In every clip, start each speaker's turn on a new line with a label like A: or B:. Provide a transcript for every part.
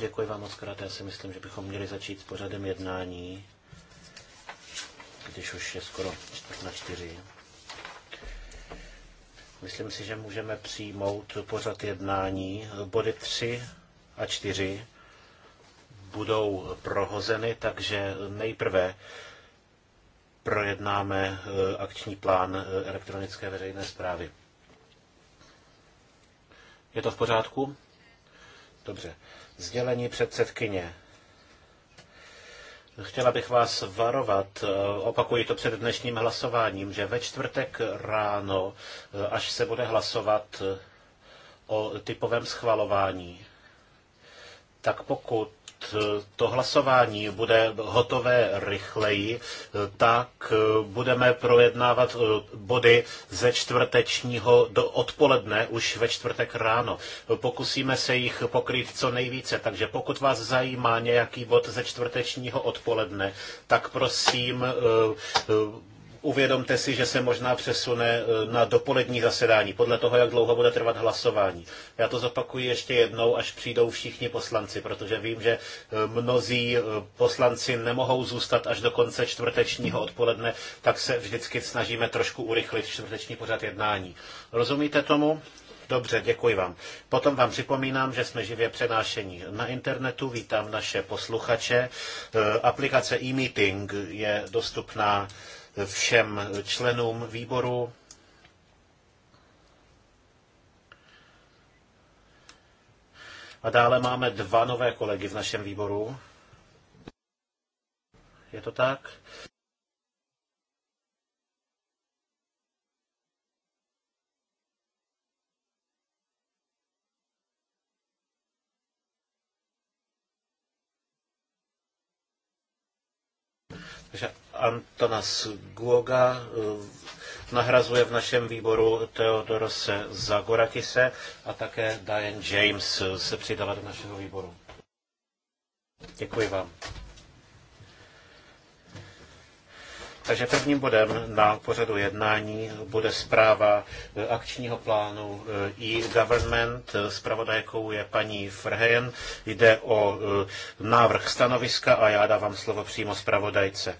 A: Děkuji vám moc krát. Já si myslím, že bychom měli začít s pořadem jednání, když už je skoro čtvrt na čtyři. Myslím si, že můžeme přijmout pořad jednání. Body 3 a 4 budou prohozeny, takže nejprve projednáme eh, akční plán eh, elektronické veřejné zprávy. Je to v pořádku? Dobře. Sdělení předsedkyně. Chtěla bych vás varovat, eh, opakuji to před dnešním hlasováním, že ve čtvrtek ráno, eh, až se bude hlasovat eh, o typovém schvalování, tak pokud to hlasování bude hotové rychleji, tak eh, budeme projednávat eh, body ze čtvrtečního do odpoledne už ve čtvrtek ráno. Pokusíme se jich pokryt co nejvíce, takže pokud vás zajímá nějaký bod ze čtvrtečního odpoledne, tak prosím eh, uvědomte si, že se možná přesune eh, na dopolední zasedání, podle toho, jak dlouho bude trvat hlasování. Já to zopakuji ještě jednou, až přijdou všichni poslanci, protože vím, že eh, mnozí eh, poslanci nemohou zůstat až do konce čtvrtečního odpoledne, tak se vždycky snažíme trošku urychlit čtvrteční pořad jednání. Rozumíte tomu? Dobře, děkuji vám. Potom vám připomínám, že jsme živě přenášení na internetu. Vítám naše posluchače. Aplikace e-meeting je dostupná všem členům výboru. A dále máme dva nové kolegy v našem výboru. Je to tak? že Antanas Guoga eh, nahrazuje v našem výboru Teodorose Zagorakise a také Diane James eh, se přidala do našeho výboru. Děkuji vám. Takže prvním bodem na pořadu jednání bude zpráva e, akčního plánu e, e-government. Spravodajkou je paní Frhejen. Jde o e, návrh stanoviska a já dávám slovo přímo zpravodajce.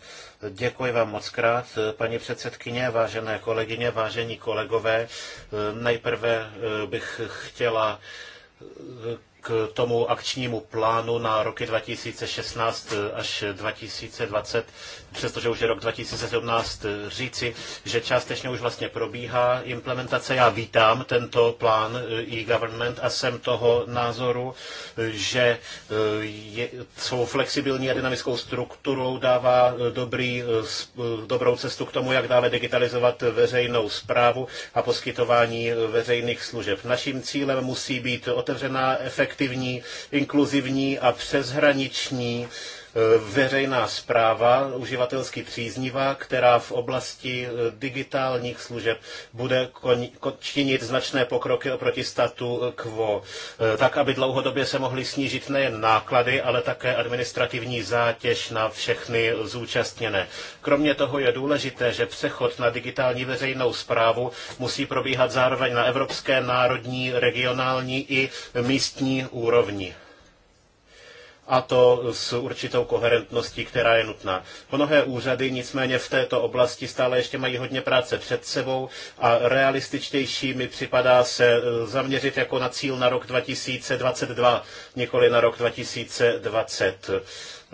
A: Děkuji vám moc krát, paní předsedkyně, vážené kolegyně, vážení kolegové. Nejprve bych chtěla k tomu akčnímu plánu na roky 2016 až 2020, přestože už je rok 2017, říci, že částečně už vlastně probíhá implementace. Já vítám tento plán eh, e-government a jsem toho názoru, že eh, je, svou flexibilní a dynamickou strukturou dává eh, dobrý, dobrou cestu k tomu, jak dále digitalizovat veřejnou zprávu a poskytování veřejných služeb. Naším cílem musí být otevřená efektivní efektivní, inkluzivní a přeshraniční veřejná zpráva, uživatelsky příznivá, která v oblasti eh, digitálních služeb bude činit značné pokroky oproti statu eh, quo, eh, tak aby dlouhodobě se mohly snížit nejen náklady, ale také administrativní zátěž na všechny zúčastněné. Kromě toho je důležité, že přechod na digitální veřejnou zprávu musí probíhat zároveň na evropské, národní, regionální i místní úrovni a to s určitou koherentností, která je nutná. Mnohé úřady nicméně v této oblasti stále ještě mají hodně práce před sebou a realističtější mi připadá se eh, zaměřit jako na cíl na rok 2022, nikoli na rok 2020.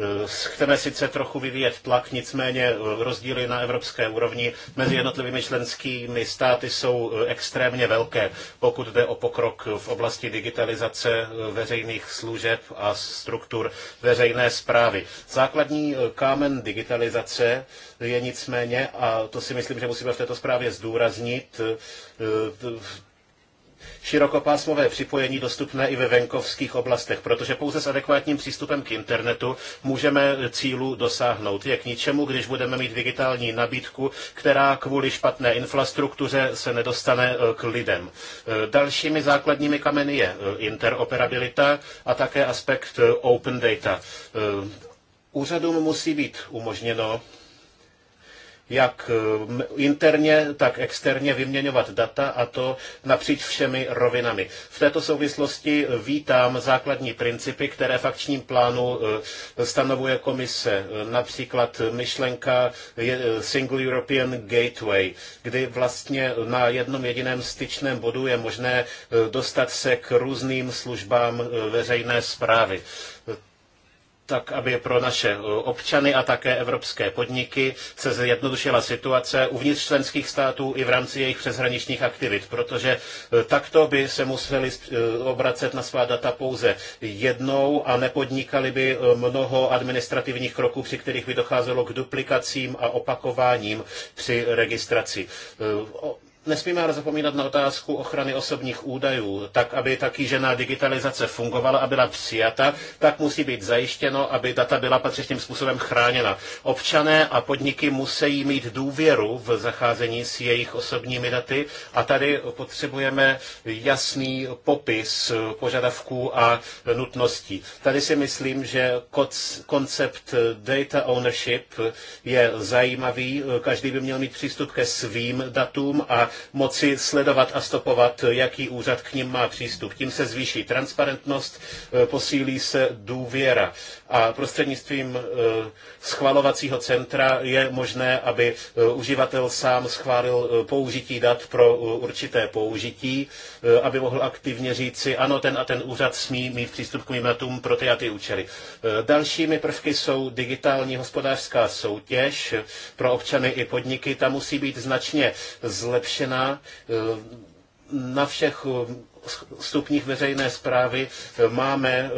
A: Eh, chceme sice trochu vyvíjet tlak, nicméně eh, rozdíly na evropské úrovni mezi jednotlivými členskými státy jsou eh, extrémně velké, pokud jde o pokrok v oblasti digitalizace veřejných služeb a struktur veřejné správy. Základní kámen digitalizace je nicméně, a to si myslím, že musíme v této zprávě zdůraznit, širokopásmové připojení dostupné i ve venkovských oblastech, protože pouze s adekvátním přístupem k internetu můžeme cílů dosáhnout. Je k ničemu, když budeme mít digitální nabídku, která kvůli špatné infrastruktuře se nedostane e, k lidem. E, dalšími základními kameny je e, interoperabilita a také aspekt open data. Úřadům musí být umožněno jak eh, interně, tak externě vyměňovat data a to napříč všemi rovinami. V této souvislosti eh, vítám základní principy, které v akčním plánu eh, stanovuje komise, například myšlenka Single European Gateway, kdy vlastně na jednom jediném styčném bodu je možné dostat se k různým službám veřejné zprávy tak aby pro naše eh, občany a také evropské podniky se zjednodušila situace uvnitř členských států i v rámci jejich přeshraničních aktivit, protože eh, takto by se museli eh, obracet na svá data pouze jednou a nepodnikali by mnoho administrativních kroků, při kterých by docházelo k duplikacím a opakováním při registraci. Nesmíme ale zapomínat na otázku ochrany osobních údajů. Tak, aby ta kýžená digitalizace fungovala a byla přijata, tak musí být zajištěno, aby data byla patřičným způsobem chráněna. Občané a podniky musí mít důvěru v zacházení s jejich osobními daty a tady potřebujeme jasný popis požadavků a nutností. Tady si myslím, že koncept data ownership je zajímavý. Každý by měl mít přístup ke svým datům a moci sledovat a stopovat, jaký úřad k ním má přístup. Tím se zvýší transparentnost, eh, posílí se důvěra a prostřednictvím eh, schvalovacího centra je možné, aby eh, uživatel sám schválil použití dat pro určité použití, aby mohl aktivně říci, ano, ten a ten úřad smí mít přístup k mým datům pro ty a ty účely. Dalšími prvky jsou digitální hospodářská soutěž pro občany i podniky. Ta musí být značně zlepšena většina eh, na všech eh, stupních veřejné zprávy eh, máme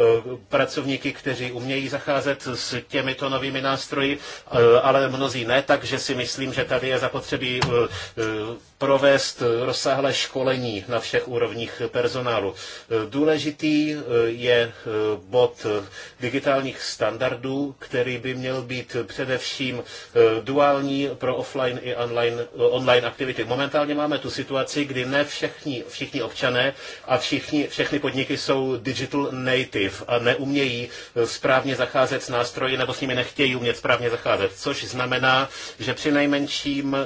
A: pracovníky, kteří umějí zacházet s těmito novými nástroji, ale mnozí ne, takže si myslím, že tady je zapotřebí provést rozsáhlé školení na všech úrovních personálu. Důležitý eh, je eh, bod eh, digitálních standardů, který by měl být především duální pro offline i online, online aktivity. Momentálně máme tu situaci, kdy ne všichni, všichni občané a všichni, všechny podniky jsou digital native a neumějí správně zacházet s nástroji nebo s nimi nechtějí umět správně zacházet, což znamená, že při nejmenším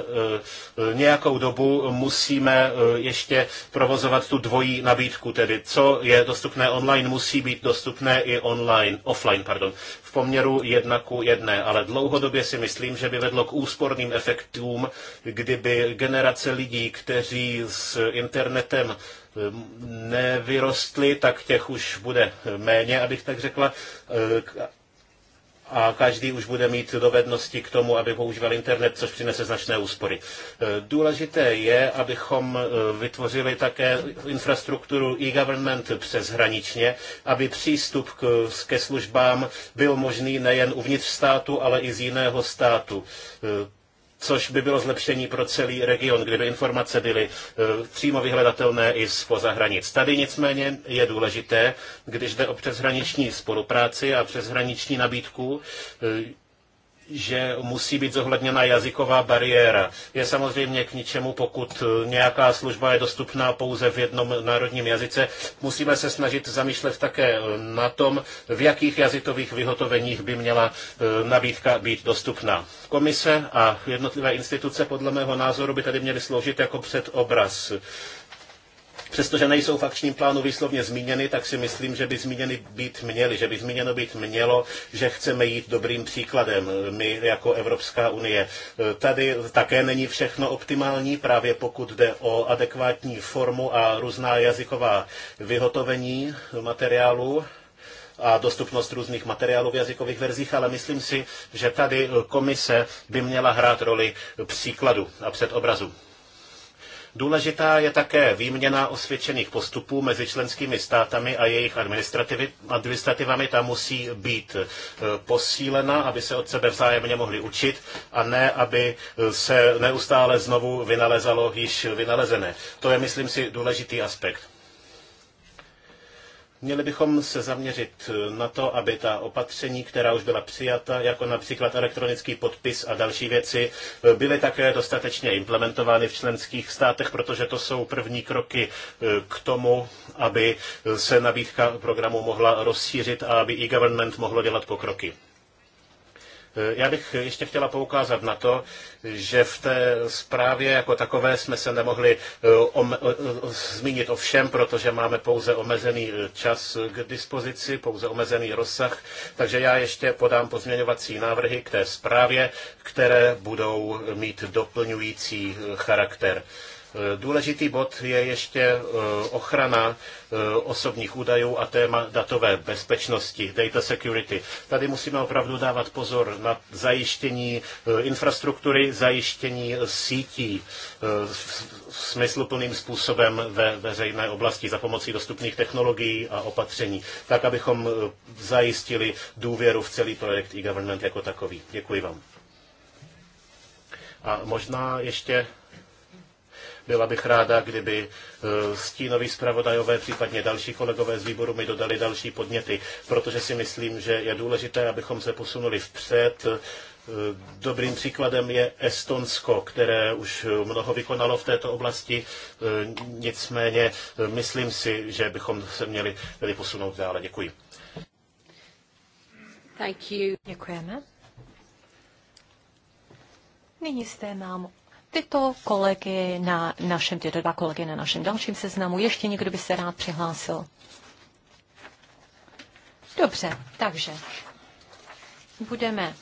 A: nějakou dobu trhu musíme eh, ještě provozovat tu dvojí nabídku, tedy co je dostupné online, musí být dostupné i online, offline, pardon, v poměru jedna ku jedné, ale dlouhodobě si myslím, že by vedlo k úsporným efektům, kdyby generace lidí, kteří s internetem eh, nevyrostly, tak těch už bude méně, abych tak řekla, eh, a každý už bude mít dovednosti k tomu, aby používal internet, což přinese značné úspory. E, důležité je, abychom e, vytvořili také infrastrukturu e-government přeshraničně, aby přístup k, ke službám byl možný nejen uvnitř státu, ale i z jiného státu. E, což by bylo zlepšení pro celý region, kdyby informace byly e, přímo vyhledatelné i spoza hranic. Tady nicméně je důležité, když jde o přeshraniční spolupráci a přeshraniční nabídku, e, že musí být zohledněna jazyková bariéra. Je samozřejmě k ničemu, pokud nějaká služba je dostupná pouze v jednom národním jazyce. Musíme se snažit zamýšlet také na tom, v jakých jazykových vyhotoveních by měla eh, nabídka být dostupná. Komise a jednotlivé instituce podle mého názoru by tady měly sloužit jako předobraz. Přestože nejsou v akčním plánu výslovně zmíněny, tak si myslím, že by zmíněny být měly, že by zmíněno být mělo, že chceme jít dobrým příkladem my jako Evropská unie. Tady také není všechno optimální, právě pokud jde o adekvátní formu a různá jazyková vyhotovení materiálu a dostupnost různých materiálů v jazykových verzích, ale myslím si, že tady komise by měla hrát roli příkladu a předobrazu. Důležitá je také výměna osvědčených postupů mezi členskými státami a jejich administrativami. Ta musí být eh, posílena, aby se od sebe vzájemně mohli učit a ne, aby eh, se neustále znovu vynalezalo již vynalezené. To je, myslím si, důležitý aspekt. Měli bychom se zaměřit na to, aby ta opatření, která už byla přijata, jako například elektronický podpis a další věci, byly také dostatečně implementovány v členských státech, protože to jsou první kroky eh, k tomu, aby se nabídka programu mohla rozšířit a aby e-government mohlo dělat pokroky. Eh, já bych ještě chtěla poukázat na to, že v té zprávě jako takové jsme se nemohli eh, eh, zmínit o všem, protože máme pouze omezený čas k dispozici, pouze omezený rozsah, takže já ještě podám pozměňovací návrhy k té zprávě, které budou mít doplňující charakter. Eh, důležitý bod je ještě eh, ochrana eh, osobních údajů a téma datové bezpečnosti, data security. Tady musíme opravdu dávat pozor na zajištění infrastruktury, zajištění sítí smysluplným způsobem ve veřejné oblasti za pomocí dostupných technologií a opatření, tak abychom zajistili důvěru v celý projekt e-government jako takový. Děkuji vám. A možná ještě byla bych ráda, kdyby eh, stínoví zpravodajové, případně další kolegové z výboru mi dodali další podněty, protože si myslím, že je důležité, abychom se posunuli vpřed. Eh, dobrým příkladem je Estonsko, které už mnoho vykonalo v této oblasti, eh, nicméně myslím si, že bychom se měli tedy posunout dále. Děkuji.
B: Thank you. Děkujeme. Nyní zde mám tyto kolegy na našem, tyto dva kolegy na našem dalším seznamu. Ještě někdo by se rád přihlásil. Dobře, takže budeme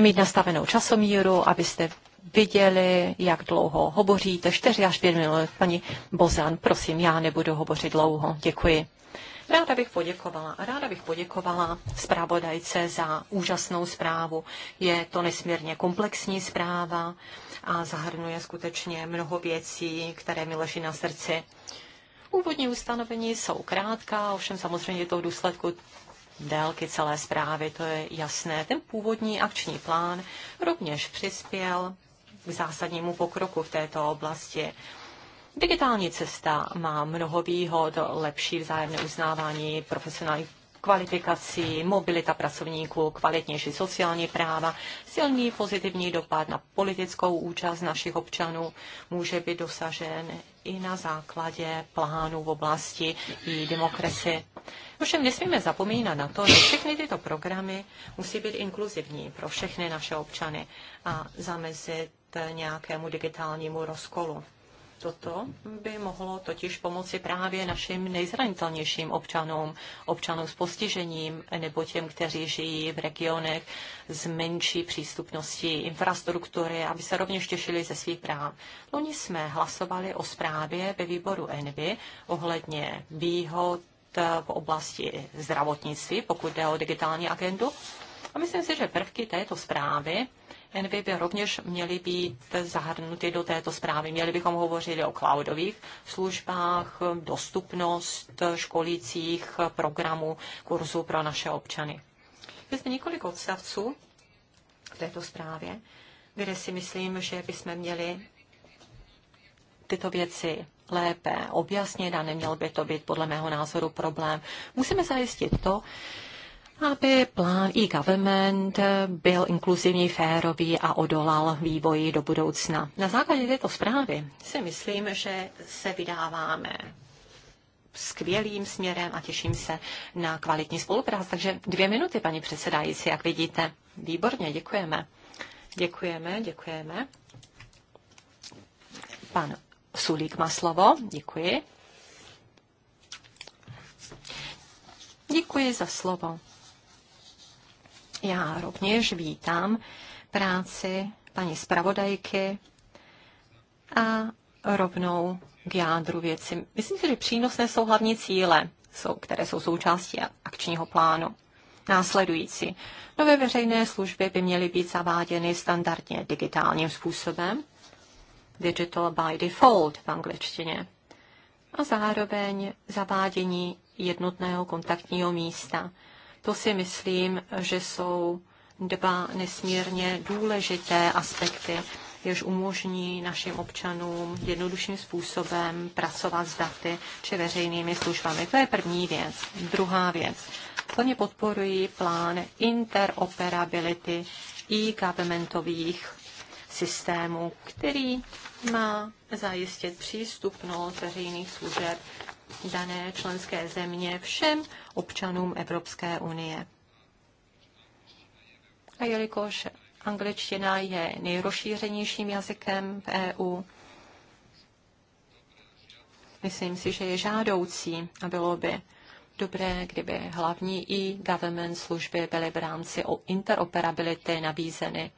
B: mít nastavenou časomíru, abyste viděli, jak dlouho hovoříte. 4 až 5 minut. Paní Bozan, prosím, já nebudu hovořit dlouho. Děkuji. Ráda bych poděkovala. Ráda bych poděkovala zpravodajce za úžasnou zprávu. Je to nesmírně komplexní zpráva a zahrnuje skutečně mnoho věcí, které mi leží na srdci. Úvodní ustanovení jsou krátká, ovšem samozřejmě je to v důsledku délky celé zprávy, to je jasné. Ten původní akční plán rovněž přispěl k zásadnímu pokroku v této oblasti. Digitální cesta má mnoho výhod, lepší vzájemné uznávání profesionálních kvalifikací, mobilita pracovníků, kvalitnější sociální práva, silný pozitivní dopad na politickou účast našich občanů může být dosažen i na základě plánů v oblasti i demokracie. Ovšem nesmíme zapomínat na to, že všechny tyto programy musí být inkluzivní pro všechny naše občany a zamezit nějakému digitálnímu rozkolu. Toto by mohlo totiž pomoci právě našim nejzranitelnějším občanům, občanům s postižením nebo těm, kteří žijí v regionech s menší přístupností infrastruktury, aby se rovněž těšili ze svých práv. Loni jsme hlasovali o zprávě ve výboru ENVY ohledně výhod v oblasti zdravotnictví, pokud jde o digitální agendu. A myslím si, že prvky této zprávy Envy by rovněž měly být zahrnuty do této zprávy. Měli bychom hovořit o cloudových službách, dostupnost školících programů, kurzů pro naše občany. Je zde několik odstavců v této zprávě, kde si myslím, že bychom měli tyto věci lépe objasnit a neměl by to být podle mého názoru problém. Musíme zajistit to, aby plán e-government byl inkluzivní, férový a odolal vývoji do budoucna. Na základě této zprávy si myslím, že se vydáváme skvělým směrem a těším se na kvalitní spolupráci. Takže dvě minuty, paní předsedající, jak vidíte. Výborně, děkujeme. Děkujeme, děkujeme. Pan Sulík má slovo. Děkuji. Děkuji za slovo. Já rovněž vítám práci paní zpravodajky a rovnou k jádru věci. Myslím si, že přínosné jsou hlavní cíle, které jsou součástí akčního plánu. Následující. Nové veřejné služby by měly být zaváděny standardně digitálním způsobem, digital by default v angličtině, a zároveň zavádění jednotného kontaktního místa to si myslím, že jsou dva nesmírně důležité aspekty, jež umožní našim občanům jednodušším způsobem pracovat s daty či veřejnými službami. To je první věc. Druhá věc. Plně podporuji plán interoperability e-governmentových systémů, který má zajistit přístupnost veřejných služeb dané členské země všem občanům Evropské unie. A jelikož angličtina je nejrozšířenějším jazykem v EU, myslím si, že je žádoucí a bylo by dobré, kdyby hlavní i government služby byly v rámci interoperability nabízeny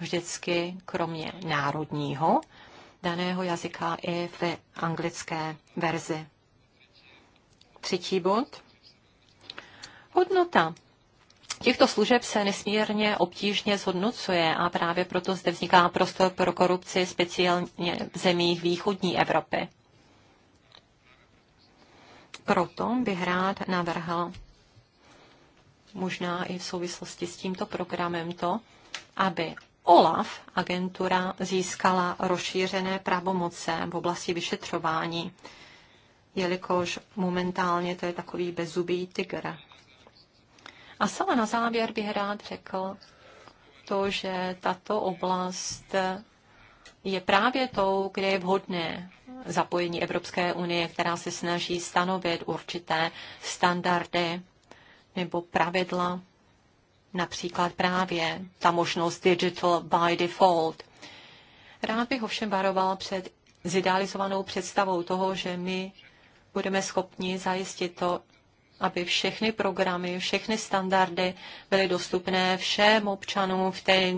B: vždycky kromě národního daného jazyka i v anglické verzi. Třetí bod. Hodnota Těchto služeb se nesmírně obtížně zhodnocuje a právě proto zde vzniká prostor pro korupci speciálně v zemích východní Evropy. Proto bych rád navrhl možná i v souvislosti s tímto programem to, aby OLAF agentura získala rozšířené pravomoce v oblasti vyšetřování jelikož momentálně to je takový bezubý tygr. A sama na závěr bych rád řekl to, že tato oblast je právě tou, kde je vhodné zapojení Evropské unie, která se snaží stanovit určité standardy nebo pravidla, například právě ta možnost digital by default. Rád bych ovšem varoval před zidealizovanou představou toho, že my budeme schopni zajistit to, aby všechny programy, všechny standardy byly dostupné všem občanům v té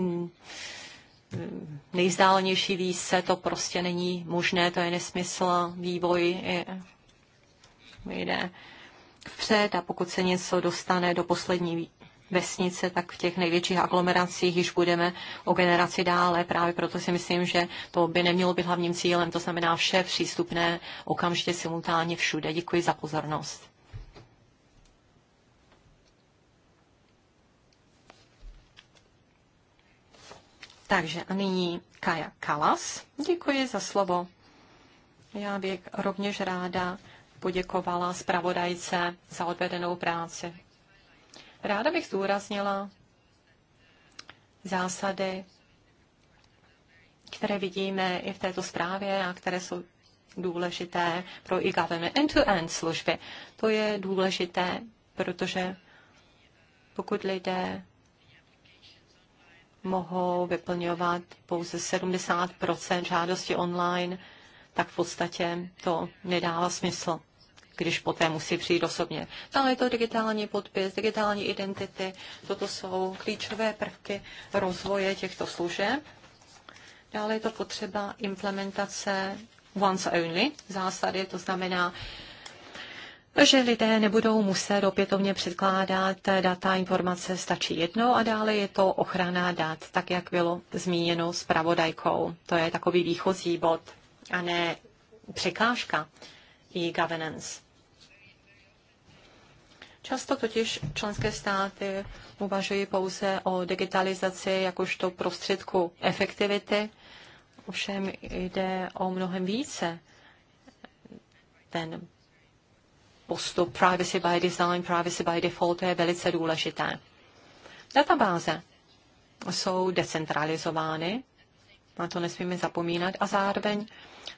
B: nejzdálnější výse. To prostě není možné, to je nesmysl. Vývoj je, jde vpřed a pokud se něco dostane do poslední vesnice, tak v těch největších aglomeracích již budeme o generaci dále. Právě proto si myslím, že to by nemělo být hlavním cílem, to znamená vše přístupné okamžitě simultánně všude. Děkuji za pozornost. Takže a nyní Kaja Kalas. Děkuji za slovo. Já bych rovněž ráda poděkovala zpravodajce za odvedenou práci. Ráda bych zdůraznila zásady, které vidíme i v této zprávě a které jsou důležité pro e-government end-to-end služby. To je důležité, protože pokud lidé mohou vyplňovat pouze 70 žádosti online, tak v podstatě to nedává smysl když poté musí přijít osobně. Dále je to digitální podpis, digitální identity, toto jsou klíčové prvky rozvoje těchto služeb. Dále je to potřeba implementace once only zásady, to znamená, že lidé nebudou muset opětovně předkládat data, informace, stačí jednou a dále je to ochrana dat, tak jak bylo zmíněno s pravodajkou. To je takový výchozí bod a ne překážka i governance Často totiž členské státy uvažují pouze o digitalizaci jakožto prostředku efektivity, ovšem jde o mnohem více. Ten postup privacy by design, privacy by default je velice důležité. Databáze jsou decentralizovány, na to nesmíme zapomínat, a zároveň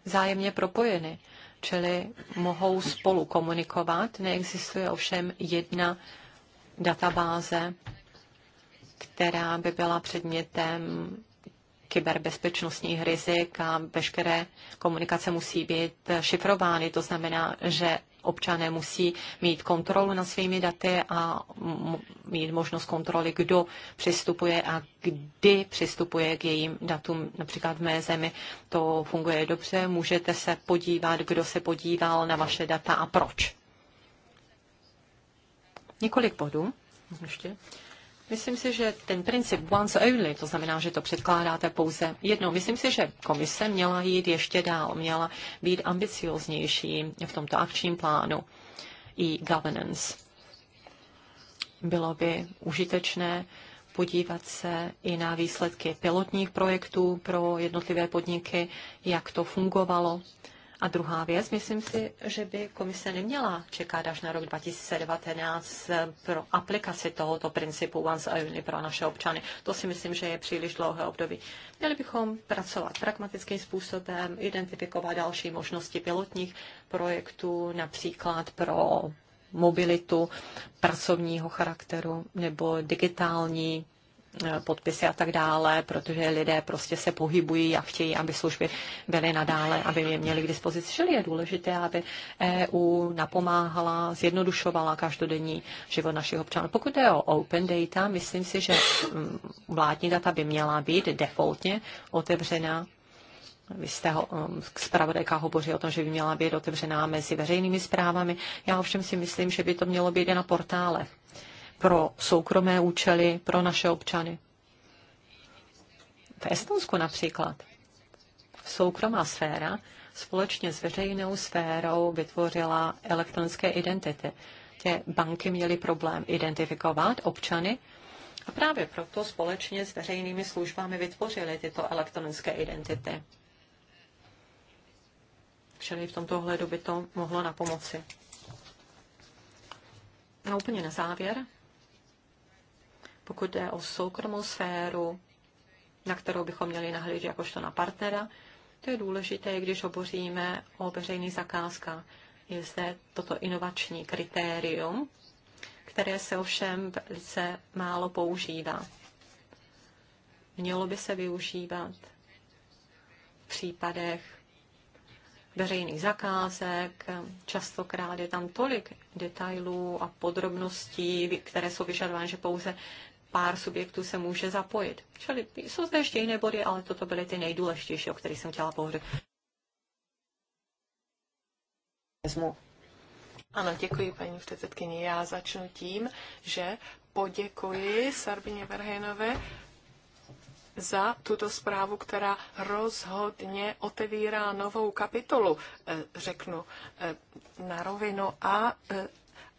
B: zájemně propojeny čili mohou spolu komunikovat. Neexistuje ovšem jedna databáze, která by byla předmětem kyberbezpečnostních rizik a veškeré komunikace musí být šifrovány. To znamená, že občané musí mít kontrolu nad svými daty a mít možnost kontroly, kdo přistupuje a kdy přistupuje k jejím datům. Například v mé zemi to funguje dobře. Můžete se podívat, kdo se podíval na vaše data a proč. Několik bodů ještě Myslím si, že ten princip once only, to znamená, že to předkládáte pouze jednou. Myslím si, že komise měla jít ještě dál, měla být ambicioznější v tomto akčním plánu i governance. Bylo by užitečné podívat se i na výsledky pilotních projektů pro jednotlivé podniky, jak to fungovalo, a druhá věc, myslím si, že by komise neměla čekat až na rok 2019 pro aplikaci tohoto principu once a only pro naše občany. To si myslím, že je příliš dlouhé období. Měli bychom pracovat pragmatickým způsobem, identifikovat další možnosti pilotních projektů, například pro mobilitu pracovního charakteru nebo digitální Eh, podpisy a tak dále, protože lidé prostě se pohybují a chtějí, aby služby byly nadále, aby je měli k dispozici. Čili je důležité, aby EU napomáhala, zjednodušovala každodenní život našich občanů. Pokud je o open data, myslím si, že mm, vládní data by měla být defaultně otevřena vy jste ho, mm, zpravodajka hovoří o tom, že by měla být otevřená mezi veřejnými zprávami. Já ovšem si myslím, že by to mělo být i na portálech pro soukromé účely, pro naše občany. V Estonsku například soukromá sféra společně s veřejnou sférou vytvořila elektronické identity. Tě banky měly problém identifikovat občany a právě proto společně s veřejnými službami vytvořily tyto elektronické identity. Čili v tomto ohledu by to mohlo na pomoci. A úplně na závěr pokud jde o soukromou sféru, na kterou bychom měli nahlížet jakožto na partnera, to je důležité, když hovoříme o veřejný zakázka. Je zde toto inovační kritérium, které se ovšem velice málo používá. Mělo by se využívat v případech veřejných zakázek. Častokrát je tam tolik detailů a podrobností, které jsou vyžadovány, že pouze pár subjektů se může zapojit. Čili jsou zde ještě jiné body, ale toto byly ty nejdůležitější, o kterých jsem chtěla pohovořit.
C: Ano, děkuji paní předsedkyni. Já začnu tím, že poděkuji Sarbině Verhejnové za tuto zprávu, která rozhodně otevírá novou kapitolu, eh, řeknu eh, na rovinu a eh,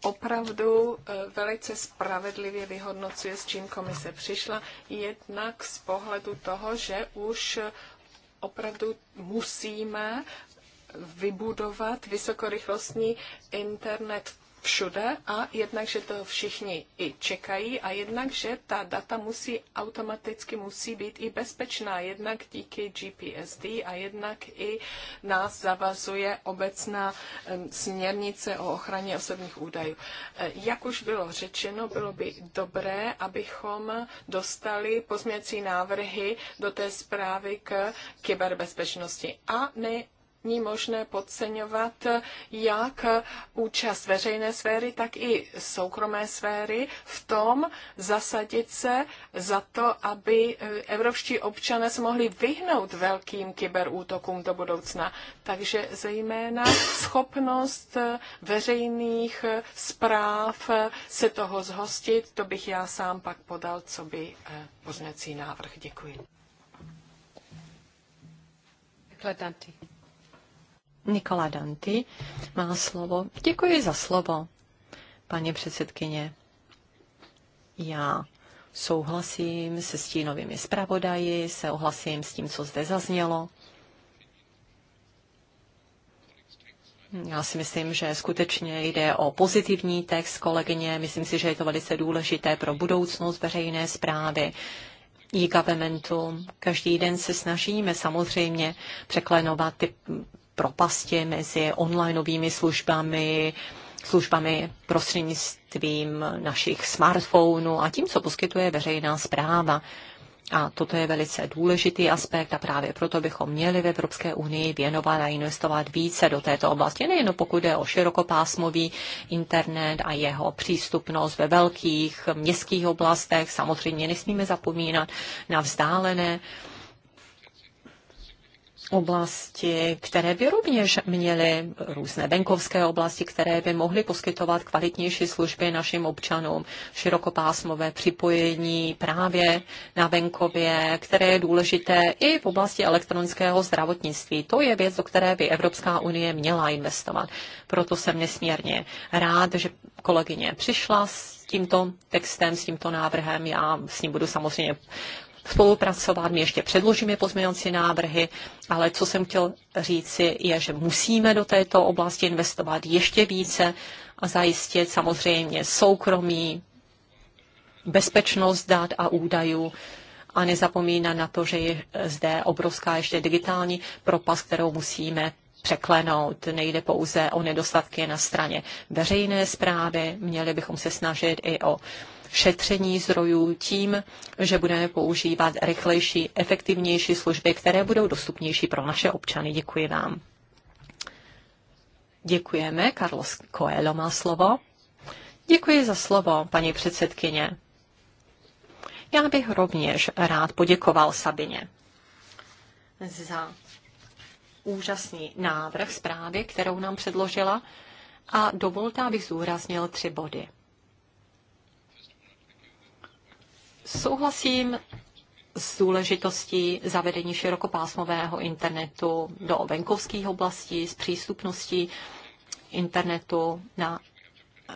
C: opravdu e, velice spravedlivě vyhodnocuje, s čím komise přišla, jednak z pohledu toho, že už opravdu musíme vybudovat vysokorychlostní internet všude a jednak, že to všichni i čekají a jednak, že ta data musí automaticky musí být i bezpečná, jednak díky GPSD a jednak i nás zavazuje obecná směrnice o ochraně osobních údajů. E, jak už bylo řečeno, bylo by dobré, abychom dostali pozměcí návrhy do té zprávy k kyberbezpečnosti a ne není možné podceňovat jak účast veřejné sféry, tak i soukromé sféry v tom zasadit se za to, aby eh, evropští občané se mohli vyhnout velkým kyberútokům do budoucna. Takže zejména schopnost eh, veřejných eh, zpráv se toho zhostit, to bych já sám pak podal, co by poznací návrh. Děkuji.
B: Nikola Danty má slovo. Děkuji za slovo, paní předsedkyně. Já souhlasím se stínovými zpravodaji, se ohlasím s tím, co zde zaznělo. Já si myslím, že skutečně jde o pozitivní text kolegyně. Myslím si, že je to velice důležité pro budoucnost veřejné zprávy e-governmentu. Každý den se snažíme samozřejmě překlenovat ty propasti mezi onlineovými službami, službami prostřednictvím našich smartphonů a tím, co poskytuje veřejná zpráva. A toto je velice důležitý aspekt a právě proto bychom měli v Evropské unii věnovat a investovat více do této oblasti, nejen pokud je o širokopásmový internet a jeho přístupnost ve velkých městských oblastech. Samozřejmě nesmíme zapomínat na vzdálené oblasti, které by rovněž měly různé venkovské oblasti, které by mohly poskytovat kvalitnější služby našim občanům, širokopásmové připojení právě na venkově, které je důležité i v oblasti elektronického zdravotnictví. To je věc, do které by Evropská unie měla investovat. Proto jsem nesmírně rád, že kolegyně přišla s tímto textem, s tímto návrhem. Já s ním budu samozřejmě spolupracovat. My ještě předložíme pozměňovací návrhy, ale co jsem chtěl říci, je, že musíme do této oblasti investovat ještě více a zajistit samozřejmě soukromí, bezpečnost dát a údajů a nezapomínat na to, že je zde obrovská ještě digitální propast, kterou musíme překlenout. Nejde pouze o nedostatky na straně veřejné zprávy, měli bychom se snažit i o šetření zdrojů tím, že budeme používat rychlejší, efektivnější služby, které budou dostupnější pro naše občany. Děkuji vám. Děkujeme. Carlos Coelho má slovo. Děkuji za slovo, paní předsedkyně. Já bych rovněž rád poděkoval Sabině za úžasný návrh zprávy, kterou nám předložila a dovolte, abych zúraznil tři body. Souhlasím s důležitostí zavedení širokopásmového internetu do venkovských oblastí, s přístupností internetu na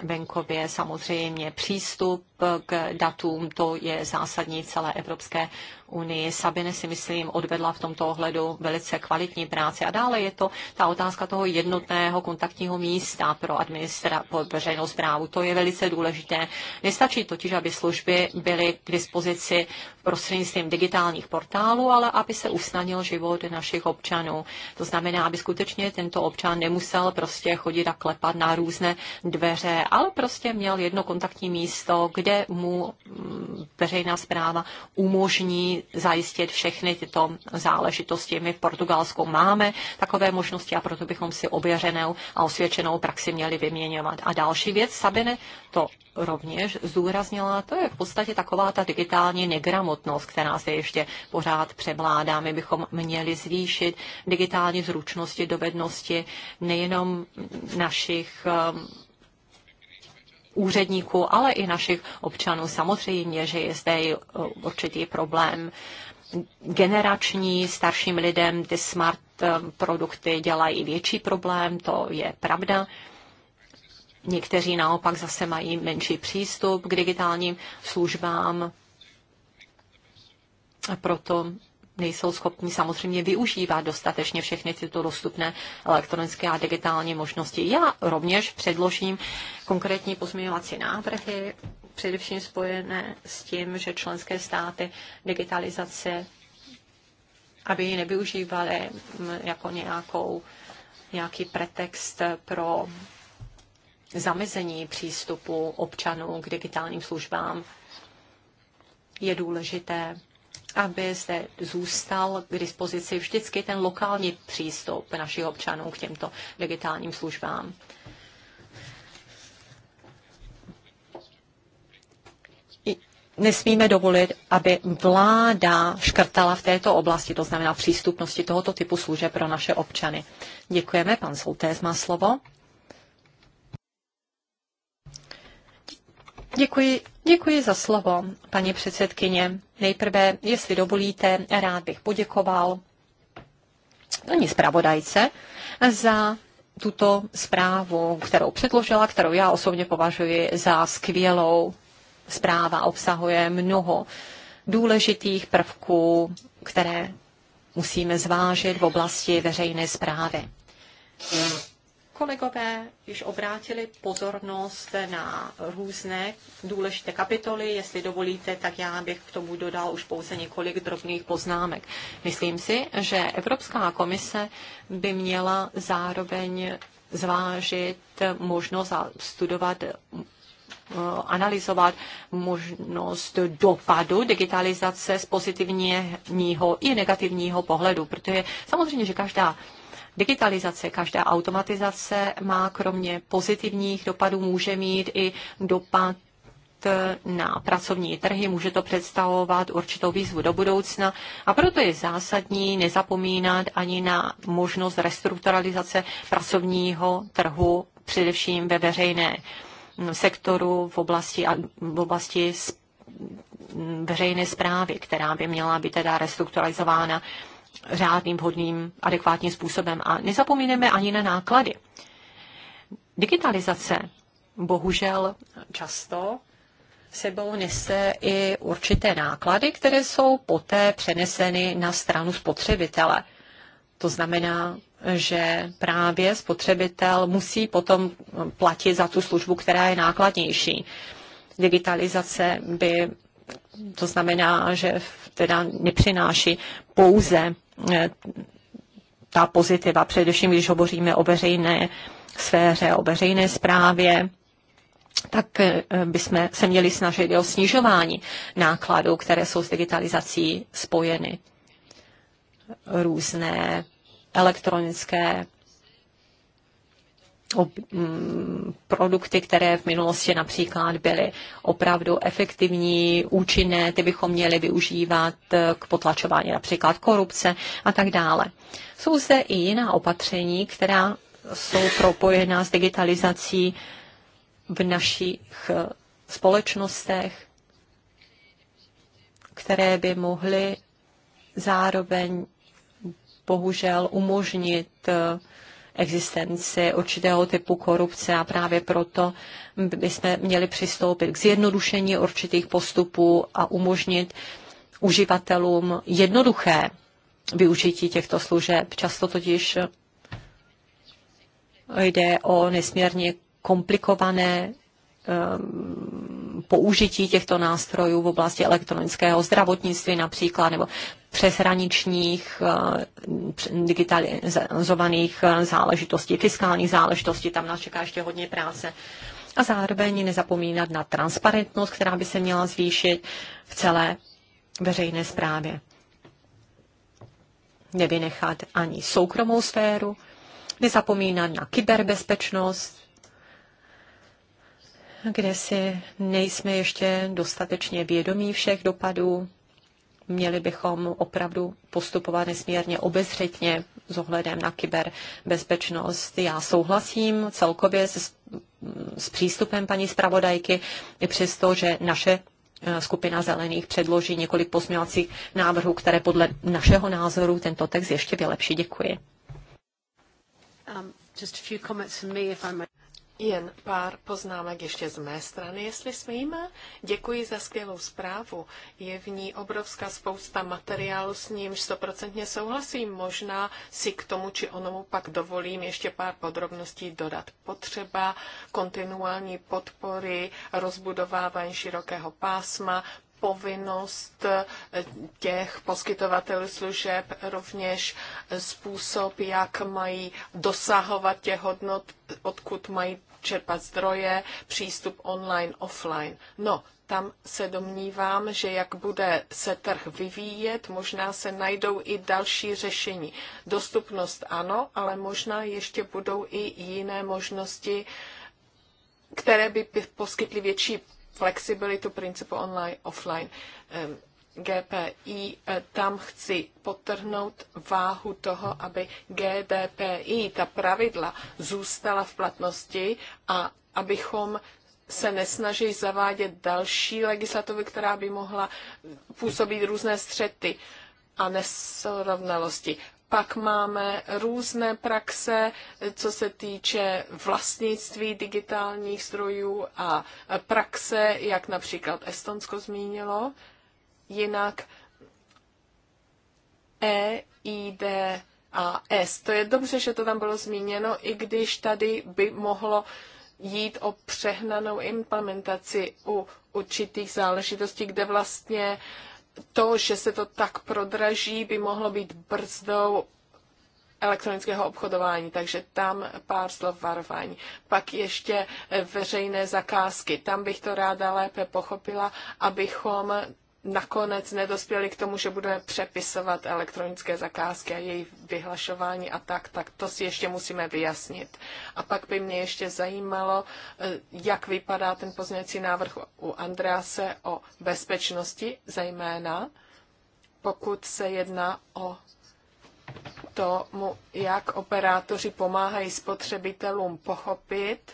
B: venkově. Samozřejmě přístup k datům, to je zásadní celé Evropské unii. Sabine si myslím odvedla v tomto ohledu velice kvalitní práci. A dále je to ta otázka toho jednotného kontaktního místa pro, administra- pro veřejnou zprávu. To je velice důležité. Nestačí totiž, aby služby byly k dispozici prostřednictvím digitálních portálů, ale aby se usnadnil život našich občanů. To znamená, aby skutečně tento občan nemusel prostě chodit a klepat na různé dveře, ale prostě měl jedno kontaktní místo, kde mu mm, veřejná zpráva umožní zajistit všechny tyto záležitosti. My v Portugalsku máme takové možnosti a proto bychom si ověřenou a osvědčenou praxi měli vyměňovat. A další věc, Sabine to rovněž zdůraznila, to je v podstatě taková ta digitální negramotnost, která se ještě pořád převládá. My bychom měli zvýšit digitální zručnosti, dovednosti nejenom našich um, úředníků, ale i našich občanů. Samozřejmě, že je zde i e, určitý problém generační, starším lidem ty smart e, produkty dělají větší problém, to je pravda. Někteří naopak zase mají menší přístup k digitálním službám, a proto nejsou schopni samozřejmě využívat dostatečně všechny tyto dostupné elektronické a digitální možnosti. Já rovněž předložím konkrétní pozměňovací návrhy, především spojené s tím, že členské státy digitalizace, aby ji nevyužívaly mm, jako nějakou, nějaký pretext pro zamezení přístupu občanů k digitálním službám, je důležité aby zde zůstal k dispozici vždycky ten lokální přístup našich občanů k těmto digitálním službám. nesmíme dovolit, aby vláda škrtala v této oblasti, to znamená přístupnosti tohoto typu služeb pro naše občany. Děkujeme, pan Soutés má slovo. Děkuji, děkuji za slovo, paní předsedkyně. Nejprve, jestli dovolíte, rád bych poděkoval paní zpravodajce za tuto zprávu, kterou předložila, kterou já osobně považuji za skvělou. Zpráva obsahuje mnoho důležitých prvků, které musíme zvážit v oblasti veřejné zprávy. Kolegové již obrátili pozornost na různé důležité kapitoly. Jestli dovolíte, tak já bych k tomu dodal už pouze několik drobných poznámek. Myslím si, že Evropská komise by měla zároveň zvážit možnost a studovat eh, analyzovat možnost dopadu digitalizace z pozitivního i negativního pohledu, protože samozřejmě, že každá Digitalizace, každá automatizace má kromě pozitivních dopadů, může mít i dopad na pracovní trhy, může to představovat určitou výzvu do budoucna a proto je zásadní nezapomínat ani na možnost restrukturalizace pracovního trhu, především ve veřejné sektoru v oblasti, v oblasti veřejné zprávy, která by měla být teda restrukturalizována řádným, vhodným, adekvátním způsobem. A nezapomínáme ani na náklady. Digitalizace bohužel často sebou nese i určité náklady, které jsou poté přeneseny na stranu spotřebitele. To znamená, že právě spotřebitel musí potom platit za tu službu, která je nákladnější. Digitalizace by, to znamená, že teda nepřináší pouze ta pozitiva, především když hovoříme o veřejné sféře, o veřejné správě, tak eh, bychom se měli snažit o snižování nákladů, které jsou s digitalizací spojeny. Různé elektronické Mm, produkty, které v minulosti například byly opravdu efektivní, účinné, ty bychom měli využívat eh, k potlačování například korupce a tak dále. Jsou zde i jiná opatření, která jsou propojená s digitalizací v našich eh, společnostech, které by mohly zároveň bohužel umožnit eh, existenci určitého typu korupce a právě proto jsme měli přistoupit k zjednodušení určitých postupů a umožnit uživatelům jednoduché využití těchto služeb. Často totiž jde o nesmírně komplikované použití těchto nástrojů v oblasti elektronického zdravotnictví například, nebo přeshraničních eh, digitalizovaných eh, záležitostí, fiskálních záležitostí, tam nás čeká ještě hodně práce. A zároveň nezapomínat na transparentnost, která by se měla zvýšit v celé veřejné správě. Nevynechat ani soukromou sféru, nezapomínat na kyberbezpečnost, kde si nejsme ještě dostatečně vědomí všech dopadů. Měli bychom opravdu postupovat nesmírně obezřetně s ohledem na kyberbezpečnost. Já souhlasím celkově s, s přístupem paní zpravodajky, i přesto, že naše eh, skupina zelených předloží několik pozměňovacích návrhů, které podle našeho názoru tento text ještě vylepší. Děkuji.
C: Um, jen pár poznámek ještě z mé strany, jestli smím. Děkuji za skvělou zprávu. Je v ní obrovská spousta materiálu, s nímž stoprocentně souhlasím. Možná si k tomu či onomu pak dovolím ještě pár podrobností dodat. Potřeba kontinuální podpory, rozbudovávání širokého pásma, povinnost eh, těch poskytovatelů služeb, rovněž způsob, jak mají dosahovat těch hodnot, odkud mají čerpat zdroje, přístup online, offline. No, tam se domnívám, že jak bude se trh vyvíjet, možná se najdou i další řešení. Dostupnost ano, ale možná ještě budou i jiné možnosti, které by poskytly větší flexibilitu principu online, offline. GPI, eh, tam chci potrhnout váhu toho, aby GDPI, ta pravidla, zůstala v platnosti a abychom se nesnaží zavádět další legislativu, která by mohla působit různé střety a nesrovnalosti. Pak máme různé praxe, co se týče vlastnictví digitálních zdrojů a praxe, jak například Estonsko zmínilo. Jinak E, I, D a S. To je dobře, že to tam bylo zmíněno, i když tady by mohlo jít o přehnanou implementaci u určitých záležitostí, kde vlastně uh, to, že se to tak prodraží, by mohlo být brzdou elektronického obchodování, takže tam pár slov varování. Pak ještě veřejné zakázky. Tam bych to ráda lépe pochopila, abychom nakonec nedospěli k tomu, že budeme přepisovat elektronické zakázky a jejich vyhlašování a tak, tak to si ještě musíme vyjasnit. A pak by mě ještě zajímalo, eh, jak vypadá ten pozměňovací návrh u Andrease o bezpečnosti, zejména pokud se jedná o tomu, jak operátoři pomáhají spotřebitelům pochopit,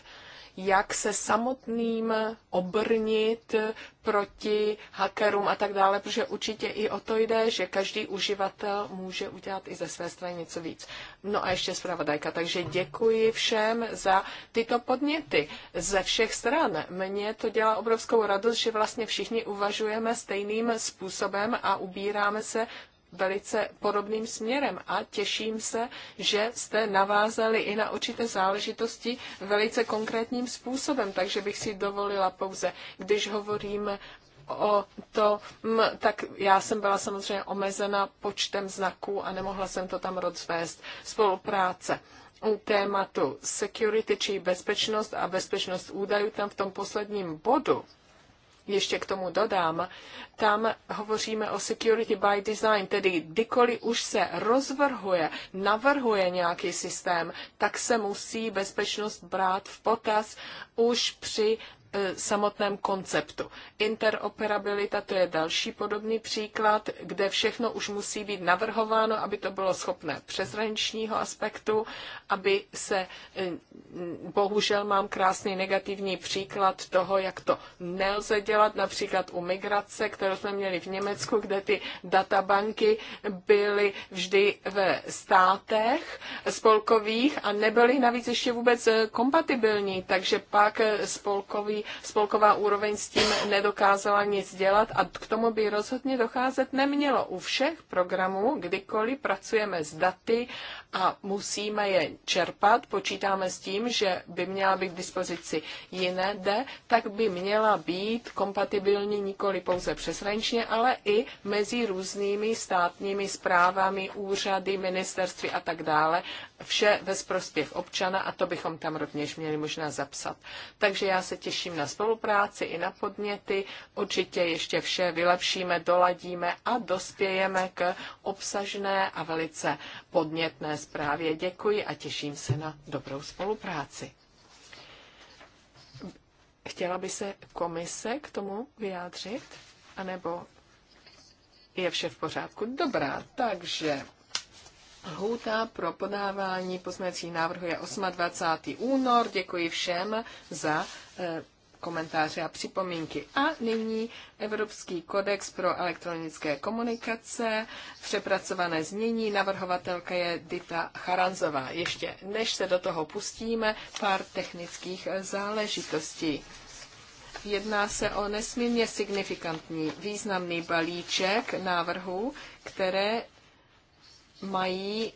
C: jak se samotným obrnit proti hackerům a tak dále, protože určitě i o to jde, že každý uživatel může udělat i ze své strany něco víc. No a ještě zpravodajka, takže děkuji všem za tyto podněty ze všech stran. Mně to dělá obrovskou radost, že vlastně všichni uvažujeme stejným způsobem a ubíráme se velice podobným směrem a těším se, že jste navázali i na určité záležitosti velice konkrétním způsobem, takže bych si dovolila pouze, když hovoříme o to, mm, tak já jsem byla samozřejmě omezena počtem znaků a nemohla jsem to tam rozvést. Spolupráce tématu security, či bezpečnost a bezpečnost údajů, tam v tom posledním bodu ještě k tomu dodám, tam hovoříme o security by design, tedy kdykoliv už se rozvrhuje, navrhuje nějaký systém, tak se musí bezpečnost brát v potaz už při E, samotném konceptu. Interoperabilita to je další podobný příklad, kde všechno už musí být navrhováno, aby to bylo schopné přeshraničního aspektu, aby se, e, bohužel mám krásný negativní příklad toho, jak to nelze dělat, například u migrace, kterou jsme měli v Německu, kde ty databanky byly vždy ve státech spolkových a nebyly navíc ještě vůbec e, kompatibilní, takže pak spolkový spolková úroveň s tím nedokázala nic dělat a k tomu by rozhodně docházet nemělo u všech programů, kdykoliv pracujeme s daty a musíme je čerpat, počítáme s tím, že by měla být k dispozici jiné D, tak by měla být kompatibilní nikoli pouze přeshraničně, ale i mezi různými státními zprávami, úřady, ministerství a tak dále, vše ve prospěch občana a to bychom tam rovněž měli možná zapsat. Takže já se těším na spolupráci i na podněty. Určitě ještě vše vylepšíme, doladíme a dospějeme k obsažné a velice podnětné zprávě. Děkuji a těším se na dobrou spolupráci. Chtěla by se komise k tomu vyjádřit? A nebo je vše v pořádku? Dobrá, takže Lhůta pro podávání pozměňovacích návrhů je 28. únor. Děkuji všem za eh, komentáře a připomínky. A nyní Evropský kodex pro elektronické komunikace, přepracované znění, navrhovatelka je Dita Charanzová. Ještě než se do toho pustíme, pár technických eh, záležitostí. Jedná se o nesmírně signifikantní, významný balíček návrhů, které mají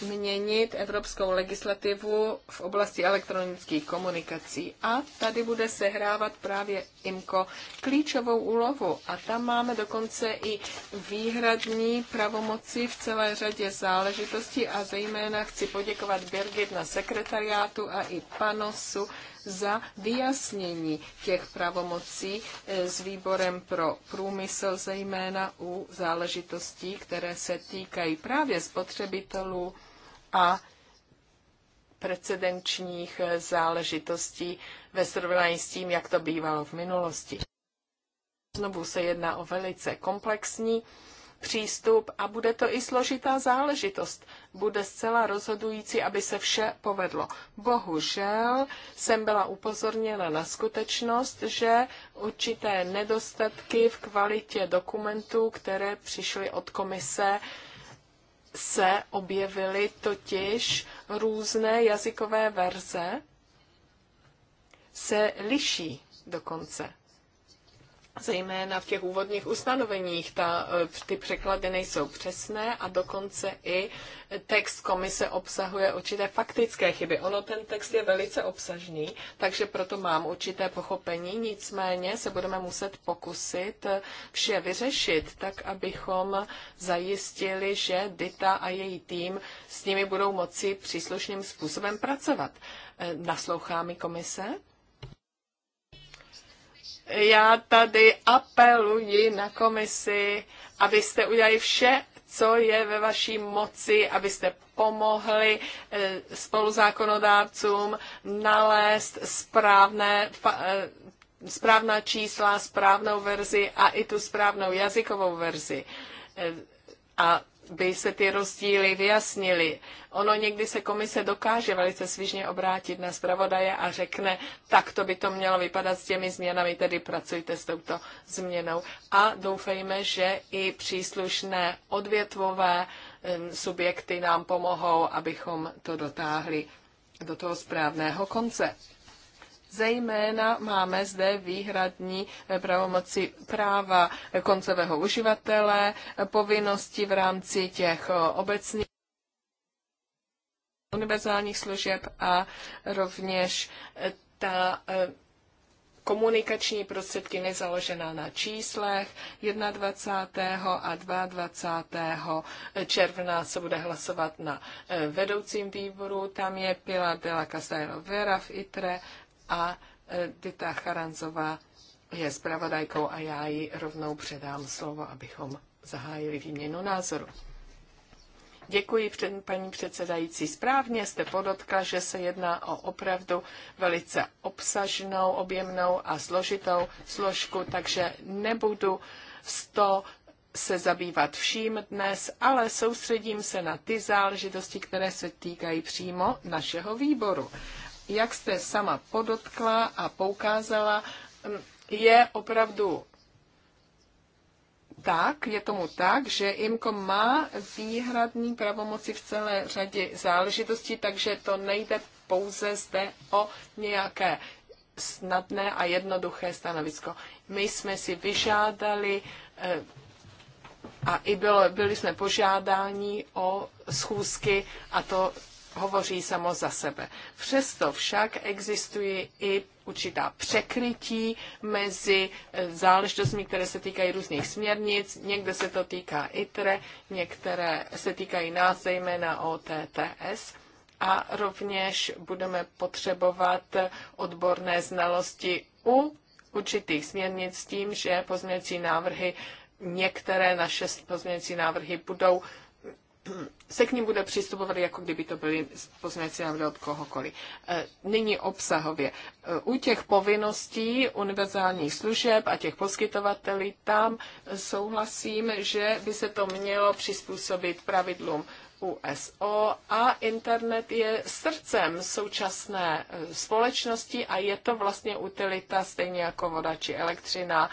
C: měnit evropskou legislativu v oblasti elektronických komunikací. A tady bude sehrávat právě Imko klíčovou úlohu a tam máme dokonce i výhradní pravomoci v celé řadě záležitostí a zejména chci poděkovat Birgit na sekretariátu a i panosu za vyjasnění těch pravomocí eh, s výborem pro průmysl, zejména u záležitostí, které se týkají právě spotřebitelů a precedenčních eh, záležitostí ve srovnání s tím, jak to bývalo v minulosti. Znovu se jedná o velice komplexní přístup a bude to i složitá záležitost. Bude zcela rozhodující, aby se vše povedlo. Bohužel jsem byla upozorněna na skutečnost, že určité nedostatky v kvalitě dokumentů, které přišly od komise, se objevily totiž různé jazykové verze, se liší dokonce zejména v těch úvodních ustanoveních ta, eh, ty překlady nejsou přesné a dokonce i text komise obsahuje určité faktické chyby. Ono ten text je velice obsažný, takže proto mám určité pochopení, nicméně se budeme muset pokusit eh, vše vyřešit, tak abychom zajistili, že Dita a její tým s nimi budou moci příslušným způsobem pracovat. Eh, naslouchá mi komise? já tady apeluji na komisi, abyste udělali vše, co je ve vaší moci, abyste pomohli eh, spoluzákonodárcům nalézt správné, eh, správná čísla, správnou verzi a i tu správnou jazykovou verzi. Eh, a by se ty rozdíly vyjasnily. Ono někdy se komise dokáže velice svižně obrátit na zpravodaje a řekne, tak to by to mělo vypadat s těmi změnami, tedy pracujte s touto změnou. A doufejme, že i příslušné odvětvové subjekty nám pomohou, abychom to dotáhli do toho správného konce. Zejména máme zde výhradní eh, pravomoci práva koncového uživatele, povinnosti v rámci těch eh, obecných univerzálních služeb a rovněž eh, ta komunikační prostředky nezaložená na číslech. 21. a 22. června se bude hlasovat na vedoucím výboru. Tam je Pila de la Vera v ITRE a e, Dita Charanzová je zpravodajkou a já ji rovnou předám slovo, abychom zahájili výměnu názoru. Děkuji, paní předsedající. Správně jste podotkla, že se jedná o opravdu velice obsažnou, objemnou a složitou složku, takže nebudu z to se zabývat vším dnes, ale soustředím se na ty záležitosti, které se týkají přímo našeho výboru jak jste sama podotkla a poukázala, mm, je opravdu tak, je tomu tak, že IMCO má výhradní pravomoci v celé řadě záležitostí, takže to nejde pouze zde o nějaké snadné a jednoduché stanovisko. My jsme si vyžádali eh, a i bylo, byli jsme požádáni o schůzky a to hovoří samo za sebe. Přesto však existují i určitá překrytí mezi eh, záležitostmi, které se týkají různých směrnic. Někde se to týká ITRE, některé se týkají nás, zejména OTTS. A rovněž budeme potřebovat odborné znalosti u určitých směrnic s tím, že pozměnící návrhy, některé naše pozměnící návrhy budou se k ním bude přistupovat, jako kdyby to byly pozměňovací návrhy od kohokoliv. E, nyní obsahově. E, u těch povinností univerzálních služeb a těch poskytovatelů tam souhlasím, že by se to mělo přizpůsobit pravidlům USO a internet je srdcem současné e, společnosti a je to vlastně utilita stejně jako voda či elektřina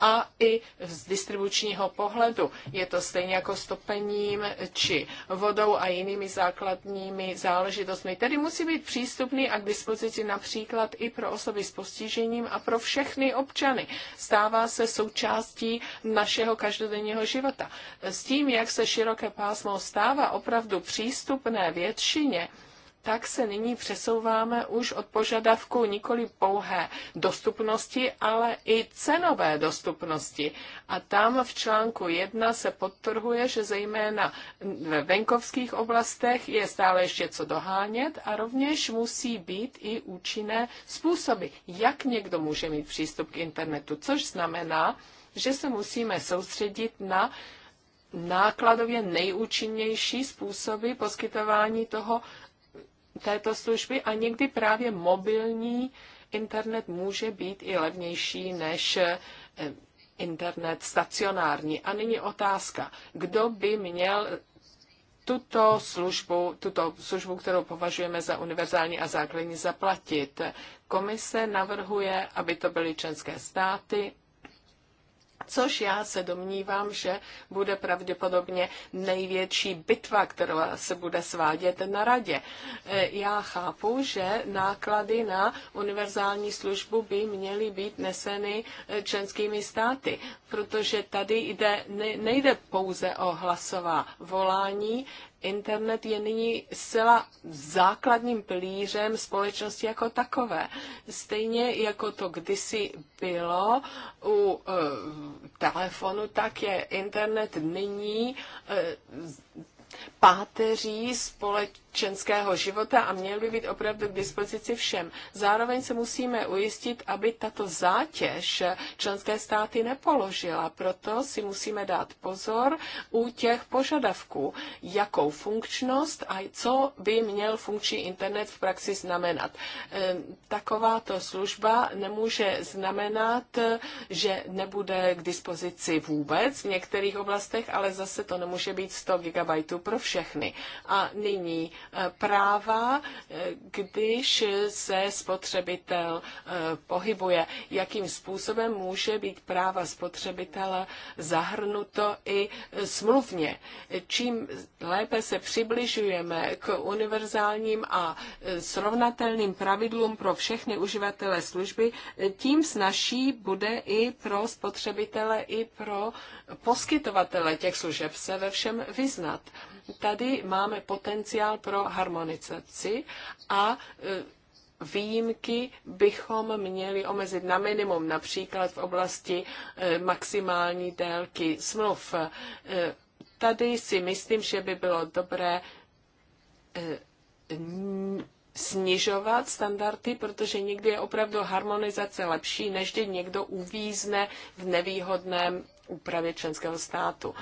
C: a i z distribučního pohledu. Je to stejně jako stopením či vodou a jinými základními záležitostmi. Tedy musí být přístupný a k dispozici například i pro osoby s postižením a pro všechny občany. Stává se součástí našeho každodenního života. S tím, jak se široké pásmo stává opravdu přístupné většině, tak se nyní přesouváme už od požadavku nikoli pouhé dostupnosti, ale i cenové dostupnosti. A tam v článku 1 se podtrhuje, že zejména ve venkovských oblastech je stále ještě co dohánět a rovněž musí být i účinné způsoby, jak někdo může mít přístup k internetu, což znamená, že se musíme soustředit na nákladově nejúčinnější způsoby poskytování toho této služby a někdy právě mobilní internet může být i levnější než eh, internet stacionární. A nyní otázka, kdo by měl tuto službu, tuto službu, kterou považujeme za univerzální a základní, zaplatit. Komise navrhuje, aby to byly členské státy, což já se domnívám, že bude pravděpodobně největší bitva, která se bude svádět na radě. E, já chápu, že náklady na univerzální službu by měly být neseny e, členskými státy, protože tady jde, nejde pouze o hlasová volání, Internet je nyní zcela základním pilířem společnosti jako takové. Stejně jako to kdysi bylo u e, telefonu, tak je internet nyní e, páteří společnosti občanského života a měl by být opravdu k dispozici všem. Zároveň se musíme ujistit, aby tato zátěž členské státy nepoložila. Proto si musíme dát pozor u těch požadavků, jakou funkčnost a co by měl funkční internet v praxi znamenat. Ehm, takováto služba nemůže znamenat, že nebude k dispozici vůbec v některých oblastech, ale zase to nemůže být 100 GB pro všechny. A nyní práva, když se spotřebitel eh, pohybuje, jakým způsobem může být práva spotřebitele zahrnuto i smluvně. Čím lépe se přibližujeme k univerzálním a eh, srovnatelným pravidlům pro všechny uživatele služby, tím snažší bude i pro spotřebitele, i pro poskytovatele těch služeb se ve všem vyznat. Tady máme potenciál pro harmonizaci a e, výjimky bychom měli omezit na minimum, například v oblasti e, maximální délky smluv. E, tady si myslím, že by bylo dobré snižovat standardy, protože někdy je opravdu harmonizace lepší, než kdy někdo uvízne v nevýhodném úpravě členského státu.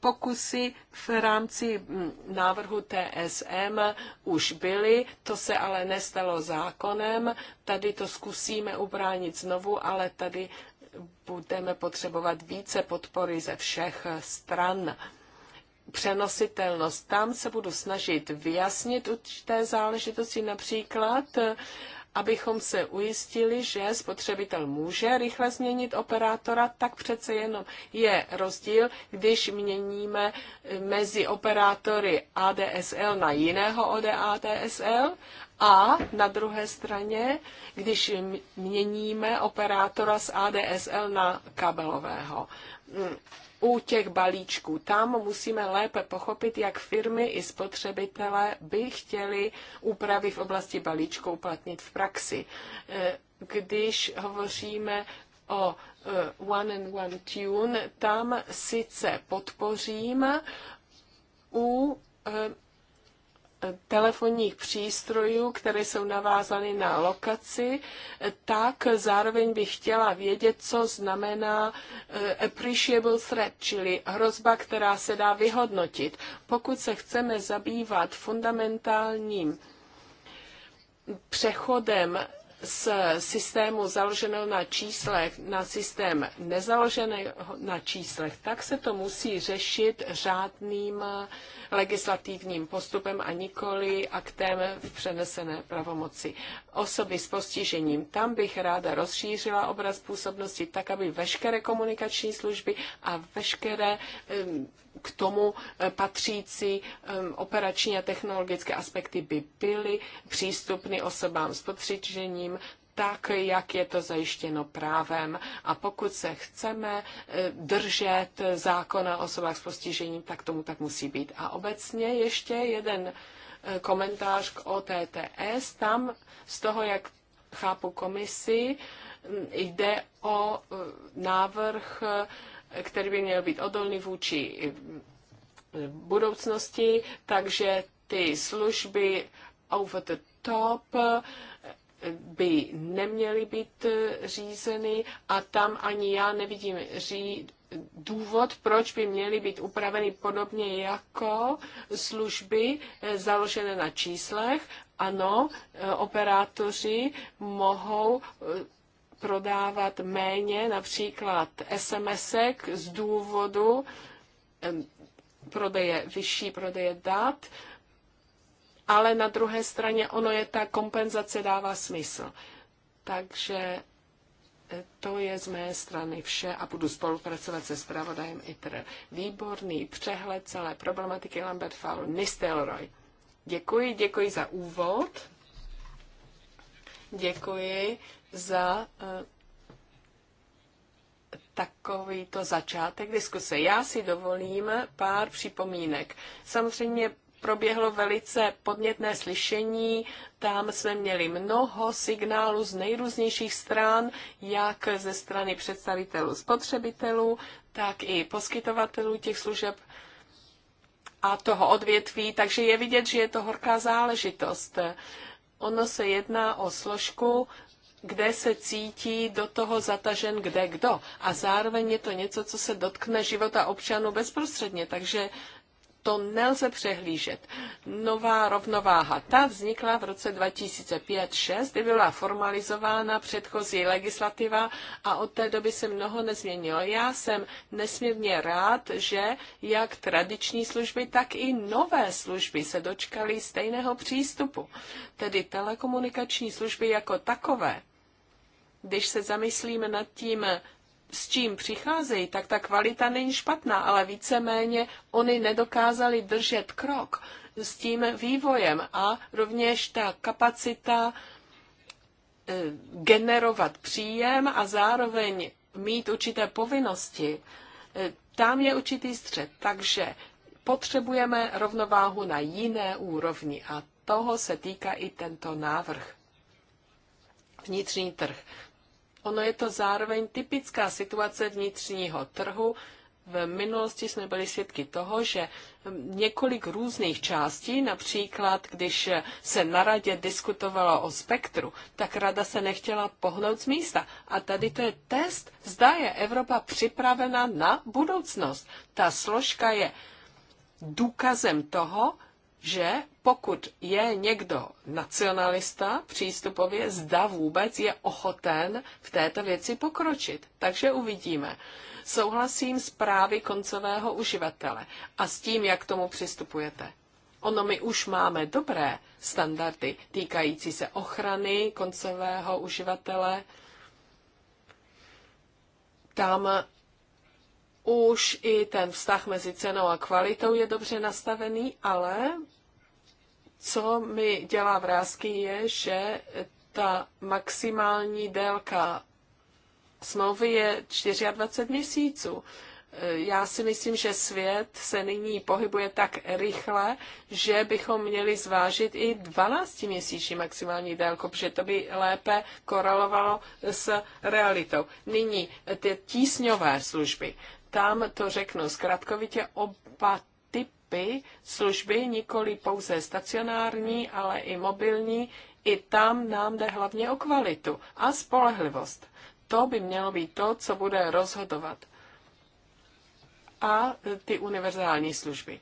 C: Pokusy v rámci mm, návrhu TSM už byly, to se ale nestalo zákonem. Tady to zkusíme ubránit znovu, ale tady budeme potřebovat více podpory ze všech stran přenositelnost. Tam se budu snažit vyjasnit určité záležitosti, například abychom se ujistili, že spotřebitel může rychle změnit operátora, tak přece jenom je rozdíl, když měníme mezi operátory ADSL na jiného od ADSL a na druhé straně, když měníme operátora z ADSL na kabelového u těch balíčků. Tam musíme lépe pochopit, jak firmy i spotřebitelé by chtěli úpravy v oblasti balíčku uplatnit v praxi. Eh, když hovoříme o eh, One and One Tune, tam sice podpořím u eh, telefonních přístrojů, které jsou navázány na lokaci, tak zároveň bych chtěla vědět, co znamená eh, appreciable threat, čili hrozba, která se dá vyhodnotit. Pokud se chceme zabývat fundamentálním přechodem z systému založeného na číslech na systém nezaložený na číslech, tak se to musí řešit řádným legislativním postupem a nikoli aktem v přenesené pravomoci. Osoby s postižením, tam bych ráda rozšířila obraz působnosti tak, aby veškeré komunikační služby a veškeré k tomu eh, patřící eh, operační a technologické aspekty by byly přístupny osobám s postižením, tak, jak je to zajištěno právem. A pokud se chceme eh, držet zákona o osobách s postižením, tak tomu tak musí být. A obecně ještě jeden komentář k OTTS. Tam z toho, jak chápu komisi, mm, jde o návrh který by měl být odolný vůči budoucnosti, takže ty služby over the top by neměly být řízeny a tam ani já nevidím ří, důvod, proč by měly být upraveny podobně jako služby založené na číslech. Ano, operátoři mohou prodávat méně například SMSek z důvodu prodeje vyšší, prodeje dat, ale na druhé straně ono je ta kompenzace dává smysl. Takže e, to je z mé strany vše a budu spolupracovat se zpravodajem ITR. Výborný přehled celé problematiky Lambert Faul Nistelroy. Děkuji, děkuji za úvod. Děkuji za eh, takovýto začátek diskuse. Já si dovolím pár připomínek. Samozřejmě proběhlo velice podnětné slyšení. Tam jsme měli mnoho signálů z nejrůznějších stran, jak ze strany představitelů spotřebitelů, tak i poskytovatelů těch služeb a toho odvětví. Takže je vidět, že je to horká záležitost. Ono se jedná o složku, kde se cítí do toho zatažen kde kdo. A zároveň je to něco, co se dotkne života občanů bezprostředně, takže to nelze přehlížet. Nová rovnováha, ta vznikla v roce 2005-2006, kdy byla formalizována předchozí legislativa a od té doby se mnoho nezměnilo. Já jsem nesmírně rád, že jak tradiční služby, tak i nové služby se dočkaly stejného přístupu. Tedy telekomunikační služby jako takové když se zamyslíme nad tím, s čím přicházejí, tak ta kvalita není špatná, ale víceméně oni nedokázali držet krok s tím vývojem a rovněž ta kapacita eh, generovat příjem a zároveň mít určité povinnosti, eh, tam je určitý střed. Takže potřebujeme rovnováhu na jiné úrovni a toho se týká i tento návrh. Vnitřní trh. Ono je to zároveň typická situace vnitřního trhu. V minulosti jsme byli svědky toho, že několik různých částí, například když se na radě diskutovalo o spektru, tak rada se nechtěla pohnout z místa. A tady to je test, zda je Evropa připravena na budoucnost. Ta složka je důkazem toho, že pokud je někdo nacionalista přístupově, zda vůbec je ochoten v této věci pokročit. Takže uvidíme. Souhlasím s právy koncového uživatele a s tím, jak tomu přistupujete. Ono my už máme dobré standardy týkající se ochrany koncového uživatele. Tam už i ten vztah mezi cenou a kvalitou je dobře nastavený, ale co mi dělá vrázky je, že ta maximální délka smlouvy je 24 měsíců. Já si myslím, že svět se nyní pohybuje tak rychle, že bychom měli zvážit i 12-měsíční maximální délku, protože to by lépe korelovalo s realitou. Nyní ty tísňové služby. Tam to řeknu zkratkovitě, oba služby, služby nikoli pouze stacionární, ale i mobilní, i tam nám jde hlavně o kvalitu a spolehlivost. To by mělo být to, co bude rozhodovat. A ty univerzální služby.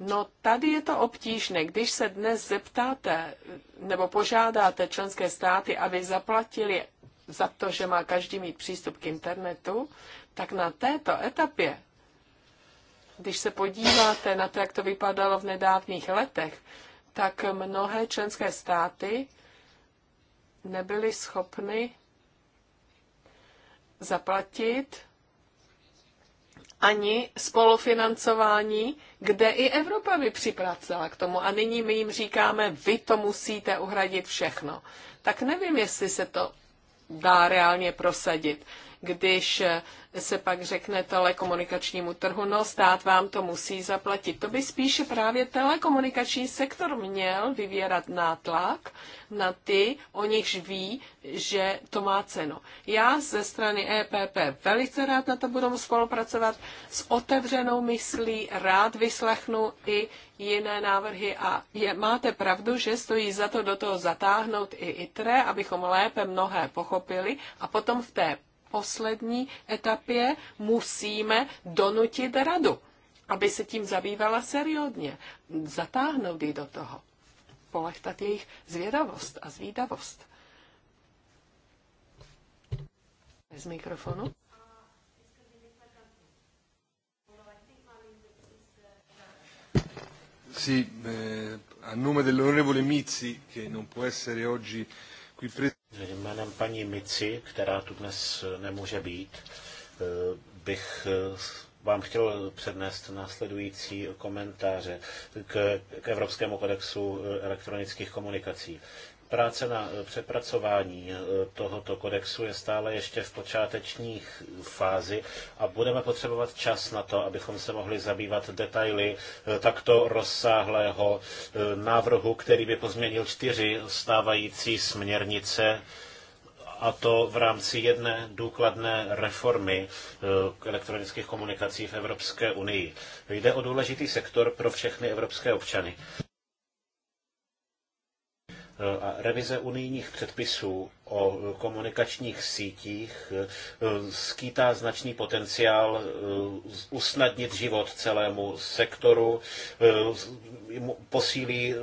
C: No tady je to obtížné. Když se dnes zeptáte nebo požádáte členské státy, aby zaplatili za to, že má každý mít přístup k internetu, tak na této etapě když se podíváte na to, jak to vypadalo v nedávných letech, tak mnohé členské státy nebyly schopny zaplatit ani spolufinancování, kde i Evropa by připracela k tomu. A nyní my jim říkáme, vy to musíte uhradit všechno. Tak nevím, jestli se to dá reálně prosadit když se pak řekne telekomunikačnímu trhu, no stát vám to musí zaplatit. To by spíše právě telekomunikační sektor měl vyvírat nátlak na ty, o nichž ví, že to má cenu. Já ze strany EPP velice rád na to budu spolupracovat s otevřenou myslí, rád vyslechnu i jiné návrhy a je, máte pravdu, že stojí za to do toho zatáhnout i ITRE, abychom lépe mnohé pochopili a potom v té poslední etapě musíme donutit radu, aby se tím zabývala seriódně, zatáhnout ji do toho, polechtat jejich zvědavost a zvídavost. Bez mikrofonu.
D: Sì, eh,
A: a nome dell'onorevole Mizzi, che non può essere oggi Jménem paní Mici, která tu dnes nemůže být, eh, bych eh, vám chtěl přednést následující komentáře k, k Evropskému kodexu eh, elektronických komunikací. Práce na eh, přepracování eh, tohoto kodexu je stále ještě v počátečních fázi a budeme potřebovat čas na to, abychom se mohli zabývat detaily eh, takto rozsáhlého návrhu, který by pozměnil čtyři stávající směrnice a to v rámci jedné důkladné reformy elektronických komunikací v Evropské unii. Jde o důležitý sektor pro všechny evropské občany revize unijních předpisů o komunikačních sítích e, skýtá značný potenciál e, usnadnit život celému sektoru, e, posílí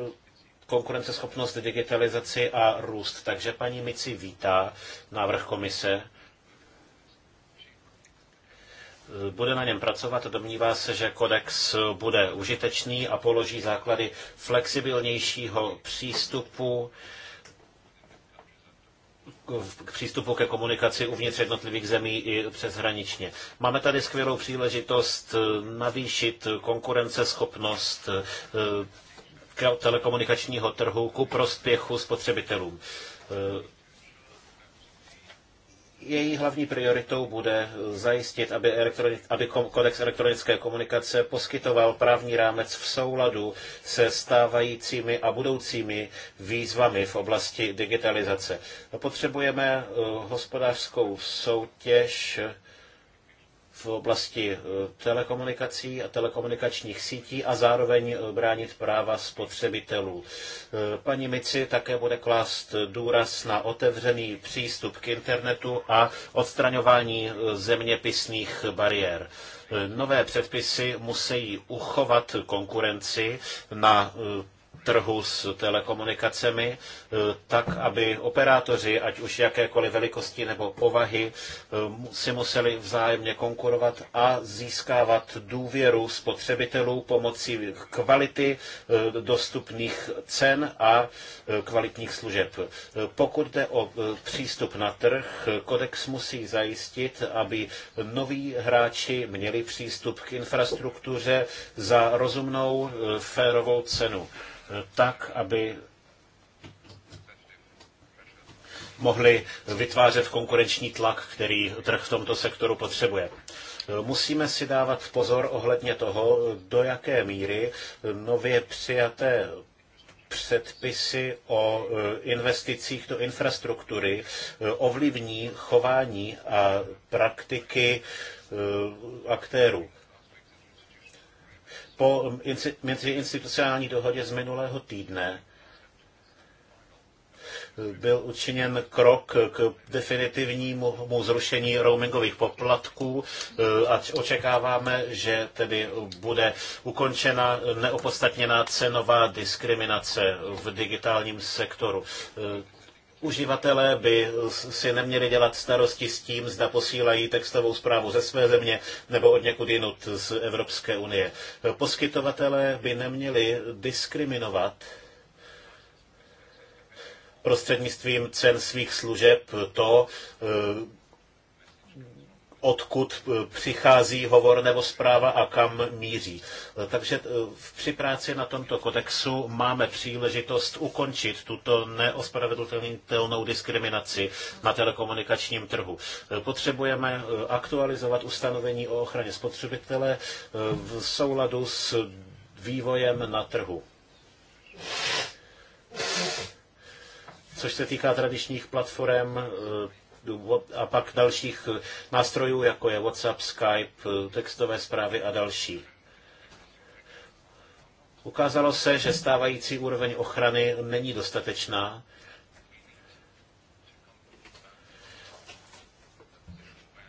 A: konkurenceschopnost, digitalizaci a růst. Takže paní Mici vítá návrh komise bude na něm pracovat. Domnívá se, že kodex bude užitečný a položí základy flexibilnějšího přístupu k přístupu ke komunikaci uvnitř jednotlivých zemí i přeshraničně. Máme tady skvělou příležitost eh, navýšit konkurenceschopnost eh, telekomunikačního trhu ku prospěchu spotřebitelům. Eh, její hlavní prioritou bude eh, zajistit, aby, elektroni- aby kodex elektronické komunikace poskytoval právní rámec v souladu se stávajícími a budoucími výzvami v oblasti digitalizace. No, potřebujeme eh, hospodářskou soutěž, v oblasti eh, telekomunikací a telekomunikačních sítí a zároveň eh, bránit práva spotřebitelů. Eh, paní Mici také bude klást důraz na otevřený přístup k internetu a odstraňování zeměpisných bariér. Nové předpisy musí uchovat konkurenci na trhu s telekomunikacemi, eh, tak aby operátoři, ať už jakékoliv velikosti nebo povahy, eh, si museli vzájemně konkurovat a získávat důvěru spotřebitelů pomocí kvality eh, dostupných cen a kvalitních služeb. Pokud jde o přístup na trh, kodex musí zajistit, aby noví hráči měli přístup k infrastruktuře za rozumnou férovou cenu tak, aby mohli vytvářet konkurenční tlak, který trh v tomto sektoru potřebuje. Musíme si dávat pozor ohledně toho, do jaké míry nově přijaté předpisy o e, investicích do infrastruktury e, ovlivní chování a praktiky e, aktérů po meziinstitucionální dohodě z minulého týdne byl učiněn krok k definitivnímu zrušení roamingových poplatků eh, a očekáváme, že tedy bude ukončena neopodstatněná cenová diskriminace v digitálním sektoru. Eh, uživatelé by si neměli dělat starosti s tím, zda posílají textovou zprávu ze své země nebo od někud jinut z Evropské unie. Poskytovatelé by neměli diskriminovat prostřednictvím cen svých služeb to, eh, odkud eh, přichází hovor nebo zpráva a kam míří. Eh, takže eh, při práci na tomto kodexu máme příležitost ukončit tuto neospravedlnitelnou diskriminaci na telekomunikačním trhu. Potřebujeme aktualizovat ustanovení o ochraně spotřebitele v souladu s vývojem na trhu. Což se týká tradičních platform, a pak dalších eh, nástrojů, jako je WhatsApp, Skype, eh, textové zprávy a další. Ukázalo se, že stávající úroveň ochrany není dostatečná.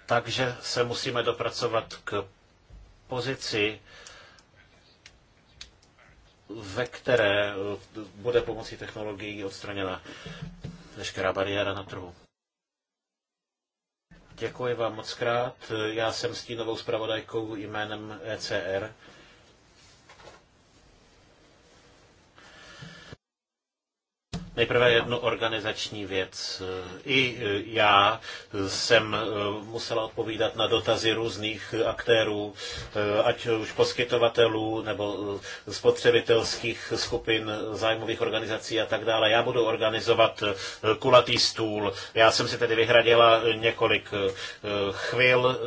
A: Takže se musíme dopracovat k pozici, ve které eh, bude pomocí technologií odstraněna veškerá bariéra na trhu. Děkuji vám moc krát. Já jsem stínovou zpravodajkou jménem ECR Nejprve jednu organizační věc. I e, já jsem e, musela odpovídat na dotazy různých aktérů, e, ať už poskytovatelů nebo spotřebitelských skupin, zájmových organizací a tak dále. Já budu organizovat kulatý stůl. Já jsem si tedy vyhradila několik chvil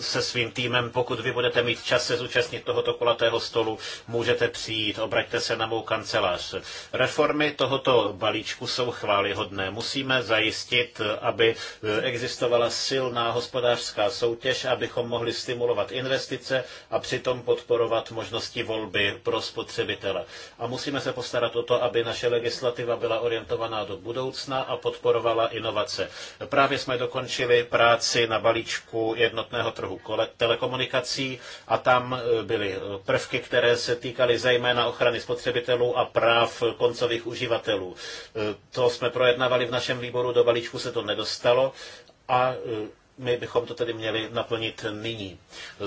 A: se svým týmem. Pokud vy budete mít čas se zúčastnit tohoto kulatého stolu, můžete přijít, obraťte se na mou kancelář. Reformy tohoto balíčku jsou chválihodné. Musíme zajistit, aby existovala silná hospodářská soutěž, abychom mohli stimulovat investice a přitom podporovat možnosti volby pro spotřebitele. A musíme se postarat o to, aby naše legislativa byla orientovaná do budoucna a podporovala inovace. Právě jsme dokončili práci na balíčku jednotného trhu telekomunikací a tam e, byly e, prvky, které se týkaly zejména ochrany spotřebitelů a práv koncových uživatelů. Eh, to jsme projednávali v našem výboru, do balíčku se to nedostalo a eh, my bychom to tedy měli naplnit nyní.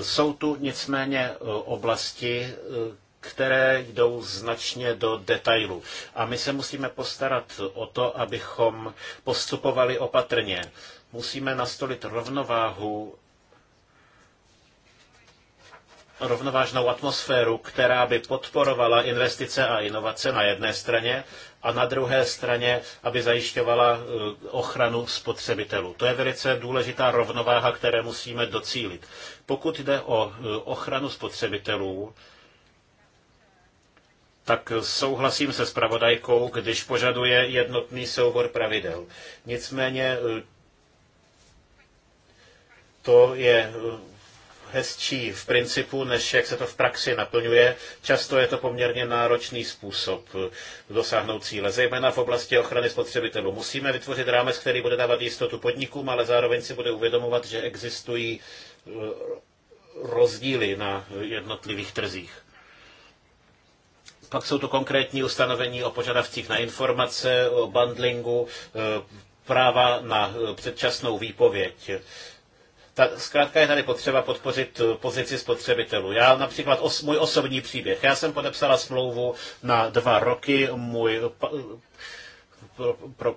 A: Jsou tu nicméně eh, oblasti, které jdou značně do detailu. A my se musíme postarat o to, abychom postupovali opatrně. Musíme nastolit rovnováhu rovnovážnou atmosféru, která by podporovala investice a inovace na jedné straně a na druhé straně, aby zajišťovala eh, ochranu spotřebitelů. To je velice důležitá rovnováha, které musíme docílit. Pokud jde o eh, ochranu spotřebitelů, tak souhlasím se spravodajkou, když požaduje jednotný soubor pravidel. Nicméně eh, to je hezčí v principu, než jak se to v praxi naplňuje. Často je to poměrně náročný způsob dosáhnout cíle, zejména v oblasti ochrany spotřebitelů. Musíme vytvořit rámec, který bude dávat jistotu podnikům, ale zároveň si bude uvědomovat, že existují e, rozdíly na jednotlivých trzích. Pak jsou to konkrétní ustanovení o požadavcích na informace, o bundlingu, e, práva na e, předčasnou výpověď. Ta, zkrátka je tady potřeba podpořit eh, pozici spotřebitelů. Já například os, můj osobní příběh. Já jsem podepsala smlouvu na dva roky. Můj pa, eh, pro, pro,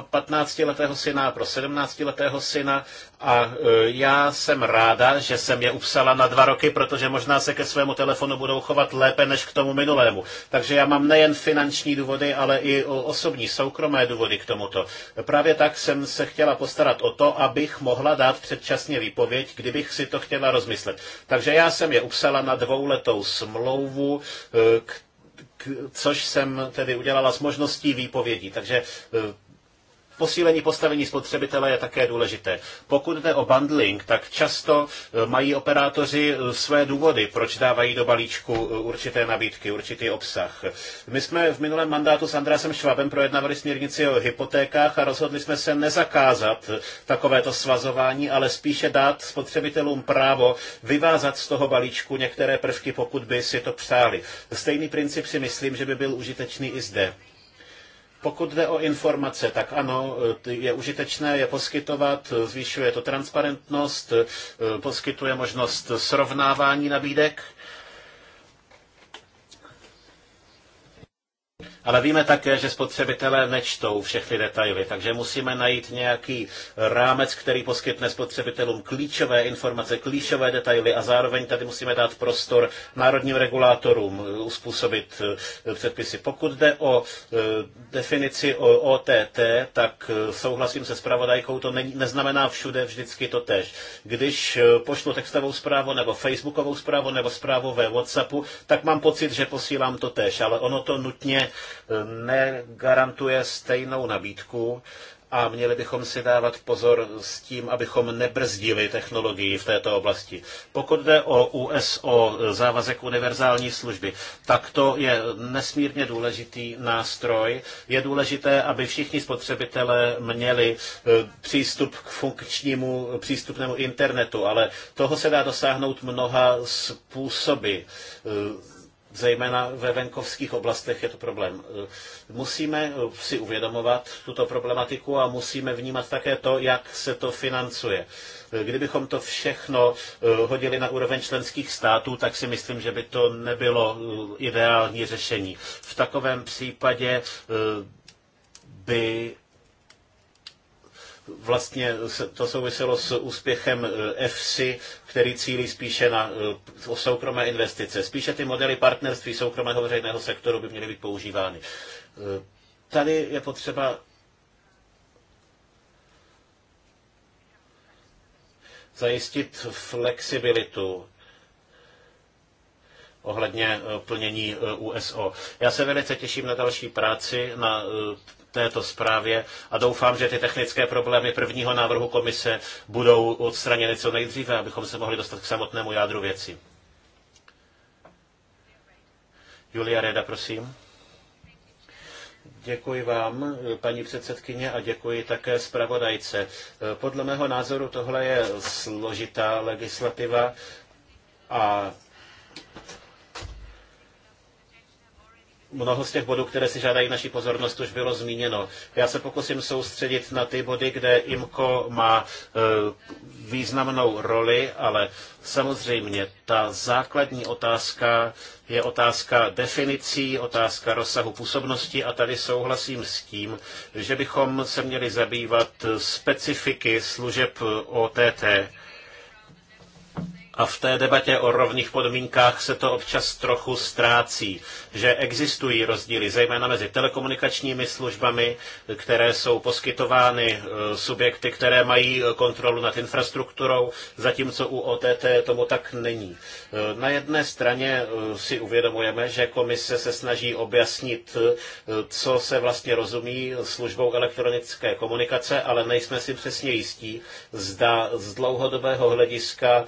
A: 15-letého syna, pro 17-letého syna a e, já jsem ráda, že jsem je upsala na dva roky, protože možná se ke svému telefonu budou chovat lépe než k tomu minulému. Takže já mám nejen finanční důvody, ale i osobní, soukromé důvody k tomuto. Právě tak jsem se chtěla postarat o to, abych mohla dát předčasně výpověď, kdybych si to chtěla rozmyslet. Takže já jsem je upsala na dvouletou smlouvu, e, k což jsem tedy udělala s možností výpovědí. Takže e, Posílení postavení spotřebitele je také důležité. Pokud jde o bundling, tak často eh, mají operátoři eh, své důvody, proč dávají do balíčku eh, určité nabídky, určitý obsah. My jsme v minulém mandátu s Andrásem Švabem projednávali směrnici o hypotékách a rozhodli jsme se nezakázat takovéto svazování, ale spíše dát spotřebitelům právo vyvázat z toho balíčku některé prvky, pokud by si to přáli. Stejný princip si myslím, že by byl užitečný i zde. Pokud jde o informace, tak ano, je užitečné je poskytovat, zvyšuje to transparentnost, eh, poskytuje možnost srovnávání nabídek Ale víme také, že spotřebitelé nečtou všechny detaily, takže musíme najít nějaký rámec, který poskytne spotřebitelům klíčové informace, klíčové detaily a zároveň tady musíme dát prostor národním regulátorům eh, uspůsobit eh, předpisy. Pokud jde o eh, definici o OTT, tak souhlasím se spravodajkou, to neznamená všude vždycky to tež. Když pošlu textovou zprávu nebo facebookovou zprávu nebo zprávu ve WhatsAppu, tak mám pocit, že posílám to tež, ale ono to nutně negarantuje stejnou nabídku a měli bychom si dávat pozor s tím, abychom nebrzdili technologii v této oblasti. Pokud jde o USO, závazek univerzální služby, tak to je nesmírně důležitý nástroj. Je důležité, aby všichni spotřebitelé měli eh, přístup k funkčnímu přístupnému internetu, ale toho se dá dosáhnout mnoha způsoby. Eh, zejména ve venkovských oblastech je to problém. E, musíme e, si uvědomovat tuto problematiku a musíme vnímat také to, jak se to financuje. E, kdybychom to všechno hodili na úroveň členských států, tak si myslím, že by to nebylo ideální řešení. V takovém případě by Vlastně to souviselo s úspěchem EFSI, který cílí spíše na e, soukromé investice. Spíše ty modely partnerství soukromého veřejného sektoru by měly být používány. E, tady je potřeba zajistit flexibilitu ohledně e, plnění USO. Já se velice těším na další práci na této zprávě a doufám, že ty technické problémy prvního návrhu komise budou odstraněny co nejdříve, abychom se mohli dostat k samotnému jádru věci. Julia Reda, prosím. Děkuji vám, paní předsedkyně, a děkuji také zpravodajce. Podle mého názoru tohle je složitá legislativa a mnoho z těch bodů, které si žádají naší pozornost, už bylo zmíněno. Já se pokusím soustředit na ty body, kde IMCO má e, významnou roli, ale samozřejmě ta základní otázka je otázka definicí, otázka rozsahu působnosti a tady souhlasím s tím, že bychom se měli zabývat specifiky služeb OTT a v té debatě o rovných podmínkách se to občas trochu ztrácí, že existují rozdíly, zejména mezi telekomunikačními službami, které jsou poskytovány e, subjekty, které mají e, kontrolu nad infrastrukturou, zatímco u OTT tomu tak není. E, na jedné straně si uvědomujeme, že komise se snaží objasnit, co se vlastně rozumí službou elektronické komunikace, ale nejsme si přesně jistí, zda z dlouhodobého hlediska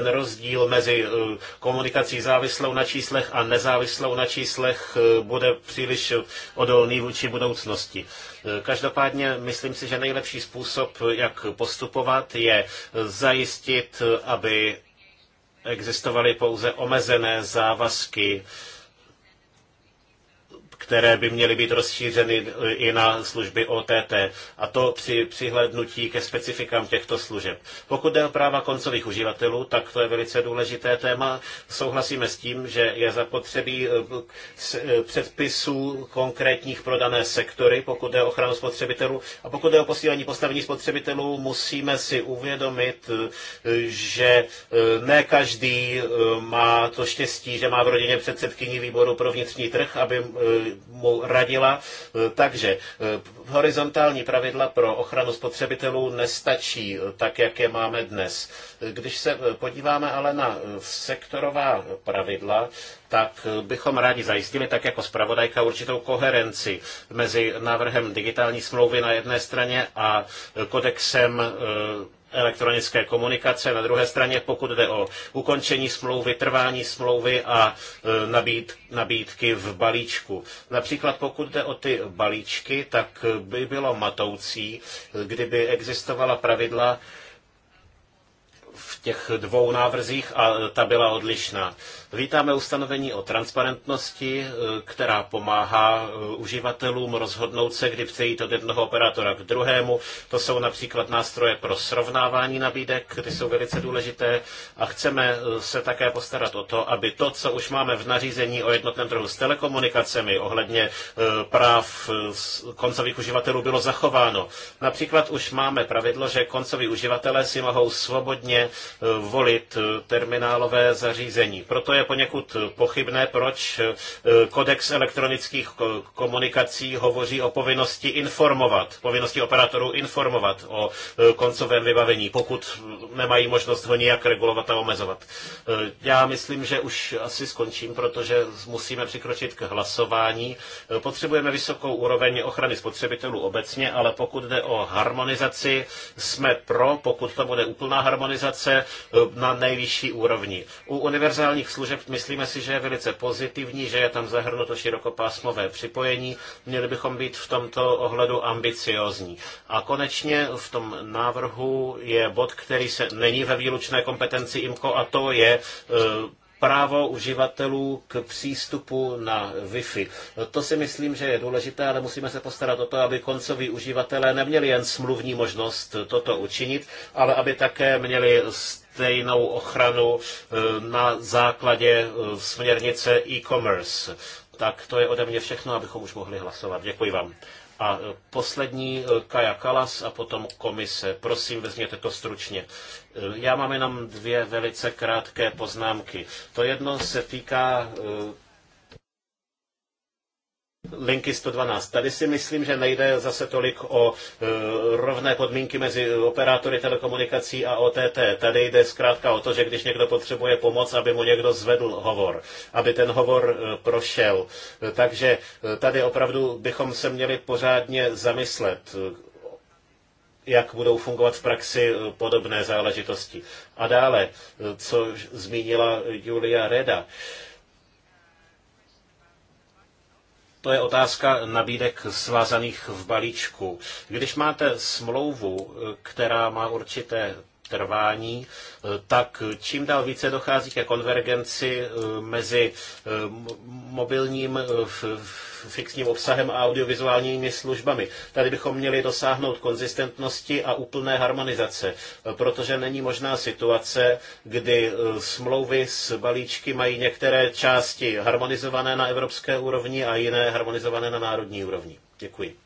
A: ten rozdíl mezi eh, komunikací závislou na číslech a nezávislou na číslech eh, bude příliš odolný vůči budoucnosti. Eh, každopádně myslím si, že nejlepší způsob, jak postupovat, je zajistit, aby existovaly pouze omezené závazky které by měly být rozšířeny eh, i na služby OTT, a to při přihlednutí ke specifikám těchto služeb. Pokud jde o práva koncových uživatelů, tak to je velice důležité téma. Souhlasíme s tím, že je zapotřebí eh, eh, předpisů konkrétních pro dané sektory, pokud jde o ochranu spotřebitelů. A pokud jde o posílení postavení spotřebitelů, musíme si uvědomit, že ne každý má to štěstí, že má v rodině předsedkyni výboru pro vnitřní trh, aby mu radila. E, takže e, horizontální pravidla pro ochranu spotřebitelů nestačí e, tak, jak je máme dnes. Když se podíváme ale na sektorová pravidla, tak bychom rádi zajistili, tak jako zpravodajka, určitou koherenci mezi návrhem digitální smlouvy na jedné straně a kodexem elektronické komunikace. Na druhé straně, pokud jde o ukončení smlouvy, trvání smlouvy a e, nabít, nabídky v balíčku. Například pokud jde o ty balíčky, tak by bylo matoucí, kdyby existovala pravidla v těch dvou návrzích a ta byla odlišná. Vítáme ustanovení o transparentnosti, e, která pomáhá e, uživatelům rozhodnout se, kdy přejít od jednoho operátora k druhému. To jsou například nástroje pro srovnávání nabídek, ty jsou velice důležité a chceme e, se také postarat o to, aby to, co už máme v nařízení o jednotném trhu s telekomunikacemi ohledně práv koncových uživatelů bylo zachováno. Například už máme pravidlo, že koncoví uživatelé si mohou svobodně volit terminálové zařízení. Proto je poněkud pochybné, proč eh, kodex elektronických komunikací hovoří o povinnosti informovat, povinnosti operátorů informovat o eh, koncovém vybavení, pokud nemají možnost ho nijak regulovat a omezovat. Eh, já myslím, že už asi skončím, protože musíme přikročit k hlasování. Potřebujeme vysokou úroveň ochrany spotřebitelů obecně, ale pokud jde o harmonizaci, jsme pro, pokud to bude úplná harmonizace na nejvyšší úrovni. U univerzálních služeb služeb myslíme si, že je velice pozitivní, že je tam zahrnuto širokopásmové připojení. Měli bychom být v tomto ohledu ambiciozní. A konečně v tom návrhu je bod, který se není ve výlučné kompetenci IMCO a to je e, právo uživatelů k přístupu na Wi-Fi. No, to si myslím, že je důležité, ale musíme se postarat o to, aby koncoví uživatelé neměli jen smluvní možnost toto učinit, ale aby také měli stejnou ochranu eh, na základě eh, směrnice e-commerce. Tak to je ode mě všechno, abychom už mohli hlasovat. Děkuji vám. A eh, poslední Kaja Kalas a potom komise. Prosím, vezměte to stručně. Já mám jenom dvě velice krátké poznámky. To jedno se týká linky 112. Tady si myslím, že nejde zase tolik o e, rovné podmínky mezi operátory telekomunikací a OTT. Tady jde zkrátka o to, že když někdo potřebuje pomoc, aby mu někdo zvedl hovor, aby ten hovor e, prošel. E, takže tady opravdu bychom se měli pořádně zamyslet, jak budou fungovat v praxi podobné záležitosti. A dále, co zmínila Julia Reda. Uh, to je otázka nabídek svázaných v balíčku. Když máte smlouvu, která má určité trvání, tak čím dál více dochází ke konvergenci eh, mezi eh, mobilním eh, fixním obsahem a audiovizuálními službami. Tady bychom měli dosáhnout konzistentnosti a úplné harmonizace, protože není možná situace, kdy e, smlouvy s balíčky mají některé části harmonizované na evropské úrovni a jiné harmonizované na národní úrovni. Děkuji.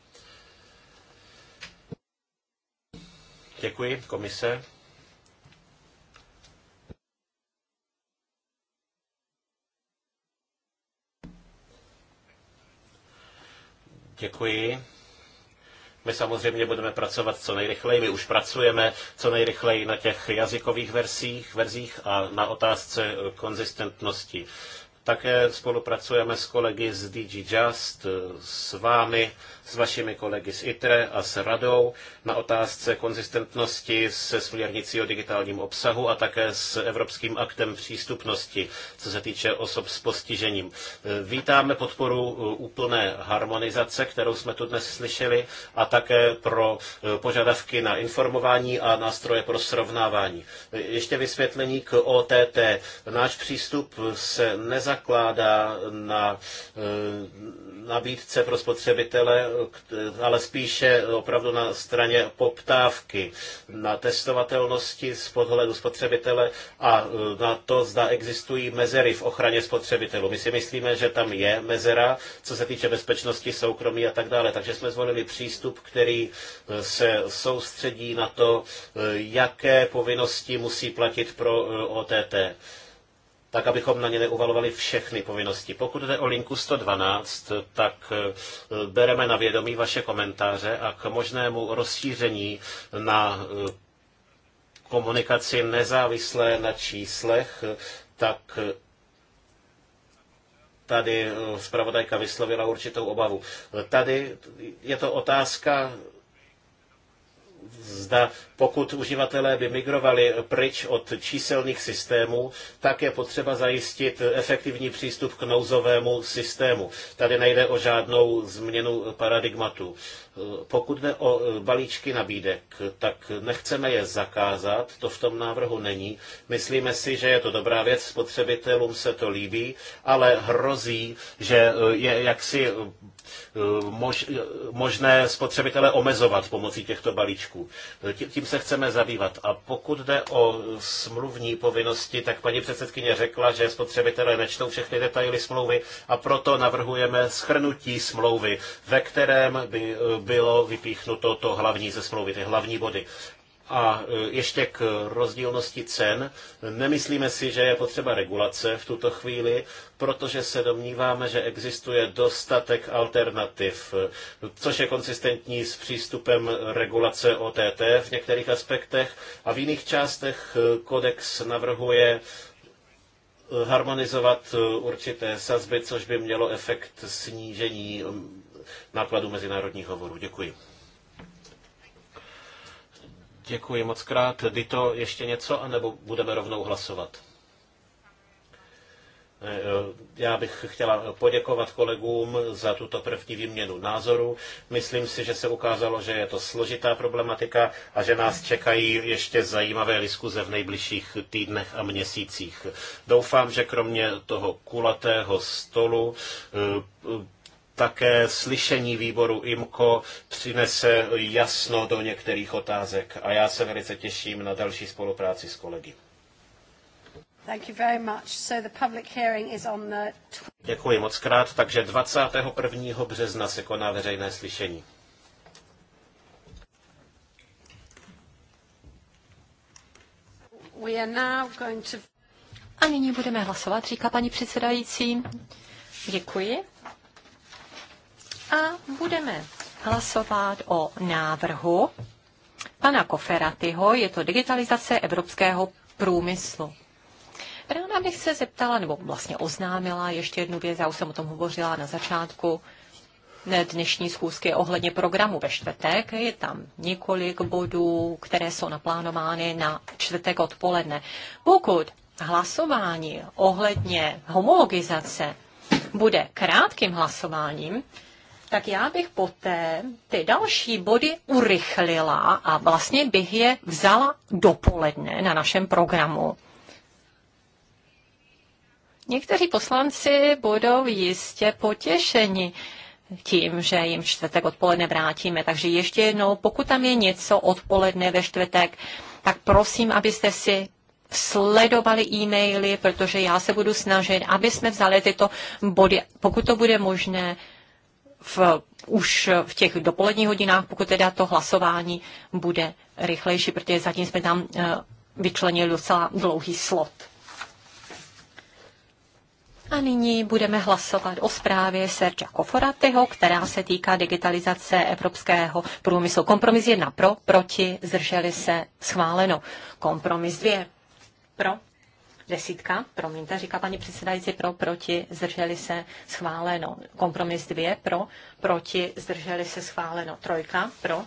A: Děkuji, komise. Děkuji. My samozřejmě budeme pracovat co nejrychleji, my už pracujeme co nejrychleji na těch jazykových verzích, verzích a na otázce konzistentnosti. Také spolupracujeme s kolegy z DG Just, s vámi s vašimi kolegy z ITRE a s radou na otázce konzistentnosti se směrnicí o digitálním obsahu a také s Evropským aktem přístupnosti, co se týče osob s postižením. Vítáme podporu e, úplné harmonizace, kterou jsme tu dnes slyšeli, a také pro e, požadavky na informování a nástroje pro srovnávání. E, ještě vysvětlení k OTT. Náš přístup se nezakládá na nabídce pro spotřebitele, ale spíše opravdu na straně poptávky, na testovatelnosti z podhledu spotřebitele a e, na to, zda existují mezery v ochraně spotřebitelů. My si myslíme, že tam je mezera, co se týče bezpečnosti, soukromí a tak dále. Takže jsme zvolili přístup, který e, se soustředí na to, e, jaké povinnosti musí platit pro OTT tak abychom na ně neuvalovali všechny povinnosti. Pokud jde o linku 112, tak eh, bereme na vědomí vaše komentáře a k možnému rozšíření na eh, komunikaci nezávislé na číslech, tak eh, tady zpravodajka vyslovila určitou obavu. Tady je to otázka zda pokud uživatelé by migrovali pryč od číselných systémů, tak je potřeba zajistit efektivní přístup k nouzovému systému. Tady nejde o žádnou změnu paradigmatu. Pokud jde o balíčky nabídek, tak nechceme je zakázat, to v tom návrhu není. Myslíme si, že je to dobrá věc, spotřebitelům se to líbí, ale hrozí, že je jaksi eh, eh, možné spotřebitele omezovat pomocí těchto balíčků. Tím se chceme zabývat. A pokud jde o smluvní povinnosti, tak paní předsedkyně řekla, že spotřebitelé nečtou všechny detaily smlouvy a proto navrhujeme schrnutí smlouvy, ve kterém by eh, bylo vypíchnuto to hlavní ze smlouvy, ty hlavní body. A e, ještě k rozdílnosti cen. Nemyslíme si, že je potřeba regulace v tuto chvíli, protože se domníváme, že existuje dostatek alternativ, e, což je konsistentní s přístupem regulace OTT v některých aspektech a v jiných částech e, kodex navrhuje harmonizovat určité sazby, což by mělo efekt snížení nákladů mezinárodních hovorů. Děkuji. Děkuji moc krát. Dito, ještě něco, anebo budeme rovnou hlasovat? Eh, já bych chtěla poděkovat kolegům za tuto první výměnu názorů. Myslím si, že se ukázalo, že je to složitá problematika a že nás čekají ještě zajímavé diskuze v nejbližších týdnech a měsících. Doufám, že kromě toho kulatého stolu eh, také slyšení výboru IMCO přinese jasno do některých otázek a já se velice těším na další spolupráci s kolegy. Děkuji moc krát, takže 21. března se koná veřejné slyšení.
B: A nyní budeme hlasovat, říká paní předsedající. Děkuji. A budeme hlasovat o návrhu pana Koferatyho, je to digitalizace evropského průmyslu. Ráda bych se zeptala, nebo vlastně oznámila ještě jednu věc, já už jsem o tom hovořila na začátku dnešní schůzky ohledně programu ve čtvrtek. Je tam několik bodů, které jsou naplánovány na čtvrtek odpoledne. Pokud hlasování ohledně homologizace bude krátkým hlasováním, tak já bych poté ty další body urychlila a vlastně bych je vzala dopoledne na našem programu. Někteří poslanci budou jistě potěšeni tím, že jim čtvrtek odpoledne vrátíme. Takže ještě jednou, pokud tam je něco odpoledne ve čtvrtek, tak prosím, abyste si sledovali e-maily, protože já se budu snažit, aby jsme vzali tyto body, pokud to bude možné, v, už v těch dopoledních hodinách, pokud teda to hlasování bude rychlejší, protože zatím jsme tam eh, vyčlenili docela dlouhý slot. A nyní budeme hlasovat o zprávě Serča Koforatyho, která se týká digitalizace evropského průmyslu. Kompromis 1 pro, proti, zrželi se, schváleno. Kompromis 2 pro, Desítka, promiňte, říká paní předsedající, pro, proti, zdrželi se, schváleno. Kompromis dvě, pro, proti, zdrželi se, schváleno. Trojka, pro,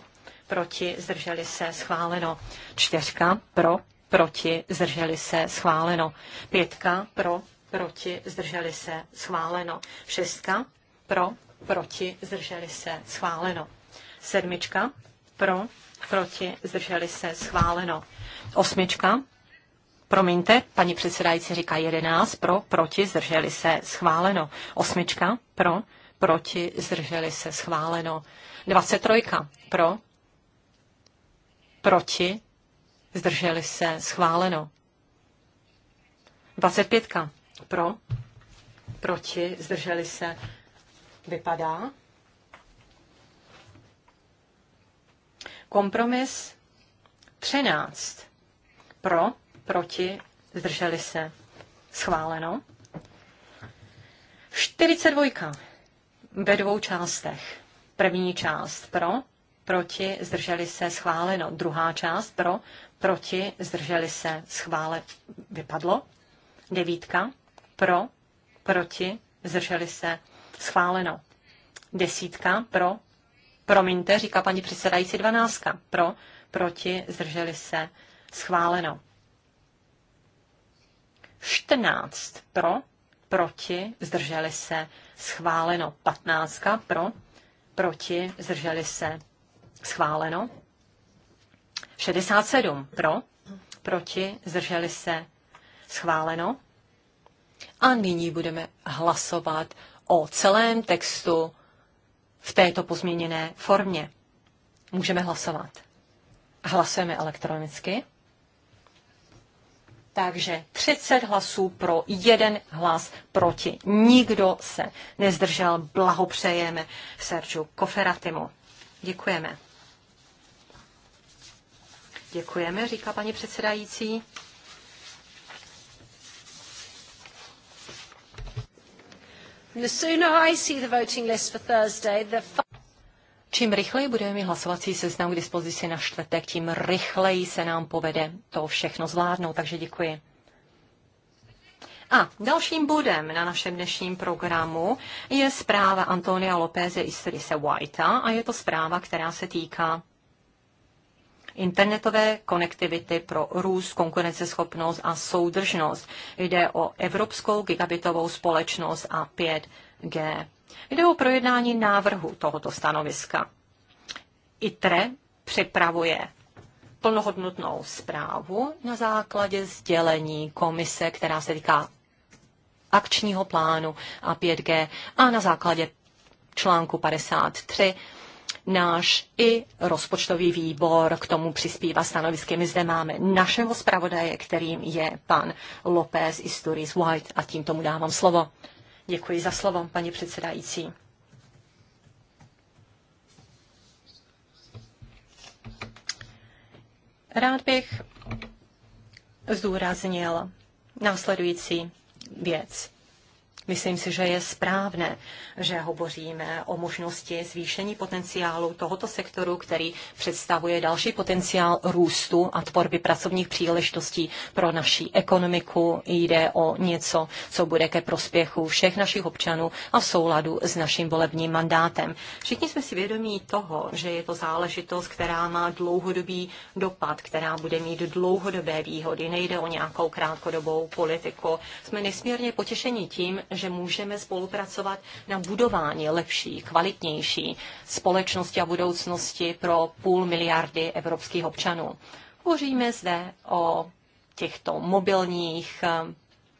B: proti, zdrželi se, schváleno. Čtyřka, pro, proti, zdrželi se, schváleno. Pětka, pro, proti, zdrželi se, schváleno. Šestka, pro, proti, zdrželi se, schváleno. Sedmička, pro, proti, zdrželi se, schváleno. Osmička, Promiňte, paní předsedající říká 11 pro, proti, zdrželi se, schváleno. Osmička pro, proti, zdrželi se, schváleno. 23 pro, proti, zdrželi se, schváleno. 25 pro, proti, zdrželi se, vypadá. Kompromis 13 pro, proti, zdrželi se, schváleno. 42 ve dvou částech. První část pro, proti, zdrželi se, schváleno. Druhá část pro, proti, zdrželi se, schvále, vypadlo. Devítka pro, proti, zdrželi se, schváleno. Desítka pro, promiňte, říká paní předsedající dvanáctka, pro, proti, zdrželi se, schváleno. 14 pro, proti, zdrželi se, schváleno 15 pro, proti, zdrželi se, schváleno 67 pro, proti, zdrželi se, schváleno. A nyní budeme hlasovat o celém textu v této pozměněné formě. Můžeme hlasovat. Hlasujeme elektronicky. Takže 30 hlasů pro, jeden hlas proti. Nikdo se nezdržel. Blahopřejeme Sergiu Koferatimu. Děkujeme. Děkujeme, říká paní předsedající. The sooner I see the voting list for Thursday, the Čím rychleji budeme mít hlasovací seznam k dispozici na čtvrtek, tím rychleji se nám povede to všechno zvládnout, takže děkuji. A dalším bodem na našem dnešním programu je zpráva Antonia Lópeze Istrise Whitea a je to zpráva, která se týká internetové konektivity pro růst, konkurenceschopnost a soudržnost. Jde o Evropskou gigabitovou společnost a 5G. Jde o projednání návrhu tohoto stanoviska. ITRE připravuje plnohodnotnou zprávu na základě sdělení komise, která se týká akčního plánu a 5G a na základě článku 53 náš i rozpočtový výbor k tomu přispívá stanovisky. My zde máme našeho zpravodaje, kterým je pan López Isturiz White a tím tomu dávám slovo. Děkuji za slovo, paní předsedající. Rád bych zdůraznil následující věc. Myslím si, že je správné, že hovoříme o možnosti zvýšení potenciálu tohoto sektoru, který představuje další potenciál růstu a tvorby pracovních příležitostí pro naši ekonomiku. Jde o něco, co bude ke prospěchu všech našich občanů a v souladu s naším volebním mandátem. Všichni jsme si vědomí toho, že je to záležitost, která má dlouhodobý dopad, která bude mít dlouhodobé výhody. Nejde o nějakou krátkodobou politiku. Jsme nesmírně potěšeni tím, že můžeme spolupracovat na budování lepší, kvalitnější společnosti a budoucnosti pro půl miliardy evropských občanů. Hovoříme zde o těchto mobilních eh,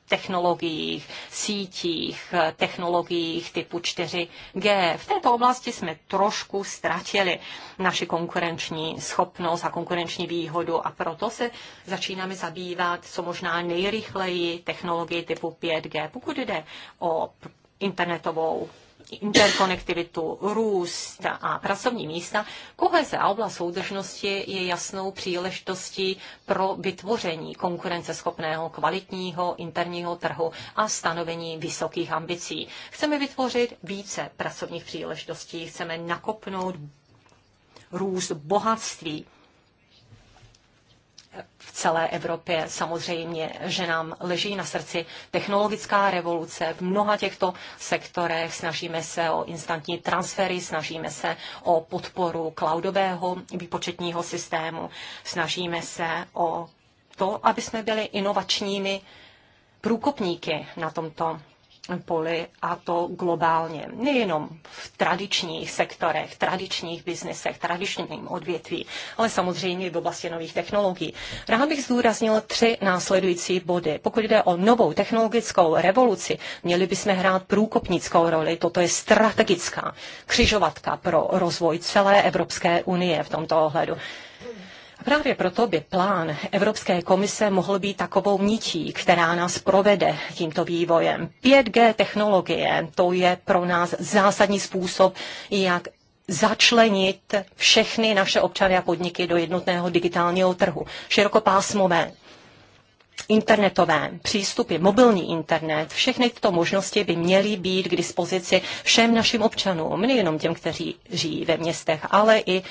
B: technologiích, sítích, technologiích typu 4G. V této oblasti jsme trošku ztratili naši konkurenční schopnost a konkurenční výhodu a proto se začínáme zabývat co možná nejrychleji technologii typu 5G. Pokud jde o internetovou interkonektivitu, růst a pracovní místa, koheze a oblast soudržnosti je jasnou příležitostí pro vytvoření konkurenceschopného, kvalitního interního trhu a stanovení vysokých ambicí. Chceme vytvořit více pracovních příležitostí, chceme nakopnout růst bohatství v celé Evropě. Samozřejmě, že nám leží na srdci technologická revoluce v mnoha těchto sektorech. Snažíme se o instantní transfery, snažíme se o podporu cloudového výpočetního systému, snažíme se o to, aby jsme byli inovačními průkopníky na tomto poli a to globálně. Nejenom v tradičních sektorech, tradičních biznesech, tradičním odvětví, ale samozřejmě v oblasti nových technologií. Rád bych zdůraznil tři následující body. Pokud jde o novou technologickou revoluci, měli bychom hrát průkopnickou roli. Toto je strategická křižovatka pro rozvoj celé Evropské unie v tomto ohledu. Právě proto by plán Evropské komise mohl být takovou nití, která nás provede tímto vývojem. 5G technologie, to je pro nás zásadní způsob, jak začlenit všechny naše občany a podniky do jednotného digitálního trhu. Širokopásmové internetové přístupy, mobilní internet, všechny tyto možnosti by měly být k dispozici všem našim občanům, nejenom těm, kteří žijí ve městech, ale i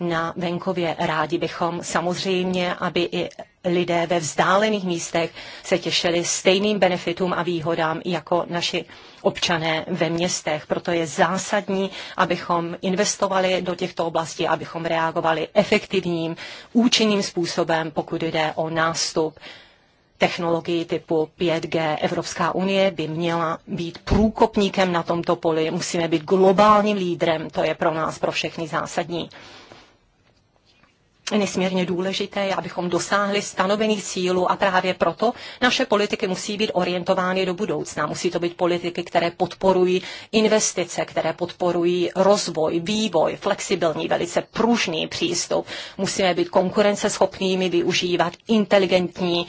B: na venkově. Rádi bychom samozřejmě, aby i lidé ve vzdálených místech se těšili stejným benefitům a výhodám jako naši občané ve městech. Proto je zásadní, abychom investovali do těchto oblastí, abychom reagovali efektivním, účinným způsobem, pokud jde o nástup technologií typu 5G. Evropská unie by měla být průkopníkem na tomto poli. Musíme být globálním lídrem, to je pro nás, pro všechny zásadní nesmírně důležité, abychom dosáhli stanovených cílů a právě proto naše politiky musí být orientovány do budoucna. Musí to být politiky, které podporují investice, které podporují rozvoj, vývoj, flexibilní, velice pružný přístup. Musíme být konkurenceschopnými, využívat inteligentní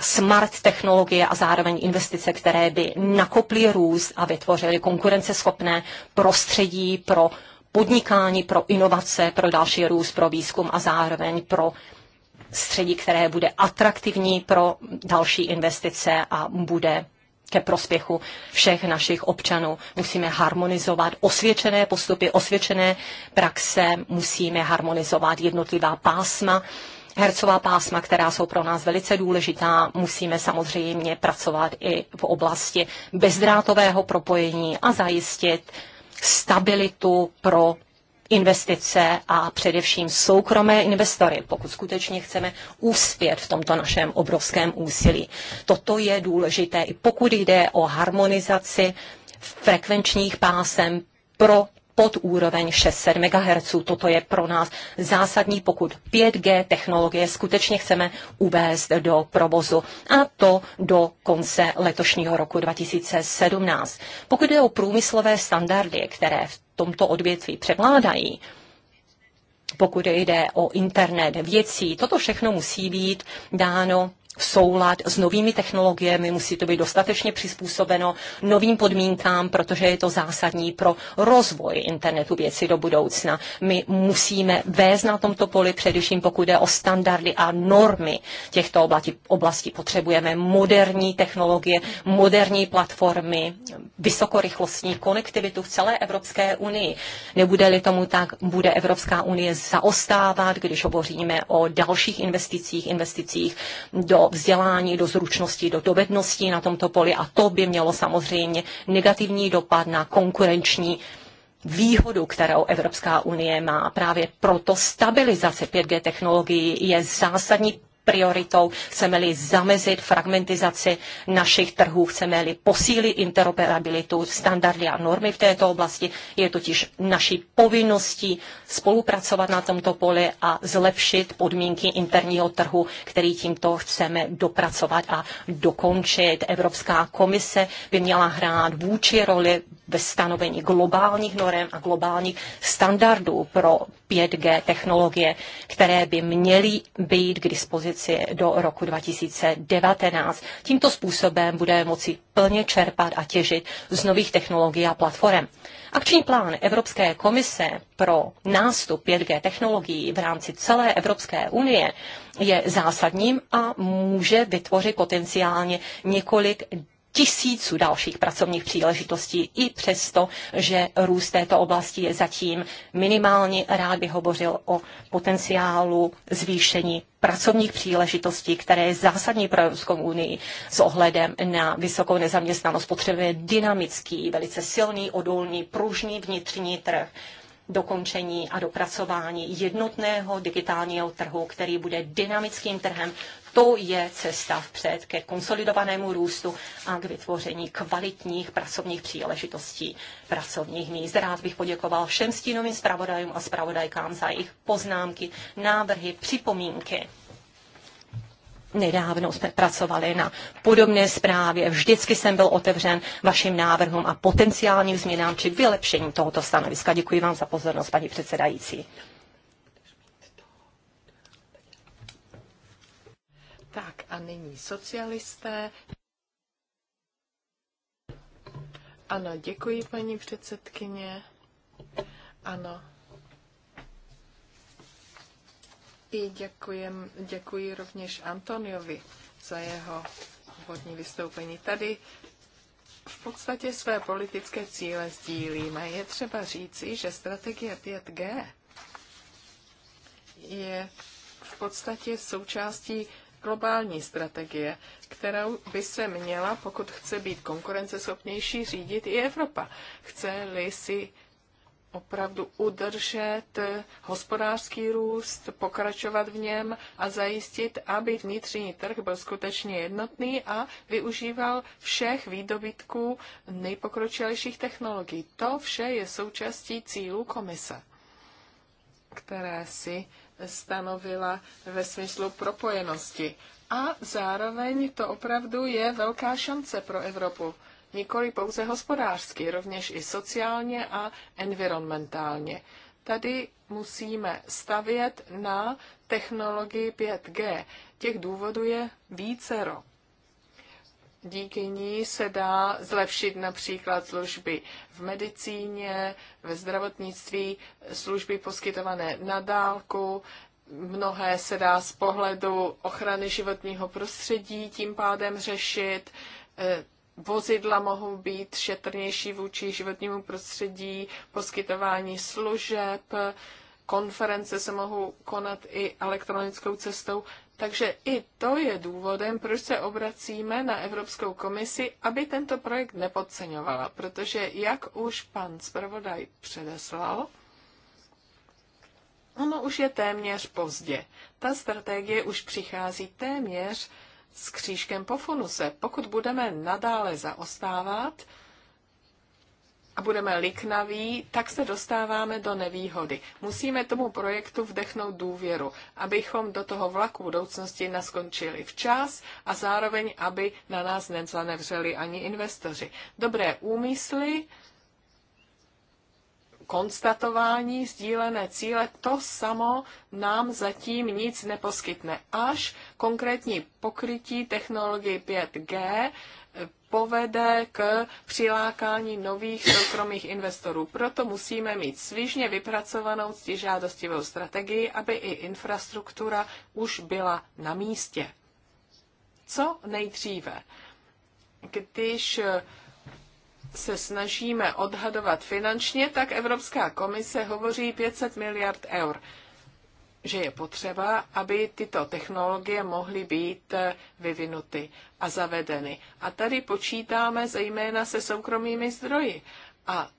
B: smart technologie a zároveň investice, které by nakoply růst a vytvořily konkurenceschopné prostředí pro podnikání, pro inovace, pro další růst, pro výzkum a zároveň pro středí, které bude atraktivní pro další investice a bude ke prospěchu všech našich občanů. Musíme harmonizovat osvědčené postupy, osvědčené praxe, musíme harmonizovat jednotlivá pásma, hercová pásma, která jsou pro nás velice důležitá. Musíme samozřejmě pracovat i v oblasti bezdrátového propojení a zajistit stabilitu pro investice a především soukromé investory, pokud skutečně chceme úspět v tomto našem obrovském úsilí. Toto je důležité, i pokud jde o harmonizaci frekvenčních pásem pro pod úroveň 600 MHz. Toto je pro nás zásadní, pokud 5G technologie skutečně chceme uvést do provozu a to do konce letošního roku 2017. Pokud jde o průmyslové standardy, které v tomto odvětví převládají, pokud jde o internet věcí, toto všechno musí být dáno v soulad s novými technologiemi, musí to být dostatečně přizpůsobeno novým podmínkám, protože je to zásadní pro rozvoj internetu věci do budoucna. My musíme vést na tomto poli, především pokud jde o standardy a normy těchto oblasti. oblasti. Potřebujeme moderní technologie, moderní platformy, vysokorychlostní konektivitu v celé Evropské unii. Nebude-li tomu tak, bude Evropská unie zaostávat, když hovoříme o dalších investicích, investicích do vzdělání, do zručnosti, do dovedností na tomto poli a to by mělo samozřejmě negativní dopad na konkurenční výhodu, kterou Evropská unie má. Právě proto stabilizace 5G technologií je zásadní prioritou, chceme-li zamezit fragmentizaci našich trhů, chceme-li posílit interoperabilitu, standardy a normy v této oblasti. Je totiž naší povinností spolupracovat na tomto poli a zlepšit podmínky interního trhu, který tímto chceme dopracovat a dokončit. Evropská komise by měla hrát vůči roli ve stanovení globálních norem a globálních standardů pro 5G technologie, které by měly být k dispozici do roku 2019. Tímto způsobem bude moci plně čerpat a těžit z nových technologií a platform. Akční plán Evropské komise pro nástup 5G technologií v rámci celé Evropské unie je zásadním a může vytvořit potenciálně několik tisíců dalších pracovních příležitostí, i přesto, že růst této oblasti je zatím minimální. Rád bych hovořil o potenciálu zvýšení pracovních příležitostí, které je zásadní pro Evropskou unii s ohledem na vysokou nezaměstnanost. Potřebuje dynamický, velice silný, odolný, pružný vnitřní trh dokončení a dopracování jednotného digitálního trhu, který bude dynamickým trhem. To je cesta vpřed ke konsolidovanému růstu a k vytvoření kvalitních pracovních příležitostí, pracovních míst. Rád bych poděkoval všem stínovým zpravodajům a zpravodajkám za jejich poznámky, návrhy, připomínky. Nedávno jsme pracovali na podobné zprávě. Vždycky jsem byl otevřen vašim návrhům a potenciálním změnám či vylepšení tohoto stanoviska. Děkuji vám za pozornost, paní předsedající.
C: Tak a nyní socialisté. Ano, děkuji, paní předsedkyně. Ano, I děkujem, děkuji rovněž Antoniovi za jeho úvodní vystoupení. Tady v podstatě své politické cíle sdílíme. Je třeba říci, že strategie 5G je v podstatě součástí globální strategie, kterou by se měla, pokud chce být konkurenceschopnější, řídit i Evropa. Chce-li si opravdu udržet hospodářský růst, pokračovat v něm a zajistit, aby vnitřní trh byl skutečně jednotný a využíval všech výdobytků nejpokročilejších technologií. To vše je součástí cílů komise, které si stanovila ve smyslu propojenosti. A zároveň to opravdu je velká šance pro Evropu nikoli pouze hospodářsky, rovněž i sociálně a environmentálně. Tady musíme stavět na technologii 5G. Těch důvodů je vícero. Díky ní se dá zlepšit například služby v medicíně, ve zdravotnictví, služby poskytované na dálku, mnohé se dá z pohledu ochrany životního prostředí tím pádem řešit, eh, vozidla mohou být šetrnější vůči životnímu prostředí, poskytování služeb, konference se mohou konat i elektronickou cestou. Takže i to je důvodem, proč se obracíme na Evropskou komisi, aby tento projekt nepodceňovala, protože jak už pan zpravodaj předeslal, ono už je téměř pozdě. Ta strategie už přichází téměř s křížkem po funuse. Pokud budeme nadále zaostávat a budeme liknaví, tak se dostáváme do nevýhody. Musíme tomu projektu vdechnout důvěru, abychom do toho vlaku budoucnosti naskončili včas a zároveň, aby na nás nezanevřeli ani investoři. Dobré úmysly, konstatování sdílené cíle, to samo nám zatím nic neposkytne. Až konkrétní pokrytí technologii 5G eh, povede k přilákání nových soukromých investorů. Proto musíme mít svižně vypracovanou ctižádostivou strategii, aby i infrastruktura už byla na místě. Co nejdříve? Když eh, se snažíme odhadovat finančně, tak Evropská komise hovoří 500 miliard eur že je potřeba, aby tyto technologie mohly být eh, vyvinuty a zavedeny. A tady počítáme zejména se soukromými zdroji. A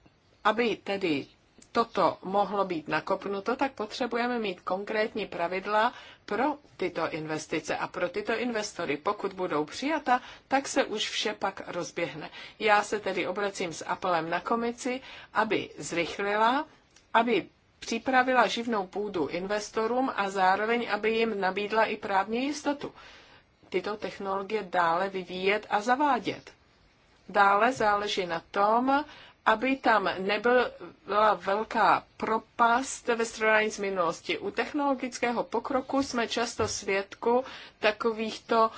C: aby tedy toto mohlo být nakopnuto, tak potřebujeme mít konkrétní pravidla pro tyto investice a pro tyto investory. Pokud budou přijata, tak se už vše pak rozběhne. Já se tedy obracím s apelem na komici, aby zrychlila, aby připravila živnou půdu investorům a zároveň, aby jim nabídla i právní jistotu tyto technologie dále vyvíjet a zavádět. Dále záleží na tom, aby tam nebyla velká propast ve srovnání s minulosti. U technologického pokroku jsme často svědku takovýchto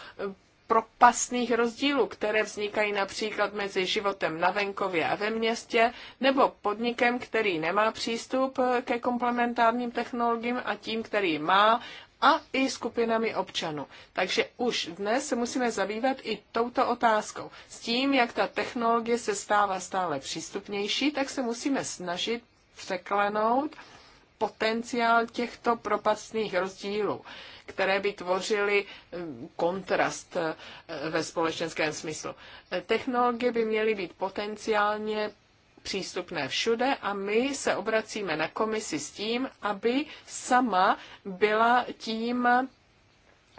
C: propastných rozdílů, které vznikají například mezi životem na venkově a ve městě, nebo podnikem, který nemá přístup ke komplementárním technologiím a tím, který má a i skupinami občanů. Takže už dnes se musíme zabývat i touto otázkou. S tím, jak ta technologie se stává stále přístupnější, tak se musíme snažit překlenout potenciál těchto propastných rozdílů, které by tvořily eh, kontrast eh, ve společenském smyslu. Eh, technologie by měly být potenciálně přístupné všude a my se obracíme na komisi s tím, aby sama byla tím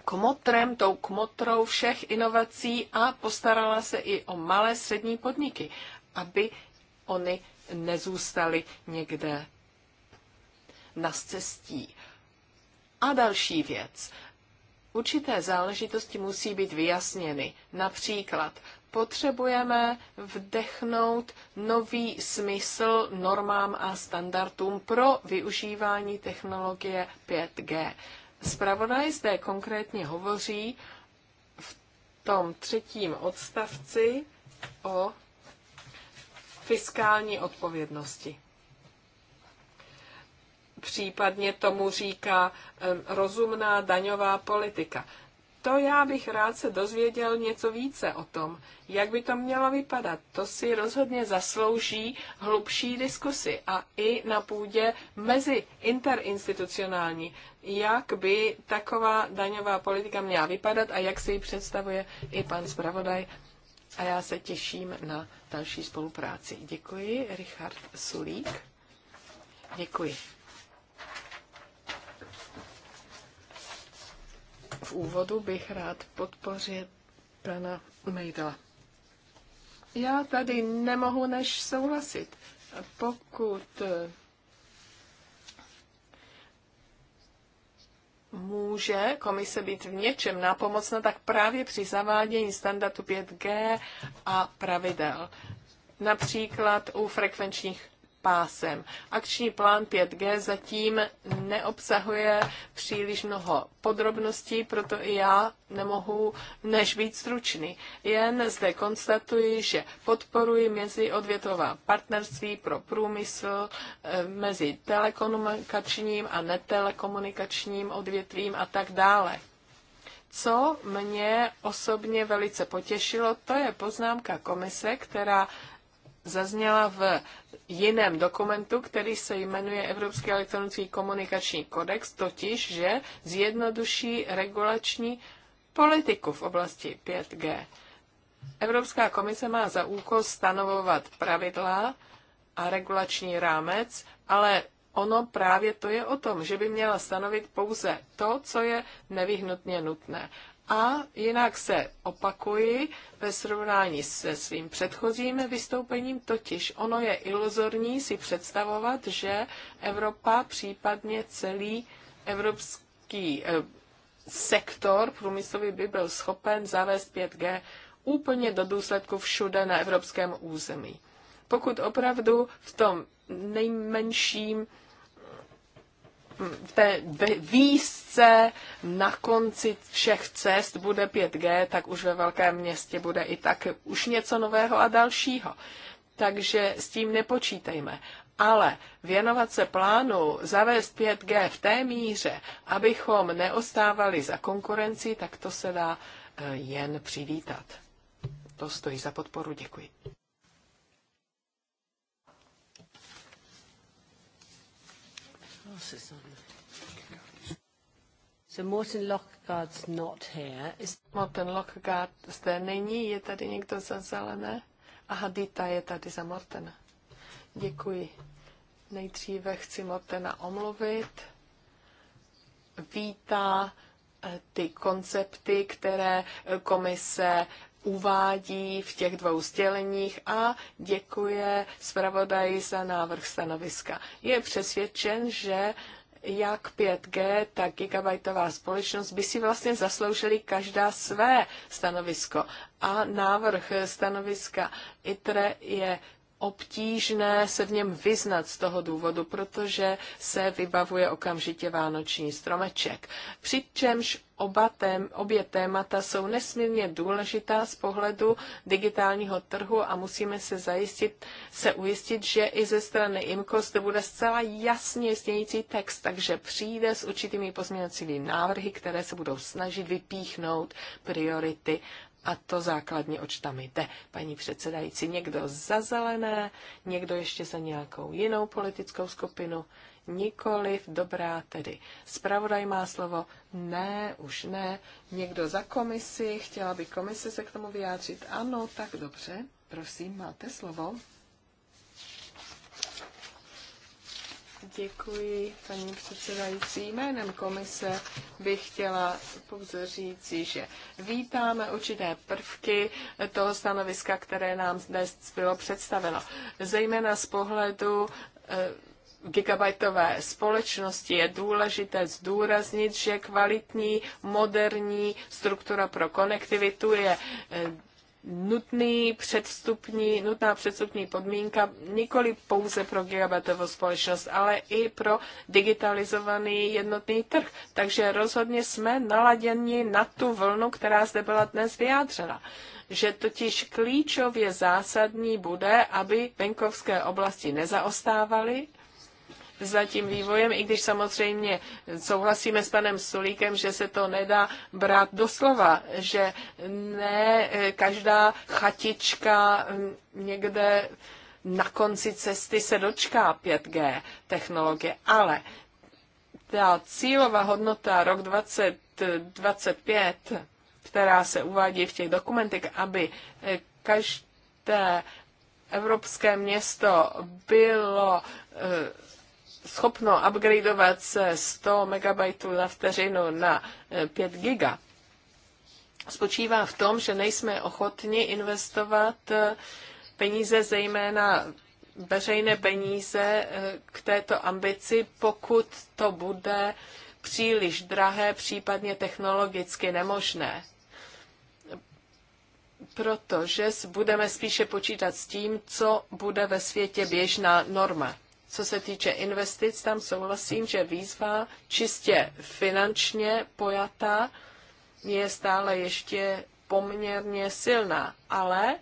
C: kmotrem, tou kmotrou všech inovací a postarala se i o malé střední podniky, aby oni nezůstali někde na cestí. A další věc. Určité záležitosti musí být vyjasněny. Například potřebujeme vdechnout nový smysl normám a standardům pro využívání technologie 5G. Spravodaj zde konkrétně hovoří v tom třetím odstavci o fiskální odpovědnosti. Případně tomu říká rozumná daňová politika. To já bych rád se dozvěděl něco více o tom, jak by to mělo vypadat. To si rozhodně zaslouží hlubší diskusy a i na půdě mezi interinstitucionální, jak by taková daňová politika měla vypadat a jak si ji představuje i pan zpravodaj. A já se těším na další spolupráci. Děkuji, Richard Sulík. Děkuji. v úvodu bych rád podpořil pana Mejdla. Já tady nemohu než souhlasit. Pokud eh, může komise být v něčem nápomocná, tak právě při zavádění standardu 5G a pravidel. Například u frekvenčních pásem. Akční plán 5G zatím neobsahuje příliš mnoho podrobností, proto i já nemohu než být stručný. Jen zde konstatuji, že podporuji mezi odvětová partnerství pro průmysl eh, mezi telekomunikačním a netelekomunikačním odvětvím a tak dále. Co mě osobně velice potěšilo, to je poznámka komise, která zazněla v jiném dokumentu, který se jmenuje Evropský elektronický komunikační kodex, totiž, že zjednoduší regulační politiku v oblasti 5G. Evropská komise má za úkol stanovovat pravidla a regulační rámec, ale ono právě to je o tom, že by měla stanovit pouze to, co je nevyhnutně nutné. A jinak se opakuji ve srovnání se svým předchozím vystoupením, totiž ono je iluzorní si představovat, že Evropa, případně celý evropský eh, sektor průmyslový by byl schopen zavést 5G úplně do důsledku všude na evropském území. Pokud opravdu v tom nejmenším v té výzce na konci všech cest bude 5G, tak už ve velkém městě bude i tak už něco nového a dalšího. Takže s tím nepočítejme. Ale věnovat se plánu zavést 5G v té míře, abychom neostávali za konkurenci, tak to se dá eh, jen přivítat. To stojí za podporu. Děkuji. se sami. So Martin Lockgard's not here. Is... Lockgard zde není, je tady někdo za zelené? A Hadita je tady za Mortena. Děkuji. Nejdříve chci Mortena omluvit. Vítá eh, ty koncepty, které eh, komise uvádí v těch dvou sděleních a děkuje zpravodaji za návrh stanoviska. Je přesvědčen, že jak 5G, tak gigabajtová společnost by si vlastně zasloužili každá své stanovisko. A návrh stanoviska ITRE je obtížné se v něm vyznat z toho důvodu, protože se vybavuje okamžitě vánoční stromeček. Přičemž oba tém, obě témata jsou nesmírně důležitá z pohledu digitálního trhu a musíme se zajistit, se ujistit, že i ze strany IMCO to bude zcela jasně snějící text, takže přijde s určitými pozměňovacími návrhy, které se budou snažit vypíchnout priority a to základně, oč tam jde. Paní předsedající, někdo za zelené, někdo ještě za nějakou jinou politickou skupinu, nikoliv, dobrá tedy. Spravodaj má slovo, ne, už ne, někdo za komisi, chtěla by komise se k tomu vyjádřit, ano, tak dobře, prosím, máte slovo. Děkuji, paní předsedající. Jménem komise bych chtěla pouze říci, že vítáme určité prvky toho stanoviska, které nám dnes bylo představeno. Zejména z pohledu eh, gigabajtové společnosti je důležité zdůraznit, že kvalitní moderní struktura pro konektivitu je eh, nutný předstupní, nutná předstupní podmínka nikoli pouze pro gigabitovou společnost, ale i pro digitalizovaný jednotný trh. Takže rozhodně jsme naladěni na tu vlnu, která zde byla dnes vyjádřena že totiž klíčově zásadní bude, aby venkovské oblasti nezaostávaly, za tím vývojem, i když samozřejmě souhlasíme s panem Sulíkem, že se to nedá brát doslova, že ne eh, každá chatička hm, někde na konci cesty se dočká 5G technologie, ale ta cílová hodnota rok 2025, která se uvádí v těch dokumentech, aby eh, každé evropské město bylo eh, schopno upgradeovat se 100 MB na vteřinu na 5 e, GB, spočívá v tom, že nejsme ochotni investovat e, peníze, zejména veřejné peníze e, k této ambici, pokud to bude příliš drahé, případně technologicky nemožné. Protože budeme spíše počítat s tím, co bude ve světě běžná norma. Co se týče investic, tam souhlasím, že výzva čistě finančně pojata je stále ještě poměrně silná, ale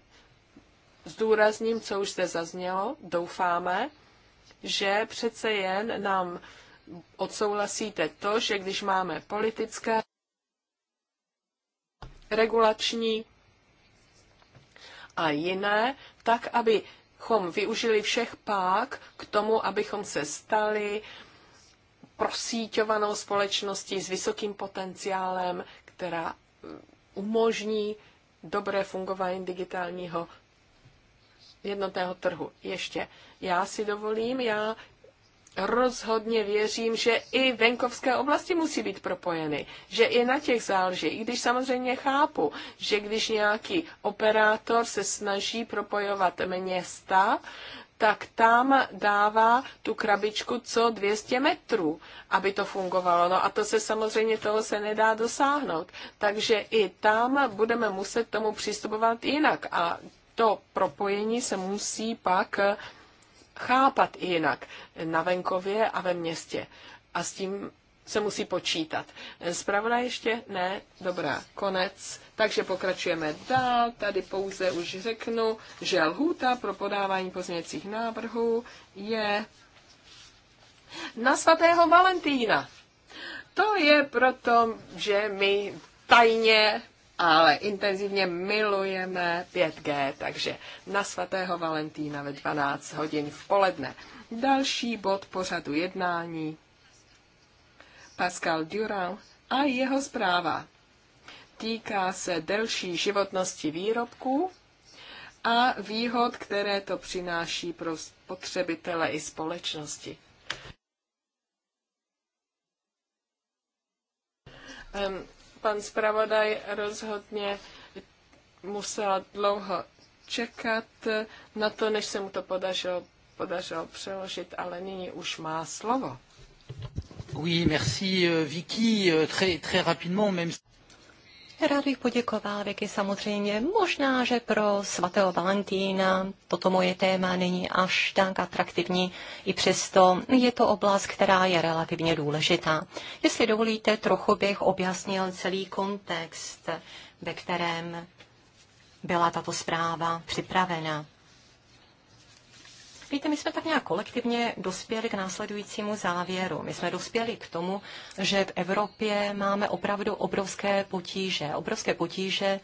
C: zdůrazním, co už zde zaznělo, doufáme, že přece jen nám odsouhlasíte to, že když máme politické, regulační a jiné, tak aby abychom využili všech pák k tomu, abychom se stali prosíťovanou společností s vysokým potenciálem, která mm, umožní dobré fungování digitálního jednotného trhu. Ještě já si dovolím, já rozhodně věřím, že i venkovské oblasti musí být propojeny, že i na těch záleží, i když samozřejmě chápu, že když nějaký operátor se snaží propojovat města, tak tam dává tu krabičku co 200 metrů, aby to fungovalo. No a to se samozřejmě toho se nedá dosáhnout. Takže i tam budeme muset tomu přistupovat jinak. A to propojení se musí pak chápat jinak na venkově a ve městě. A s tím se musí počítat. Zpravda ještě? Ne? Dobrá, konec. Takže pokračujeme dál. Tady pouze už řeknu, že lhůta pro podávání pozměcích návrhů je na svatého Valentína. To je proto, že my tajně ale intenzivně milujeme 5G, takže na svatého Valentína ve 12 hodin v poledne. Další bod pořadu jednání. Pascal Durand a jeho zpráva. Týká se delší životnosti výrobků a výhod, které to přináší pro spotřebitele i společnosti. Um, Pan zpravodaj rozhodně musel dlouho čekat na to, než se mu to podařilo, podařilo přeložit, ale nyní už má slovo.
B: Oui, merci euh, Vicky, euh, très, très rapidement, même Rád bych poděkoval Vicky samozřejmě. Možná, že pro svatého Valentína toto moje téma není až tak atraktivní, i přesto je to oblast, která je relativně důležitá. Jestli dovolíte, trochu bych objasnil celý kontext, ve kterém byla tato zpráva připravena. Víte, my jsme tak nějak kolektivně dospěli k následujícímu závěru. My jsme dospěli k tomu, že v Evropě máme opravdu obrovské potíže. Obrovské potíže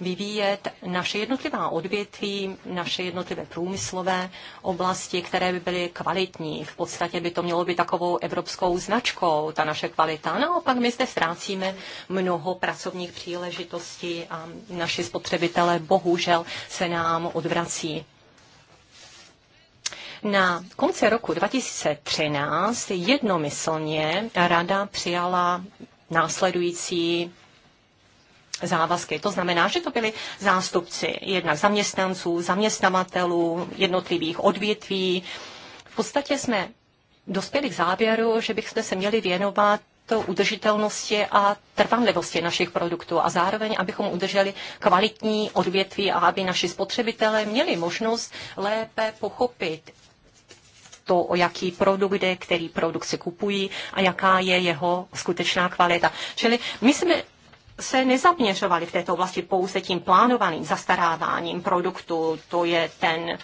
B: vyvíjet naše jednotlivá odvětví, naše jednotlivé průmyslové oblasti, které by byly kvalitní. V podstatě by to mělo být takovou evropskou značkou, ta naše kvalita. Naopak my zde ztrácíme mnoho pracovních příležitostí a naši spotřebitelé bohužel se nám odvrací. Na konci roku 2013 jednomyslně rada přijala následující závazky. To znamená, že to byli zástupci jednak zaměstnanců, zaměstnavatelů, jednotlivých odvětví. V podstatě jsme dospěli k závěru, že bychom se měli věnovat to udržitelnosti a trvanlivosti našich produktů a zároveň, abychom udrželi kvalitní odvětví a aby naši spotřebitelé měli možnost lépe pochopit to, o jaký produkt jde, který produkt si kupují a jaká je jeho skutečná kvalita. Čili my jsme se nezaměřovali v této oblasti pouze tím plánovaným zastaráváním produktu, to je ten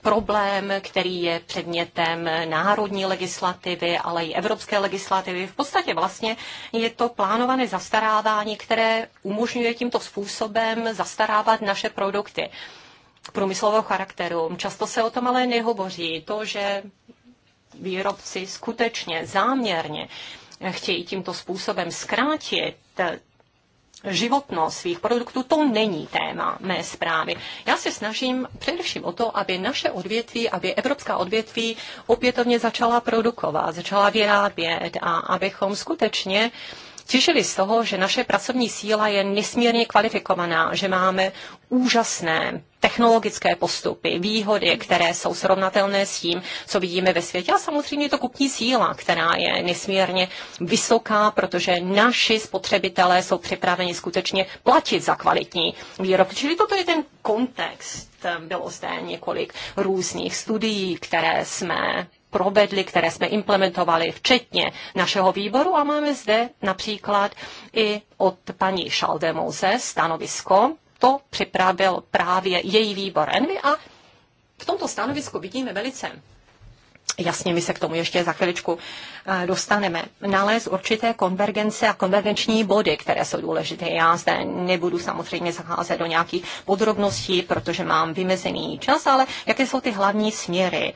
B: problém, který je předmětem národní legislativy, ale i evropské legislativy. V podstatě vlastně je to plánované zastarávání, které umožňuje tímto způsobem zastarávat naše produkty průmyslového charakteru. Často se o tom ale nehovoří. To, že výrobci skutečně záměrně chtějí tímto způsobem zkrátit eh, životnost svých produktů, to není téma mé zprávy. Já se snažím především o to, aby naše odvětví, aby evropská odvětví opětovně začala produkovat, začala vyrábět a abychom skutečně uh, těžili z toho, že naše pracovní síla je nesmírně kvalifikovaná, že máme úžasné technologické postupy, výhody, které jsou srovnatelné s tím, co vidíme ve světě. A samozřejmě to kupní síla, která je nesmírně vysoká, protože naši spotřebitelé jsou připraveni skutečně platit za kvalitní výrobky. Čili toto je ten kontext. Bylo zde několik různých studií, které jsme provedli, které jsme implementovali, včetně našeho výboru. A máme zde například i od paní Šaldemouze stanovisko. To připravil právě její výbor Envy a v tomto stanovisku vidíme velice Jasně, my se k tomu ještě za chviličku eh, dostaneme. Nalez určité konvergence a konvergenční body, které jsou důležité. Já zde nebudu samozřejmě zacházet do nějakých podrobností, protože mám vymezený čas, ale jaké jsou ty hlavní směry?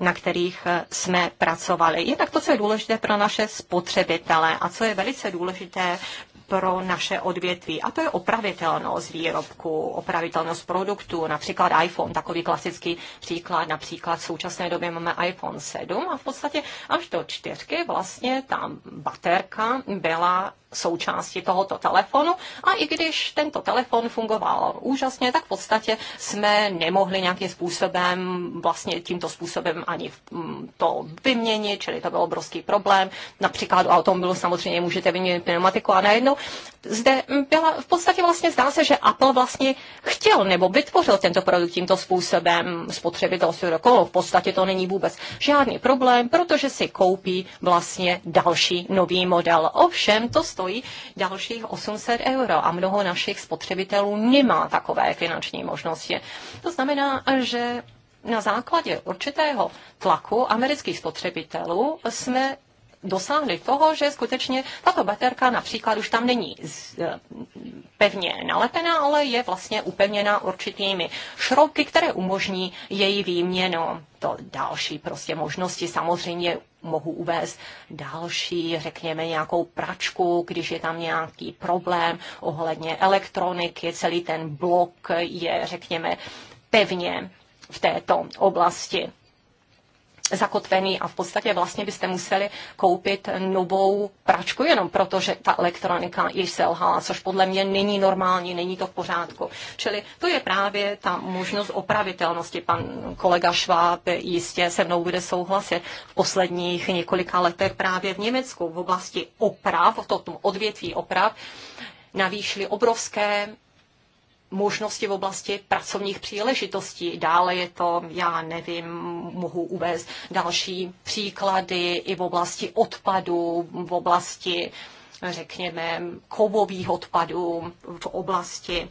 B: na kterých eh, jsme pracovali. Je tak to, co je důležité pro naše spotřebitele a co je velice důležité pro naše odvětví. A to je opravitelnost výrobku, opravitelnost produktů, například iPhone, takový klasický příklad. Například v současné době máme iPhone 7 a v podstatě až do čtyřky vlastně ta baterka byla součástí tohoto telefonu a i když tento telefon fungoval úžasně, tak v podstatě jsme nemohli nějakým způsobem, vlastně tímto způsobem ani to vyměnit, čili to byl obrovský problém. Například u automobilu samozřejmě můžete vyměnit pneumatiku a najednou zde byla v podstatě vlastně zdá se, že Apple vlastně chtěl nebo vytvořil tento produkt tímto způsobem spotřebitelství do kolo. V podstatě to není vůbec žádný problém, protože si koupí vlastně další nový model. Ovšem to stojí stojí dalších 800 euro a mnoho našich spotřebitelů nemá takové finanční možnosti. To znamená, že na základě určitého tlaku amerických spotřebitelů jsme dosáhli toho, že skutečně tato baterka například už tam není eh, pevně nalepená, ale je vlastně upevněna určitými šroubky, které umožní její výměnu. To další prostě možnosti samozřejmě mohu uvést další, řekněme, nějakou pračku, když je tam nějaký problém ohledně elektroniky, celý ten blok je, řekněme, pevně v této oblasti zakotvený a v podstatě vlastně byste museli koupit novou pračku jenom proto, že ta elektronika již selhala, což podle mě není normální, není to v pořádku. Čili to je právě ta možnost opravitelnosti. Pan kolega Šváb jistě se mnou bude souhlasit. V posledních několika letech právě v Německu v oblasti oprav, v tom odvětví oprav, navýšili obrovské možnosti v oblasti pracovních příležitostí. Dále je to, já nevím, mohu uvést další příklady i v oblasti odpadu, v oblasti, řekněme, kovových odpadů, v oblasti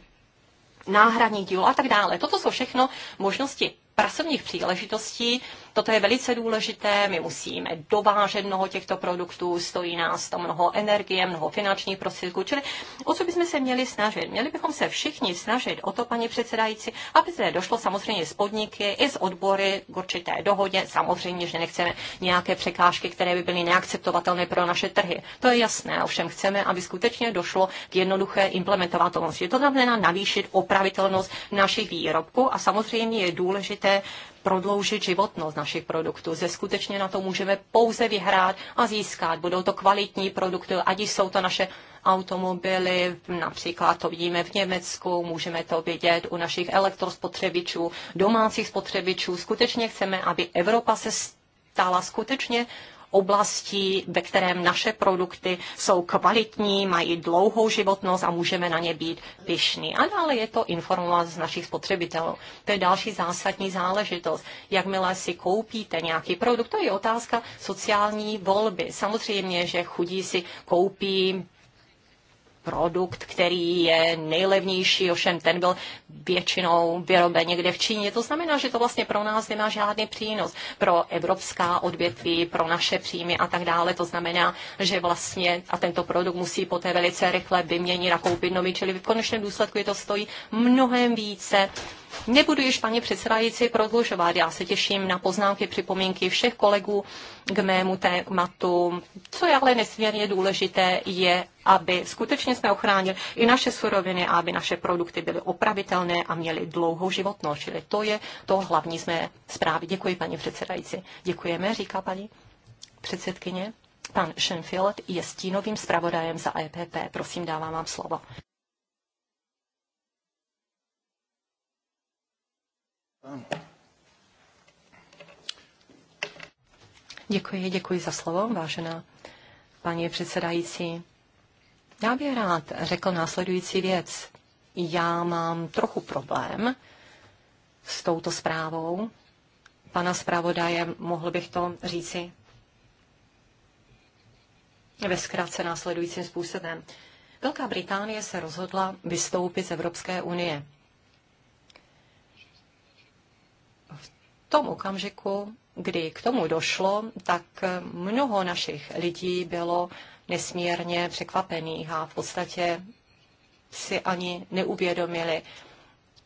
B: náhradních dílů a tak dále. Toto jsou všechno možnosti pracovních příležitostí, Toto je velice důležité, my musíme dovážet mnoho těchto produktů, stojí nás to mnoho energie, mnoho finančních prostředků, čili o co bychom se měli snažit? Měli bychom se všichni snažit o to, paní předsedající, aby zde došlo samozřejmě z podniky i z odbory k určité dohodě. Samozřejmě, že nechceme nějaké překážky, které by byly neakceptovatelné pro naše trhy. To je jasné, ovšem chceme, aby skutečně došlo k jednoduché implementovatelnosti. To znamená navýšit opravitelnost našich výrobků a samozřejmě je důležité prodloužit životnost našich produktů. Ze skutečně na to můžeme pouze vyhrát a získat. Budou to kvalitní produkty, ať jsou to naše automobily, například to vidíme v Německu, můžeme to vidět u našich elektrospotřebičů, domácích spotřebičů. Skutečně chceme, aby Evropa se stala skutečně oblastí, ve kterém naše produkty jsou kvalitní, mají dlouhou životnost a můžeme na ně být pyšní. A dále je to informovat z našich spotřebitelů. To je další zásadní záležitost. Jakmile si koupíte nějaký produkt, to je otázka sociální volby. Samozřejmě, že chudí si koupí produkt, který je nejlevnější, ovšem ten byl většinou vyroben někde v Číně. To znamená, že to vlastně pro nás nemá žádný přínos. Pro evropská odvětví, pro naše příjmy a tak dále. To znamená, že vlastně a tento produkt musí poté velice rychle vyměnit a koupit nový, čili v konečném důsledku je to stojí mnohem více Nebudu již, paní předsedající, prodlužovat. Já se těším na poznámky, připomínky všech kolegů k mému tématu. Co je ale nesmírně důležité, je, aby skutečně jsme ochránili i naše suroviny aby naše produkty byly opravitelné a měly dlouhou životnost. Čili to je to hlavní z mé zprávy. Děkuji, paní předsedající. Děkujeme, říká paní předsedkyně. Pan Schenfield je stínovým zpravodajem za EPP. Prosím, dávám vám slovo. Děkuji, děkuji za slovo, vážená paní předsedající. Já bych rád řekl následující věc. Já mám trochu problém s touto zprávou. Pana zpravodaje, mohl bych to říci ve zkratce následujícím způsobem. Velká Británie se rozhodla vystoupit z Evropské unie. tom okamžiku, kdy k tomu došlo, tak mnoho našich lidí bylo nesmírně překvapených a v podstatě si ani neuvědomili,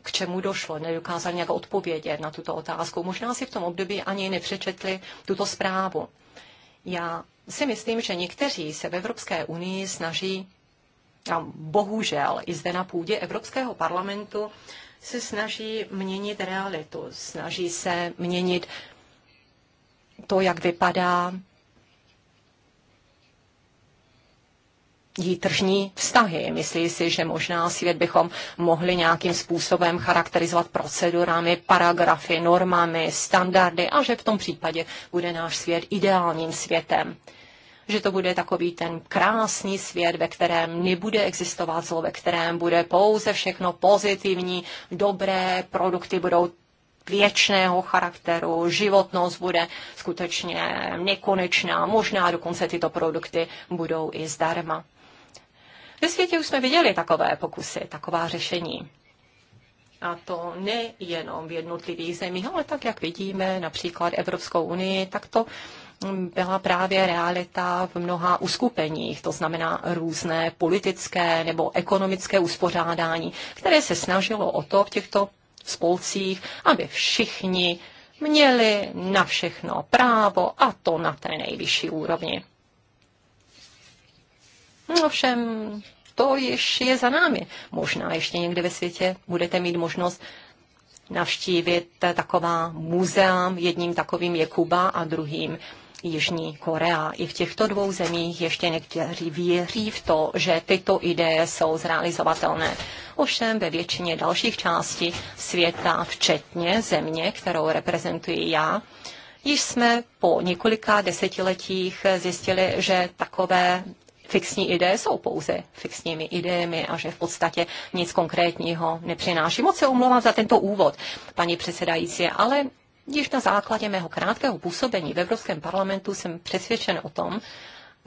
B: k čemu došlo, nedokázali nějak odpovědět na tuto otázku. Možná si v tom období ani nepřečetli tuto zprávu. Já si myslím, že někteří se v Evropské unii snaží, a bohužel i zde na půdě Evropského parlamentu, se snaží měnit realitu, snaží se měnit to, jak vypadá jí tržní vztahy. Myslí si, že možná svět bychom mohli nějakým způsobem charakterizovat procedurami, paragrafy, normami, standardy a že v tom případě bude náš svět ideálním světem že to bude takový ten krásný svět, ve kterém nebude existovat zlo, ve kterém bude pouze všechno pozitivní, dobré, produkty budou věčného charakteru, životnost bude skutečně nekonečná, možná dokonce tyto produkty budou i zdarma. Ve světě už jsme viděli takové pokusy, taková řešení. A to nejenom v jednotlivých zemích, ale tak, jak vidíme, například Evropskou unii, tak to byla právě realita v mnoha uskupeních, to znamená různé politické nebo ekonomické uspořádání, které se snažilo o to v těchto spolcích, aby všichni měli na všechno právo a to na té nejvyšší úrovni. No ovšem, to již je za námi. Možná ještě někde ve světě budete mít možnost navštívit taková muzea. Jedním takovým je Kuba a druhým Jižní Korea. I v těchto dvou zemích ještě někteří věří v to, že tyto ideje jsou zrealizovatelné. Ovšem ve většině dalších částí světa, včetně země, kterou reprezentuji já, již jsme po několika desetiletích zjistili, že takové fixní ideje jsou pouze fixními ideemi a že v podstatě nic konkrétního nepřináší. Moc se omlouvám za tento úvod, paní předsedající, ale Již na základě mého krátkého působení v Evropském parlamentu jsem přesvědčen o tom,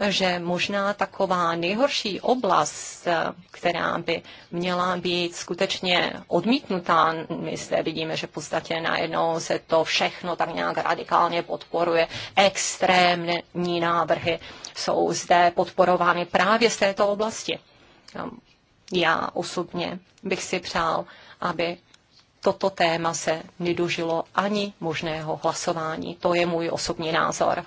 B: že možná taková nejhorší oblast, která by měla být skutečně odmítnutá, my zde vidíme, že v podstatě najednou se to všechno tak nějak radikálně podporuje, extrémní návrhy jsou zde podporovány právě z této oblasti. Já osobně bych si přál, aby toto téma se nedožilo ani možného hlasování. To je můj osobní názor.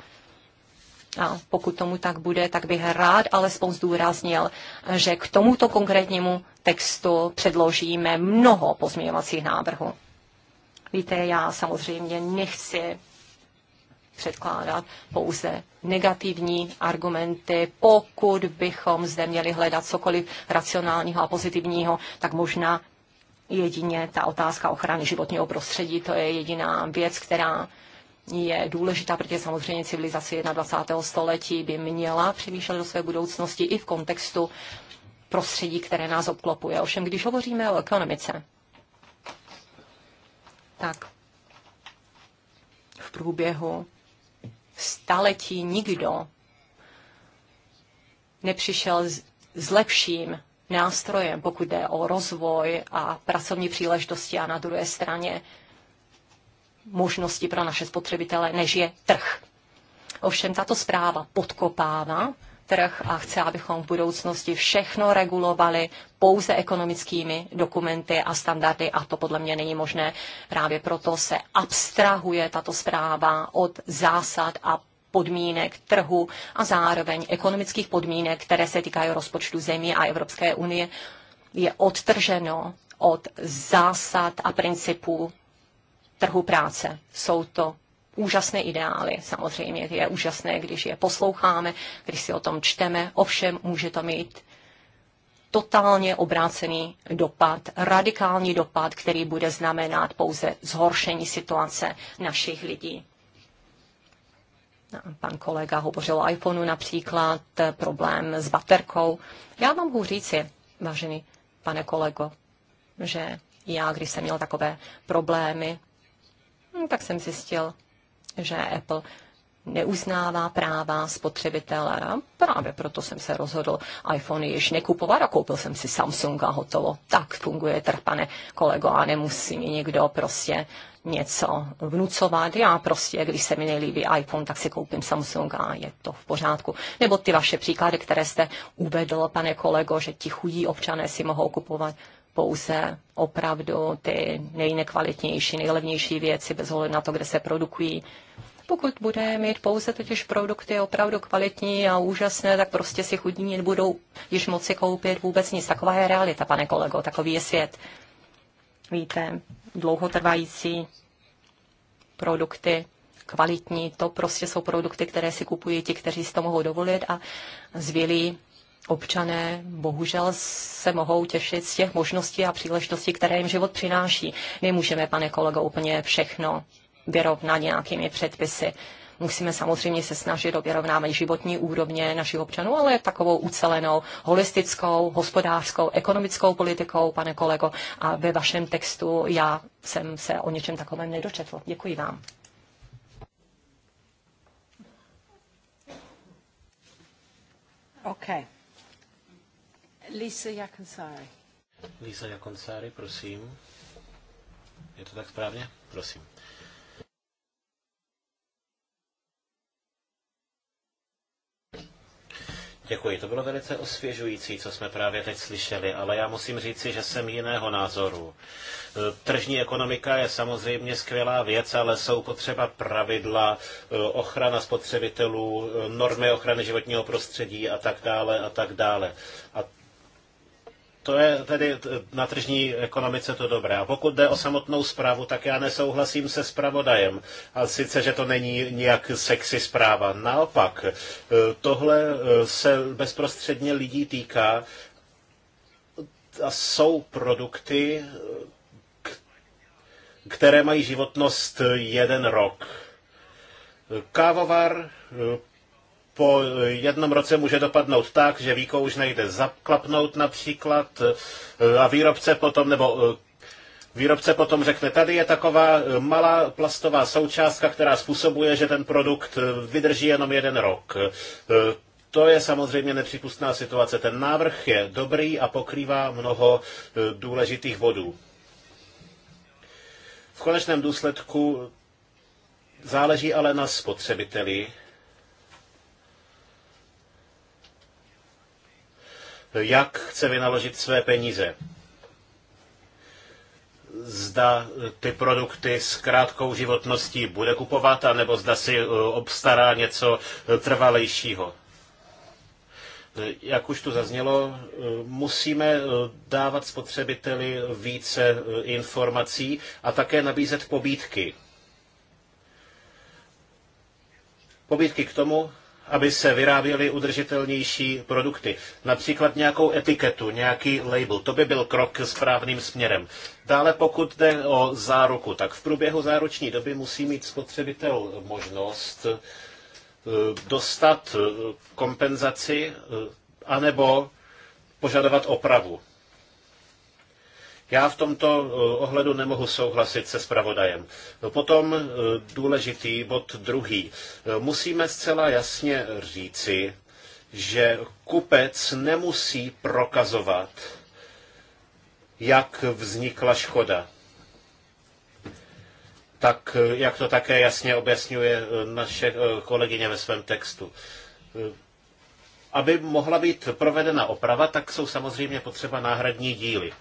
B: A pokud tomu tak bude, tak bych rád alespoň zdůraznil, že k tomuto konkrétnímu textu předložíme mnoho pozměňovacích návrhů. Víte, já samozřejmě nechci předkládat pouze negativní argumenty. Pokud bychom zde měli hledat cokoliv racionálního a pozitivního, tak možná jedině ta otázka ochrany životního prostředí, to je jediná věc, která je důležitá, protože samozřejmě civilizace 21. století by měla přemýšlet do své budoucnosti i v kontextu prostředí, které nás obklopuje. Ovšem, když hovoříme o ekonomice, tak v průběhu staletí nikdo nepřišel s, s lepším nástrojem, pokud jde o rozvoj a pracovní příležitosti a na druhé straně možnosti pro naše spotřebitele, než je trh. Ovšem tato zpráva podkopává trh a chce, abychom v budoucnosti všechno regulovali pouze ekonomickými dokumenty a standardy a to podle mě není možné. Právě proto se abstrahuje tato zpráva od zásad a podmínek trhu a zároveň ekonomických podmínek, které se týkají rozpočtu zemí a Evropské unie, je odtrženo od zásad a principů trhu práce. Jsou to úžasné ideály. Samozřejmě je úžasné, když je posloucháme, když si o tom čteme. Ovšem může to mít totálně obrácený dopad, radikální dopad, který bude znamenat pouze zhoršení situace našich lidí. Pan kolega hovořil o iPhoneu například, problém s baterkou. Já vám mohu říci, vážený pane kolego, že já, když jsem měl takové problémy, hm, tak jsem zjistil, že Apple neuznává práva spotřebitele. A právě proto jsem se rozhodl iPhone již nekupovat a koupil jsem si Samsung a hotovo. Tak funguje trh, pane kolego, a nemusí mi někdo prostě něco vnucovat. Já prostě, když se mi nelíbí iPhone, tak si koupím Samsung a je to v pořádku. Nebo ty vaše příklady, které jste uvedl, pane kolego, že ti chudí občané si mohou kupovat pouze opravdu ty nejnekvalitnější, nejlevnější věci bez ohledu na to, kde se produkují. Pokud bude mít pouze totiž produkty opravdu kvalitní a úžasné, tak prostě si chudí nebudou již moci koupit vůbec nic. Taková je realita, pane kolego, takový je svět. Víte, dlouhotrvající produkty, kvalitní, to prostě jsou produkty, které si kupují ti, kteří si to mohou dovolit a zvělí občané bohužel se mohou těšit z těch možností a příležitostí, které jim život přináší. Nemůžeme, pane kolego, úplně všechno vyrovnat nějakými předpisy. Musíme samozřejmě se snažit o vyrovnávání životní úrovně našich občanů, ale takovou ucelenou, holistickou, hospodářskou, ekonomickou politikou, pane kolego. A ve vašem textu já jsem se o něčem takovém nedočetl. Děkuji vám. OK. Lisa
D: Jakonsari.
A: Lisa Jakonsari, prosím. Je to tak správně? Prosím. Děkuji, to bylo velice osvěžující, co jsme právě teď slyšeli, ale já musím říci, že jsem jiného názoru. E, tržní ekonomika je samozřejmě skvělá věc, ale jsou potřeba pravidla, e, ochrana spotřebitelů, e, normy ochrany životního prostředí a tak dále a tak dále. A to je tedy na tržní ekonomice to dobré. A pokud jde o samotnou zprávu, tak já nesouhlasím se zpravodajem. A sice, že to není nijak sexy zpráva. Naopak, e, tohle e, se bezprostředně lidí týká a jsou produkty, e, které mají životnost jeden rok. Kávovar po jednom roce může dopadnout tak, že víko už nejde zaklapnout například eh, a výrobce potom nebo eh, Výrobce potom řekne, tady je taková eh, malá plastová součástka, která způsobuje, že ten produkt vydrží jenom jeden rok. To je samozřejmě nepřípustná situace. Ten návrh je dobrý a pokrývá mnoho důležitých vodů. V konečném důsledku záleží ale na spotřebiteli, jak chce vynaložit své peníze. Zda ty produkty s krátkou životností bude kupovat, anebo zda si eh, obstará něco eh, trvalejšího. Eh, jak už tu zaznělo, musíme dávat spotřebiteli více informací a také nabízet pobídky. Pobídky k tomu, aby se vyráběly udržitelnější produkty. Například nějakou etiketu, nějaký label. To by byl krok správným směrem. Dále pokud jde o záruku, tak v průběhu záruční doby musí mít spotřebitel možnost eh, dostat eh, kompenzaci eh, anebo požadovat opravu. Já v tomto eh, ohledu nemohu souhlasit se zpravodajem. Potom eh, důležitý bod druhý. Eh, musíme zcela jasně říci, že kupec nemusí prokazovat, jak vznikla škoda. Tak, jak to také jasně objasňuje naše kolegyně ve svém textu. Aby mohla být provedena oprava, tak jsou samozřejmě potřeba náhradní díly.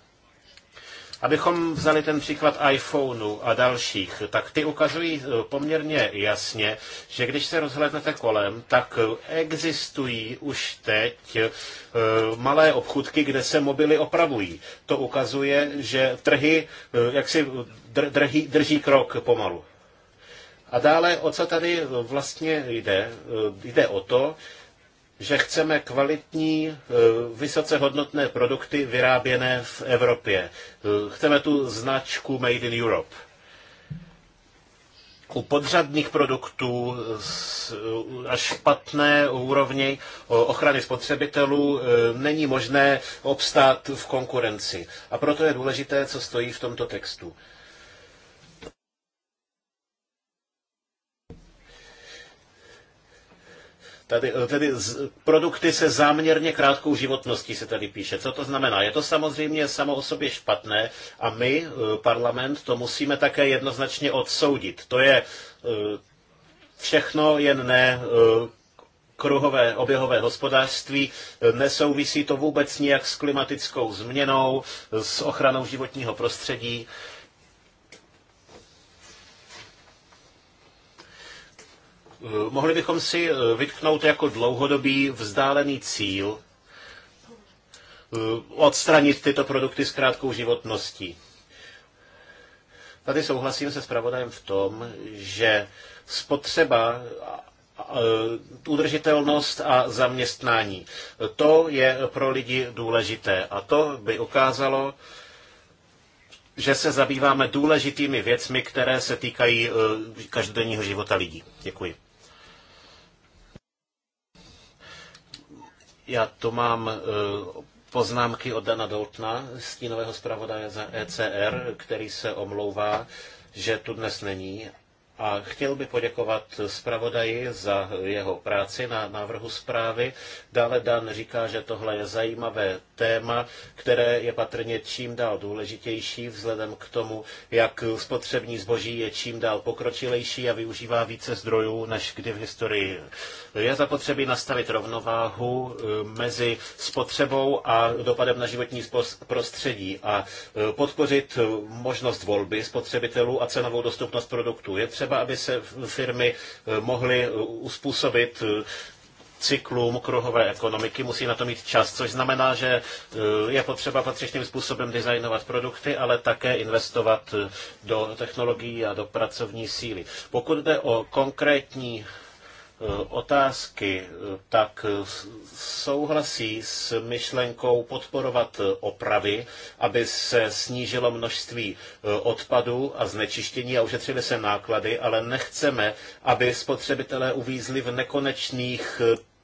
A: Abychom vzali ten příklad iPhoneu a dalších, tak ty ukazují eh, poměrně jasně, že když se rozhlednete kolem, tak eh, existují už teď eh, malé obchudky, kde se mobily opravují. To ukazuje, že trhy jak si drží, drží krok pomalu. A dále, o co tady vlastně jde? Jde o to, že chceme kvalitní, eh, vysoce hodnotné produkty vyráběné v Evropě. Eh, chceme tu značku Made in Europe. U podřadných produktů eh, až špatné úrovni ochrany spotřebitelů není možné obstát v konkurenci. A proto je důležité, co stojí v tomto textu. Tady, eh, tedy z, produkty se záměrně krátkou životností se tady píše. Co to znamená? Je to samozřejmě samo o sobě špatné a my, eh, parlament, to musíme také jednoznačně odsoudit. To je eh, všechno jen ne kruhové oběhové hospodářství. Nesouvisí to vůbec nijak s klimatickou změnou, s ochranou životního prostředí. Eh, mohli bychom si eh, vytknout jako dlouhodobý vzdálený cíl eh, odstranit tyto produkty s krátkou životností. Tady souhlasím se zpravodajem v tom, že spotřeba udržitelnost a zaměstnání. To je pro lidi důležité a to by ukázalo, že se zabýváme důležitými věcmi, které se týkají každodenního života lidí. Děkuji. Já tu mám eh, poznámky od Dana Doltna, stínového zpravodaje za ECR, který se omlouvá, že tu dnes není. A chtěl by poděkovat zpravodaji za jeho práci na návrhu zprávy. Dále Dan říká, že tohle je zajímavé téma, které je patrně čím dál důležitější vzhledem k tomu, jak spotřební zboží je čím dál pokročilejší a využívá více zdrojů než kdy v historii. Je zapotřebí nastavit rovnováhu eh, mezi spotřebou a dopadem na životní prostředí a eh, podpořit eh, možnost volby spotřebitelů a cenovou dostupnost produktů. Je třeba, aby se firmy mohly uspůsobit cyklům kruhové ekonomiky, musí na to mít čas, což znamená, že e, je potřeba patřičným způsobem designovat produkty, ale také investovat e, do technologií a do pracovní síly. Pokud jde o konkrétní e, otázky, tak souhlasí s myšlenkou podporovat opravy, aby se snížilo množství odpadů a znečištění a ušetřily se náklady, ale nechceme, aby spotřebitelé uvízli v nekonečných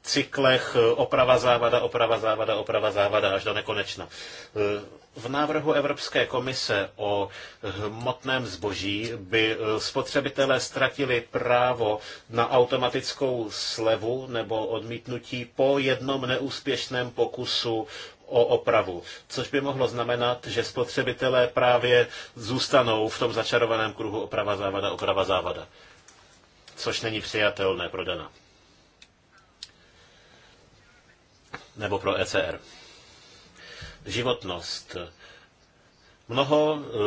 A: cyklech eh, oprava závada, oprava závada, oprava závada až do nekonečna. Eh, v návrhu Evropské komise o hmotném zboží by eh, spotřebitelé ztratili právo na automatickou slevu nebo odmítnutí po jednom neúspěšném pokusu o opravu, což by mohlo znamenat, že spotřebitelé právě zůstanou v tom začarovaném kruhu oprava závada, oprava závada, což není přijatelné pro Dana. nebo pro ECR. Životnost. Mnoho e,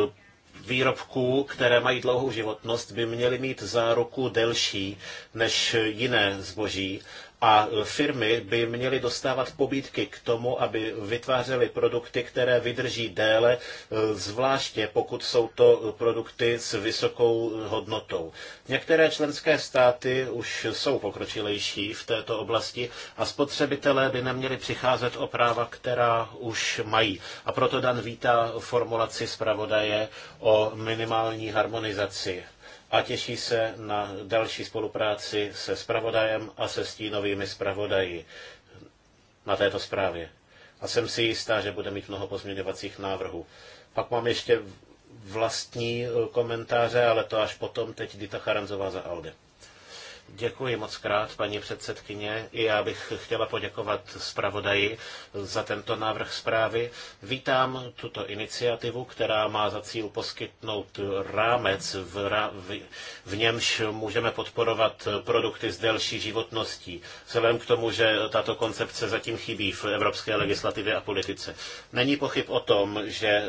A: výrobků, které mají dlouhou životnost, by měly mít záruku delší než jiné zboží a firmy by měly dostávat pobídky k tomu, aby vytvářely produkty, které vydrží déle, e, zvláště pokud jsou to produkty s vysokou hodnotou. Některé členské státy už jsou pokročilejší v této oblasti a spotřebitelé by neměli přicházet o práva, která už mají. A proto Dan vítá formulaci zpravodaje o minimální harmonizaci a těší se na další spolupráci se spravodajem a se stínovými spravodaji na této zprávě. A jsem si jistá, že bude mít mnoho pozměňovacích návrhů. Pak mám ještě vlastní komentáře, ale to až potom. Teď Dita Charanzová za Alde. Děkuji moc krát, paní předsedkyně. I já bych chtěla poděkovat zpravodaji za tento návrh zprávy. Vítám tuto iniciativu, která má za cíl poskytnout rámec, v, v, v němž můžeme podporovat produkty s delší životností, vzhledem k tomu, že tato koncepce zatím chybí v evropské legislativě a politice. Není pochyb o tom, že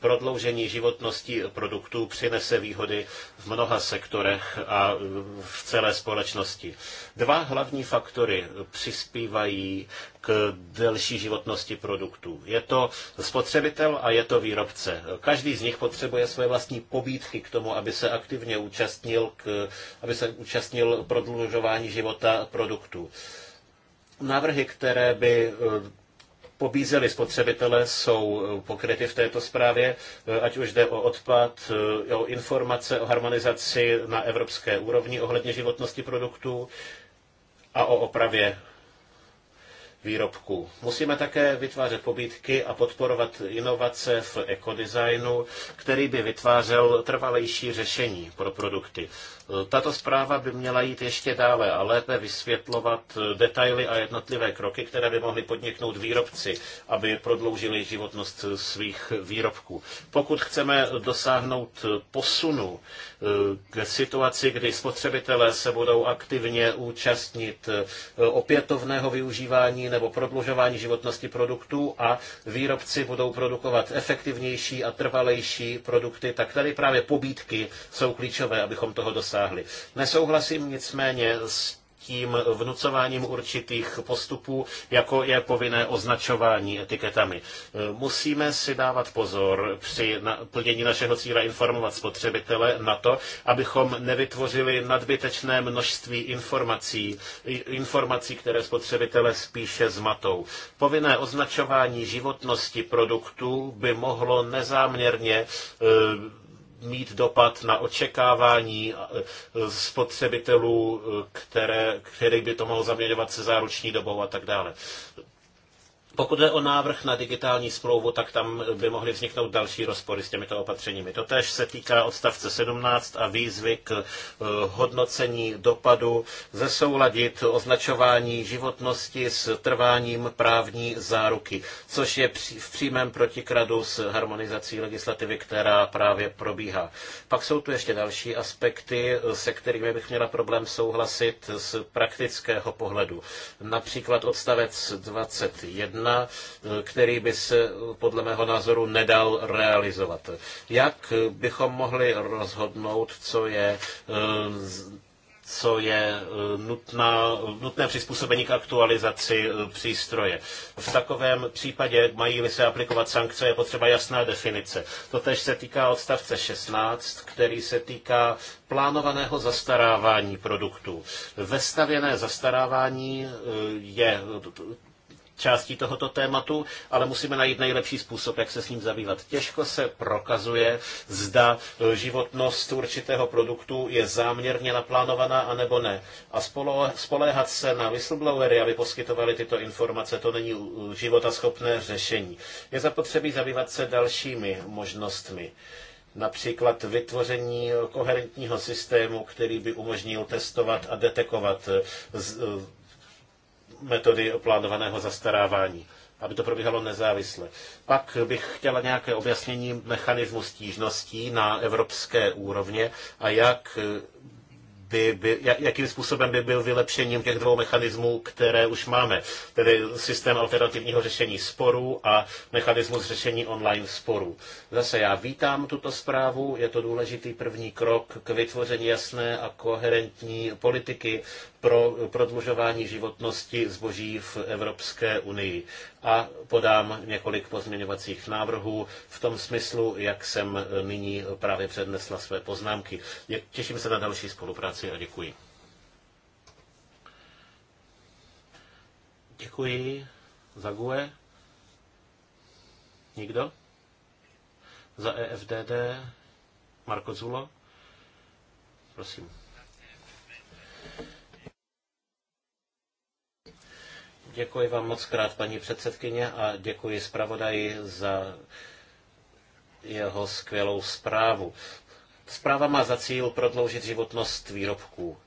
A: prodloužení životnosti produktů přinese výhody v mnoha sektorech a v celé společnosti. Dva hlavní faktory přispívají k delší životnosti produktů. Je to spotřebitel a je to výrobce. Každý z nich potřebuje své vlastní pobídky k tomu, aby se aktivně účastnil, k, aby se účastnil prodlužování života produktů návrhy, které by pobízeli spotřebitele, jsou eh, pokryty v této zprávě, eh, ať už jde o odpad, eh, o informace, o harmonizaci na evropské úrovni ohledně životnosti produktů a o opravě výrobků. Musíme také vytvářet pobídky a podporovat inovace v ekodesignu, který by vytvářel trvalejší řešení pro produkty. Tato zpráva by měla jít ještě dále a lépe vysvětlovat detaily a jednotlivé kroky, které by mohli podniknout výrobci, aby prodloužili životnost svých výrobků. Pokud chceme dosáhnout posunu eh, k situaci, kdy spotřebitelé se budou aktivně účastnit eh, opětovného využívání nebo prodlužování životnosti produktů a výrobci budou produkovat efektivnější a trvalejší produkty, tak tady právě pobídky jsou klíčové, abychom toho dosáhli dosáhli. Nesouhlasím nicméně s tím vnucováním určitých postupů, jako je povinné označování etiketami. Musíme si dávat pozor při plnění našeho cíle informovat spotřebitele na to, abychom nevytvořili nadbytečné množství informací, informací, které spotřebitele spíše zmatou. Povinné označování životnosti produktů by mohlo nezáměrně eh, mít dopad na očekávání eh, spotřebitelů, eh, které, který by to mohlo zaměňovat se záruční dobou a tak dále. Pokud jde o návrh na digitální smlouvu, tak tam by mohly vzniknout další rozpory s těmito opatřeními. Totež se týká odstavce 17 a výzvy k eh, hodnocení dopadu, zesouladit označování životnosti s trváním právní záruky, což je v přímém protikradu s harmonizací legislativy, která právě probíhá. Pak jsou tu ještě další aspekty, eh, se kterými bych měla problém souhlasit z praktického pohledu. Například odstavec 21 zákona, který by se podle mého názoru nedal realizovat. Jak bychom mohli rozhodnout, co je co je nutná, nutné přizpůsobení k aktualizaci eh, přístroje. V takovém případě mají-li se aplikovat sankce, je potřeba jasná definice. Totež se týká odstavce 16, který se týká plánovaného zastarávání produktů. Vestavěné zastarávání eh, je částí tohoto tématu, ale musíme najít nejlepší způsob, jak se s ním zabývat. Těžko se prokazuje, zda e, životnost určitého produktu je záměrně naplánovaná anebo ne. A spoléhat se na whistleblowery, aby poskytovali tyto informace, to není životaschopné řešení. Je zapotřebí zabývat se dalšími možnostmi například vytvoření koherentního systému, který by umožnil testovat a detekovat e, e, metody plánovaného zastarávání aby to probíhalo nezávisle. Pak bych chtěla nějaké objasnění mechanismu stížností na evropské úrovně a jak by, by, jakým způsobem by byl vylepšením těch dvou mechanismů, které už máme, tedy systém alternativního řešení sporů a mechanismus řešení online sporů. Zase já vítám tuto zprávu, je to důležitý první krok k vytvoření jasné a koherentní politiky pro prodlužování životnosti zboží v Evropské unii. A podám několik pozměňovacích návrhů v tom smyslu, jak jsem nyní právě přednesla své poznámky. Těším se na další spolupráci a děkuji. Děkuji. Zague? Nikdo? Za EFDD? Marko Zulo? Prosím. Děkuji vám moc krát, paní předsedkyně, a děkuji zpravodaji za jeho skvělou zprávu. Zpráva má za cíl prodloužit životnost výrobků.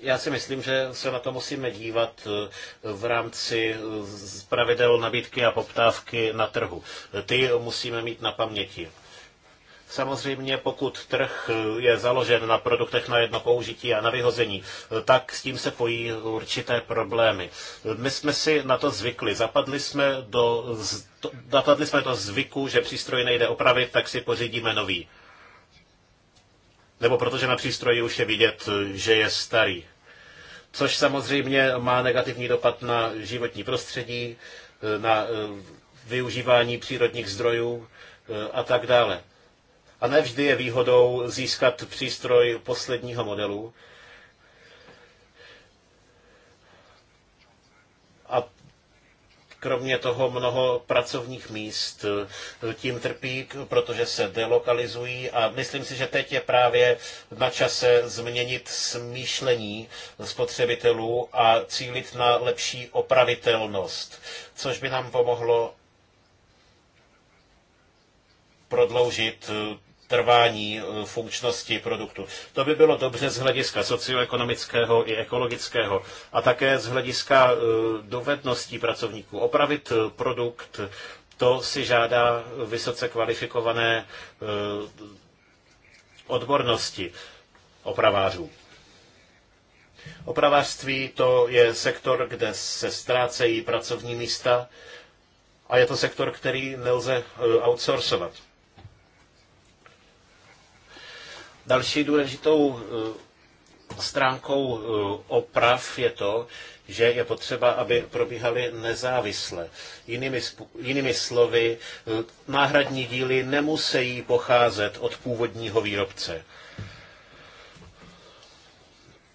A: Já si myslím, že se na to musíme dívat eh, v rámci eh, pravidel nabídky a poptávky na trhu. Ty musíme mít na paměti. Samozřejmě, pokud trh je založen na produktech na jedno použití a na vyhození, tak s tím se pojí určité problémy. My jsme si na to zvykli. Zapadli jsme do, zapadli jsme do zvyku, že přístroj nejde opravit, tak si pořídíme nový. Nebo protože na přístroji už je vidět, že je starý. Což samozřejmě má negativní dopad na životní prostředí, na eh, využívání přírodních zdrojů eh, a tak dále. A nevždy je výhodou získat přístroj posledního modelu. A kromě toho mnoho pracovních míst tím trpí, protože se delokalizují a myslím si, že teď je právě na čase změnit smýšlení spotřebitelů a cílit na lepší opravitelnost, což by nám pomohlo prodloužit trvání eh, funkčnosti produktu. To by bylo dobře z hlediska socioekonomického i ekologického a také z hlediska eh, dovedností pracovníků. Opravit eh, produkt, to si žádá vysoce kvalifikované odbornosti opravářů. Opravářství to je sektor, kde se ztrácejí pracovní místa a je to sektor, který nelze outsourcovat. Další důležitou eh, stránkou eh, oprav je to, že je potřeba, aby probíhaly nezávisle. Jinými, jinými slovy, eh, náhradní díly nemusí pocházet od původního výrobce.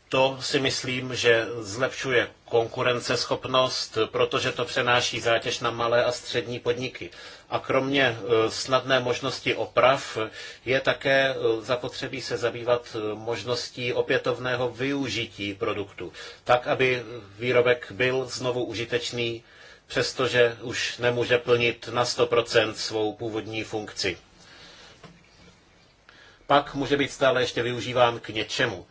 A: To si myslím, že zlepšuje konkurenceschopnost, protože to přenáší zátěž na malé a střední podniky. A kromě e, snadné možnosti oprav je také e, zapotřebí se zabývat e, možností opětovného využití produktu, tak aby výrobek byl znovu užitečný, přestože už nemůže plnit na 100% svou původní funkci. Pak může být stále ještě využíván k něčemu.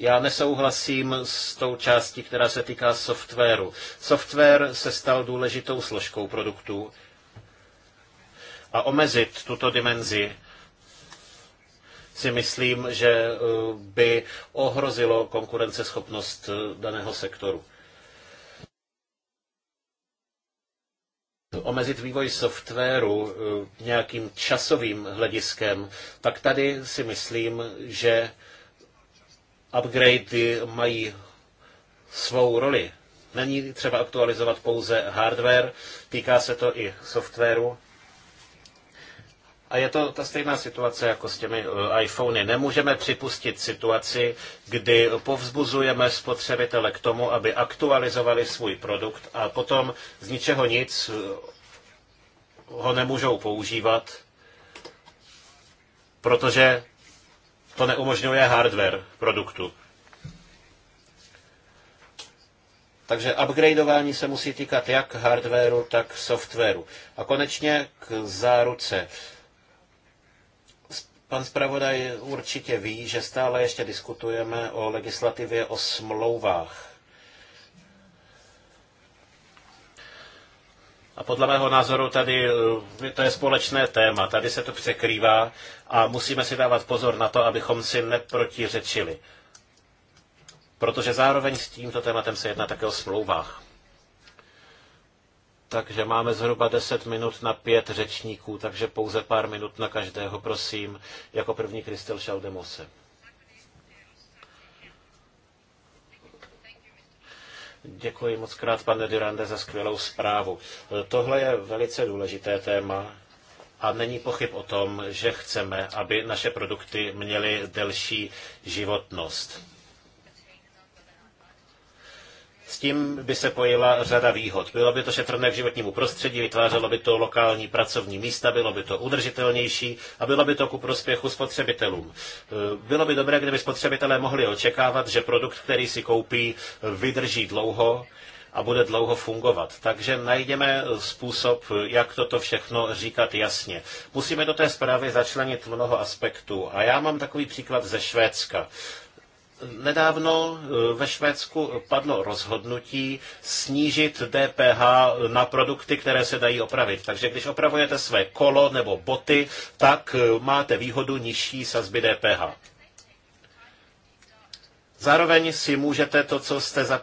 A: Já nesouhlasím s tou částí, která se týká softwaru. Software se stal důležitou složkou produktů a omezit tuto dimenzi si myslím, že eh, by ohrozilo konkurenceschopnost eh, daného sektoru. omezit vývoj softwaru eh, nějakým časovým hlediskem, tak tady si myslím, že upgradey mají svou roli. Není třeba aktualizovat pouze hardware, týká se to i softwaru. A je to ta stejná situace jako s těmi eh, iPhony. Nemůžeme připustit situaci, kdy povzbuzujeme spotřebitele k tomu, aby aktualizovali svůj produkt a potom z ničeho nic eh, ho nemůžou používat, protože to neumožňuje hardware produktu. Takže upgradeování se musí týkat jak hardwareu, tak softwaru. A konečně k záruce. Pan zpravodaj určitě ví, že stále ještě diskutujeme o legislativě o smlouvách. A podle mého názoru tady eh, to je společné téma, tady se to překrývá a musíme si dávat pozor na to, abychom si neprotiřečili. Protože zároveň s tímto tématem se jedná také o smlouvách. Takže máme zhruba 10 minut na pět řečníků, takže pouze pár minut na každého, prosím. Jako první Kristel Šaldemose. Děkuji moc krát, pane Durande, za skvělou zprávu. Tohle je velice důležité téma a není pochyb o tom, že chceme, aby naše produkty měly delší životnost. S tím by se pojila řada výhod. Bylo by to šetrné k životnímu prostředí, vytvářelo by to lokální pracovní místa, bylo by to udržitelnější a bylo by to ku prospěchu spotřebitelům. Eh, bylo by dobré, kdyby spotřebitelé mohli očekávat, že produkt, který si koupí, vydrží dlouho a bude dlouho fungovat. Takže najdeme způsob, jak toto všechno říkat jasně. Musíme do té zprávy začlenit mnoho aspektů. A já mám takový příklad ze Švédska. Nedávno eh, ve Švédsku padlo rozhodnutí snížit DPH na produkty, které se dají opravit. Takže když opravujete své kolo nebo boty, tak eh, máte výhodu nižší sazby DPH. Zároveň si můžete to, co jste za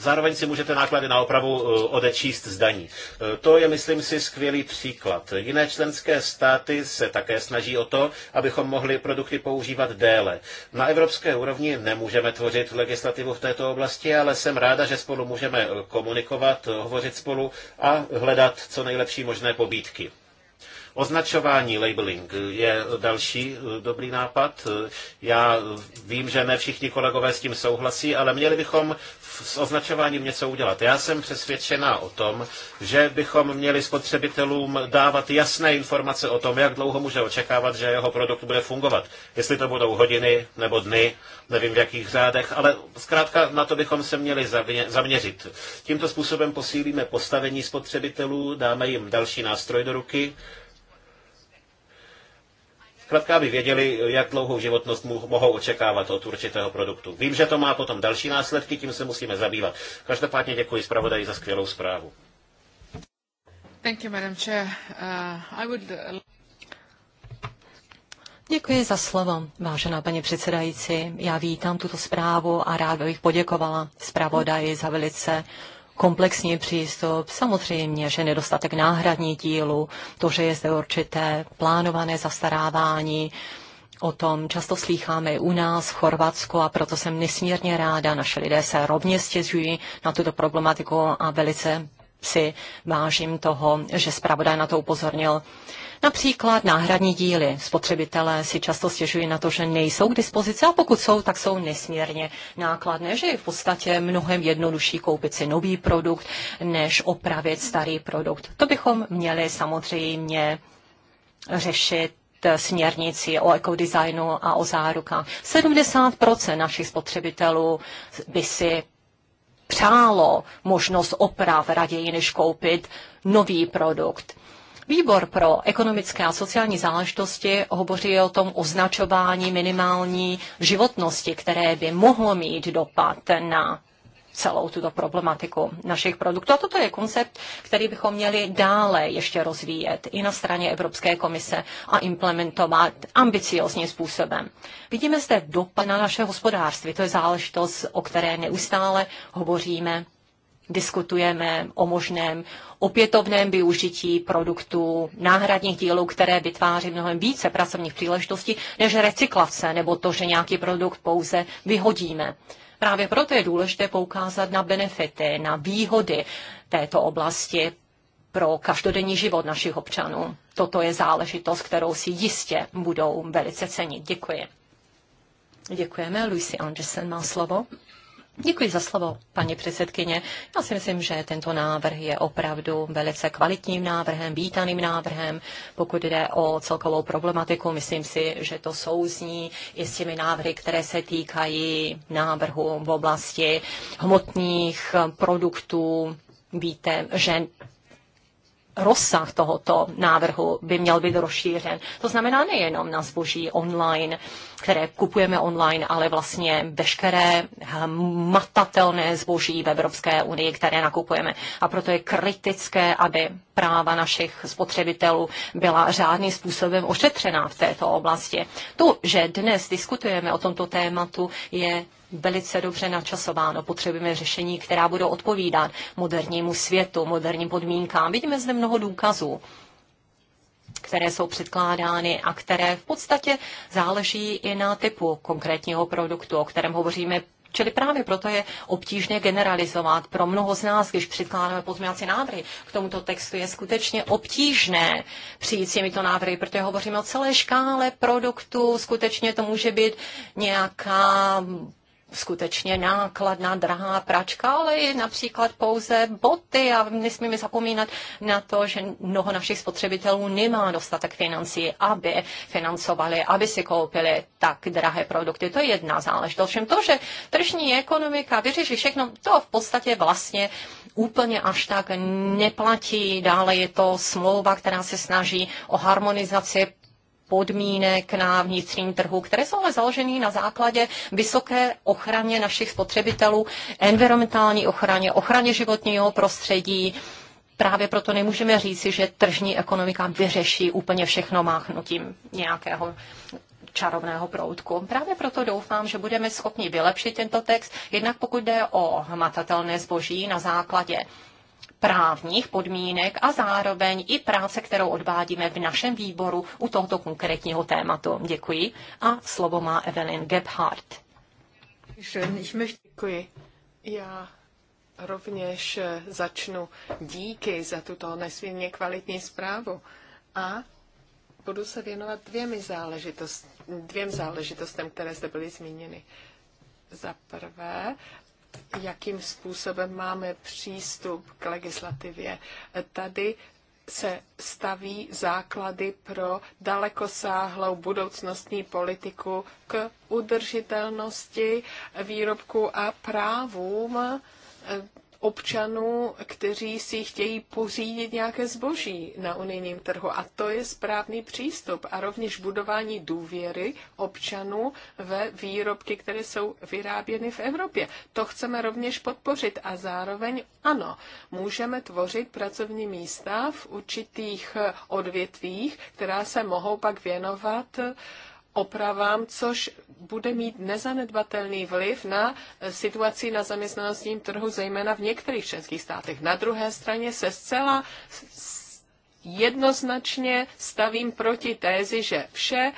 A: Zároveň si můžete náklady na opravu eh, odečíst z daní. Eh, to je, myslím si, skvělý příklad. Jiné členské státy se také snaží o to, abychom mohli produkty používat déle. Na evropské úrovni nemůžeme tvořit legislativu v této oblasti, ale jsem ráda, že spolu můžeme eh, komunikovat, hovořit spolu a hledat co nejlepší možné pobídky. Označování, labeling je další eh, dobrý nápad. Eh, já vím, že ne všichni kolegové s tím souhlasí, ale měli bychom s označováním něco udělat. Já jsem přesvědčená o tom, že bychom měli spotřebitelům dávat jasné informace o tom, jak dlouho může očekávat, že jeho produkt bude fungovat. Jestli to budou hodiny nebo dny, nevím v jakých řádech, ale zkrátka na to bychom se měli zaměřit. Tímto způsobem posílíme postavení spotřebitelů, dáme jim další nástroj do ruky, Zkrátka, aby věděli, jak dlouhou životnost mohou očekávat od určitého produktu. Vím, že to má potom další následky, tím se musíme zabývat. Každopádně děkuji zpravodaji za skvělou zprávu.
C: Thank you, Madam Chair. Uh, I would... Uh, děkuji za slovo,
B: vážená paní předsedající. Já vítám tuto zprávu a rád bych poděkovala zpravodaji za velice komplexní přístup, samozřejmě, že nedostatek náhradní dílu, to, že je zde určité plánované zastarávání, O tom často slýcháme i u nás v Chorvatsku a proto jsem nesmírně ráda. Naše lidé se rovně stěžují na tuto problematiku a velice si vážím toho, že zpravodaj na to upozornil. Například náhradní díly. Spotřebitelé si často stěžují na to, že nejsou k dispozici a pokud jsou, tak jsou nesmírně nákladné, že je v podstatě mnohem jednodušší koupit si nový produkt, než opravit starý produkt. To bychom měli samozřejmě řešit směrnici o ekodesignu a o zárukách. 70% našich spotřebitelů by si přálo možnost oprav raději, než koupit nový produkt. Výbor pro ekonomické a sociální záležitosti hovoří o tom označování minimální životnosti, které by mohlo mít dopad na celou tuto problematiku našich produktů. A toto je koncept, který bychom měli dále ještě rozvíjet i na straně Evropské komise a implementovat ambiciozním způsobem. Vidíme zde dopad na naše hospodářství. To je záležitost, o které neustále hovoříme diskutujeme o možném opětovném využití produktů, náhradních dílů, které vytváří mnohem více pracovních příležitostí než recyklace nebo to, že nějaký produkt pouze vyhodíme. Právě proto je důležité poukázat na benefity, na výhody této oblasti pro každodenní život našich občanů. Toto je záležitost, kterou si jistě budou velice cenit. Děkuji. Děkujeme. Lucy Anderson má slovo. Děkuji za slovo, paní předsedkyně. Já si myslím, že tento návrh je opravdu velice kvalitním návrhem, vítaným návrhem. Pokud jde o celkovou problematiku, myslím si, že to souzní i s těmi návrhy, které se týkají návrhu v oblasti hmotných produktů. Víte, že rozsah tohoto návrhu by měl být rozšířen. To znamená nejenom na zboží online, které kupujeme online, ale vlastně veškeré matatelné zboží v Evropské unii, které nakupujeme. A proto je kritické, aby práva našich spotřebitelů byla řádným způsobem ošetřená v této oblasti. To, že dnes diskutujeme o tomto tématu, je velice dobře načasováno. Potřebujeme řešení, která budou odpovídat modernímu světu, moderním podmínkám. Vidíme zde mnoho důkazů které jsou předkládány a které v podstatě záleží i na typu konkrétního produktu, o kterém hovoříme Čili právě proto je obtížné generalizovat. Pro mnoho z nás, když předkládáme pozměňovací návrhy k tomuto textu, je skutečně obtížné přijít s těmito návrhy, protože hovoříme o celé škále produktů, skutečně to může být nějaká skutečně nákladná, drahá pračka, ale i například pouze boty a nesmíme zapomínat na to, že mnoho našich spotřebitelů nemá dostatek financí, aby financovali, aby si koupili tak drahé produkty. To je jedna záležitost. Všem to, že tržní ekonomika vyřeší všechno, to v podstatě vlastně úplně až tak neplatí. Dále je to smlouva, která se snaží o harmonizaci podmínek na vnitřním trhu, které jsou ale založeny na základě vysoké ochraně našich spotřebitelů, environmentální ochraně, ochraně životního prostředí. Právě proto nemůžeme říci, že tržní ekonomika vyřeší úplně všechno máchnutím nějakého čarovného proutku. Právě proto doufám, že budeme schopni vylepšit tento text, jednak pokud jde o hmatatelné zboží na základě právních podmínek a zároveň i práce, kterou odvádíme v našem výboru u tohoto konkrétního tématu. Děkuji. A slovo má Evelyn Gebhardt.
C: Děkuji. Já rovněž začnu díky za tuto nesmírně kvalitní zprávu a budu se věnovat dvěmi záležitost, dvěm záležitostem, které zde byly zmíněny. Za prvé, jakým způsobem máme přístup k legislativě. Tady se staví základy pro dalekosáhlou budoucnostní politiku k udržitelnosti výrobku a právům občanů, kteří si chtějí pořídit nějaké zboží na unijním trhu. A to je správný přístup. A rovněž budování důvěry občanů ve výrobky, které jsou vyráběny v Evropě. To chceme rovněž podpořit. A zároveň ano, můžeme tvořit pracovní místa v určitých odvětvích, která se mohou pak věnovat uh, opravám, což bude mít nezanedbatelný vliv na situaci na zaměstnanostním trhu, zejména v některých členských státech. Na druhé straně se zcela jednoznačně stavím proti tézi, že vše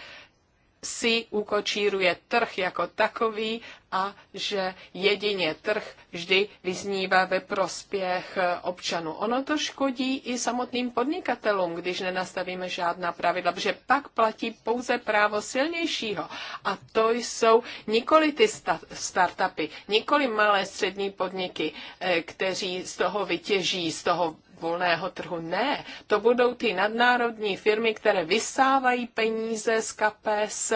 C: si ukočíruje trh jako takový a že jedině trh vždy vyznívá ve prospěch občanů. Ono to škodí i samotným podnikatelům, když nenastavíme žádná pravidla, protože pak platí pouze právo silnějšího. A to jsou nikoli ty startupy, nikoli malé střední podniky, eh, kteří z toho vytěží, z toho volného trhu. Ne, to budou ty nadnárodní firmy, které vysávají peníze z kapes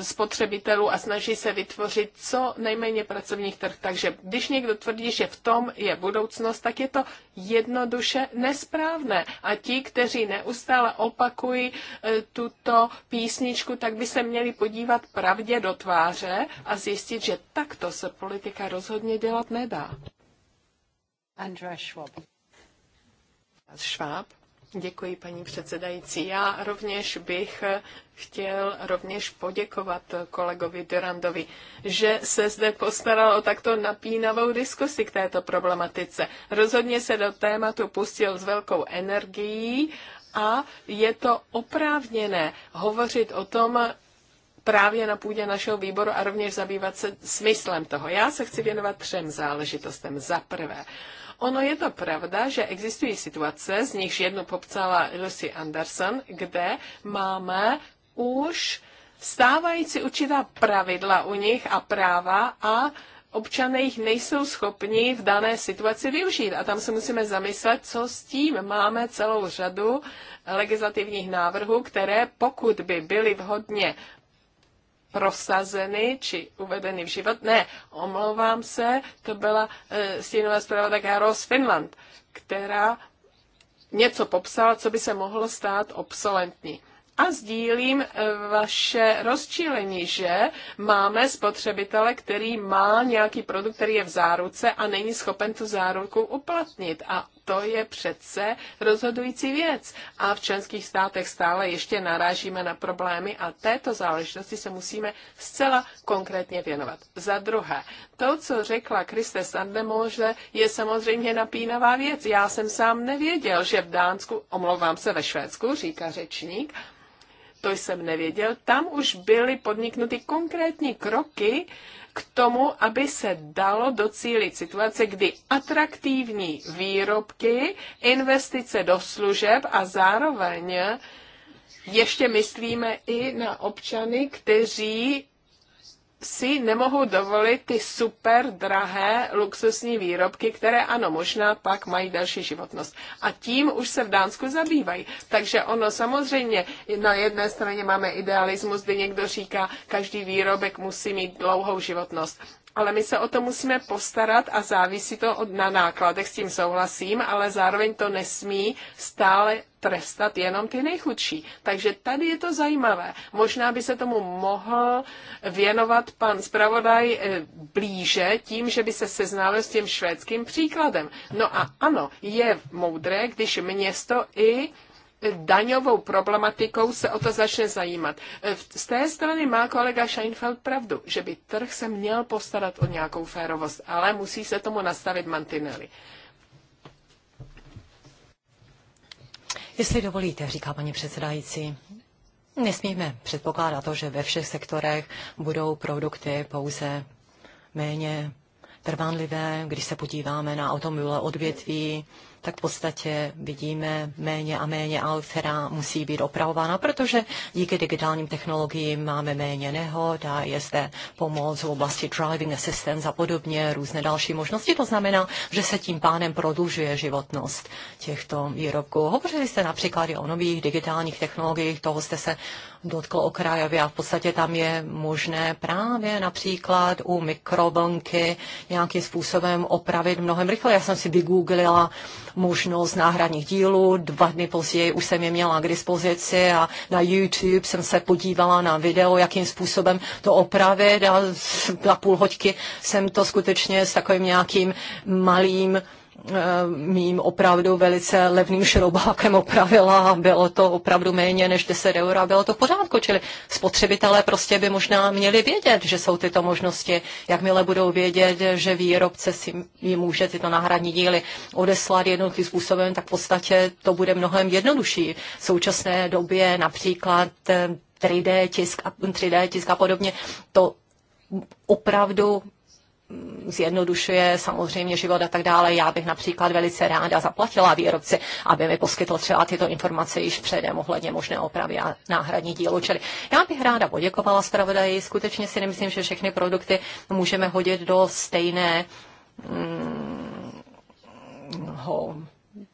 C: spotřebitelů a snaží se vytvořit co nejméně pracovních trh. Takže když někdo tvrdí, že v tom je budoucnost, tak je to jednoduše nesprávné. A ti, kteří neustále opakují e, tuto písničku, tak by se měli podívat pravdě do tváře a zjistit, že takto se politika rozhodně dělat nedá. Andreas Schwab. Schwab. Děkuji, paní předsedající. Já rovněž bych chtěl rovněž poděkovat kolegovi Durandovi, že se zde postaral o takto napínavou diskusi k této problematice. Rozhodně se do tématu pustil s velkou energií a je to oprávněné hovořit o tom, právě na půdě našeho výboru a rovněž zabývat se smyslem toho. Já se chci věnovat třem záležitostem. Za prvé, Ono je to pravda, že existují situace, z nichž jednu popsala Lucy Anderson, kde máme už stávající určitá pravidla u nich a práva a občané jich nejsou schopni v dané situaci využít. A tam se musíme zamyslet, co s tím. Máme celou řadu legislativních návrhů, které pokud by byly vhodně prosazeny či uvedeny v život. Ne, omlouvám se, to byla e, stínová zpráva taká Rose Finland, která něco popsala, co by se mohlo stát obsolentní. A sdílím eh, vaše rozčílení, že máme spotřebitele, který má nějaký produkt, který je v záruce a není schopen tu záruku uplatnit. A to je přece rozhodující věc. A v členských státech stále ještě narážíme na problémy a této záležitosti se musíme zcela konkrétně věnovat. Za druhé, to, co řekla Kriste Sandemože, je samozřejmě napínavá věc. Já jsem sám nevěděl, že v Dánsku, omlouvám se ve Švédsku, říká řečník, to jsem nevěděl, tam už byly podniknuty konkrétní kroky, k tomu, aby se dalo docílit situace, kdy atraktivní výrobky, investice do služeb a zároveň ještě myslíme i na občany, kteří si nemohou dovolit ty super drahé luxusní výrobky, které ano, možná pak mají další životnost. A tím už se v Dánsku zabývají. Takže ono samozřejmě, na jedné straně máme idealismus, kdy někdo říká, každý výrobek musí mít dlouhou životnost ale my se o to musíme postarat a závisí to od, na nákladech, s tím souhlasím, ale zároveň to nesmí stále trestat jenom ty nejchudší. Takže tady je to zajímavé. Možná by se tomu mohl věnovat pan zpravodaj eh, blíže tím, že by se seznámil s tím švédským příkladem. No a ano, je moudré, když město i daňovou problematikou se o to začne zajímat. E, z té strany má kolega Scheinfeld pravdu, že by trh se měl postarat o nějakou férovost, ale musí se tomu nastavit mantinely.
B: Jestli dovolíte, říká paní předsedající, nesmíme předpokládat to, že ve všech sektorech budou produkty pouze méně trvanlivé, když se podíváme na automobilové odvětví, tak v podstatě vidíme méně a méně aut, která musí být opravována, protože díky digitálním technologiím máme méně nehod a je zde pomoc v oblasti driving assistance a podobně, různé další možnosti. To znamená, že se tím pánem prodlužuje životnost těchto výrobků. Hovořili jste například i o nových digitálních technologiích, toho jste se dotkl okrajově a v podstatě tam je možné právě například u mikrovlnky nějakým způsobem opravit mnohem rychle. Já jsem si vygooglila možnost náhradních dílů. Dva dny později už jsem je měla k dispozici a na YouTube jsem se podívala na video, jakým způsobem to opravit a na půl hoďky jsem to skutečně s takovým nějakým malým Eh, mým opravdu velice levným šroubákem opravila. Bylo to opravdu méně než 10 eur a bylo to v pořádku. Čili spotřebitelé prostě by možná měli vědět, že jsou tyto možnosti. Jakmile budou vědět, že výrobce si jim může tyto náhradní díly odeslat jednotlivým způsobem, tak v podstatě to bude mnohem jednodušší. V současné době například 3D eh, tisk a, 3D tisk a podobně, to opravdu zjednodušuje samozřejmě život a tak dále. Já bych například velice ráda zaplatila výrobci, aby mi poskytl třeba tyto informace již předem ohledně možné opravy a náhradní dílu. Čili já bych ráda poděkovala zpravodaji. Skutečně si nemyslím, že všechny produkty můžeme hodit do stejné hmm, ho,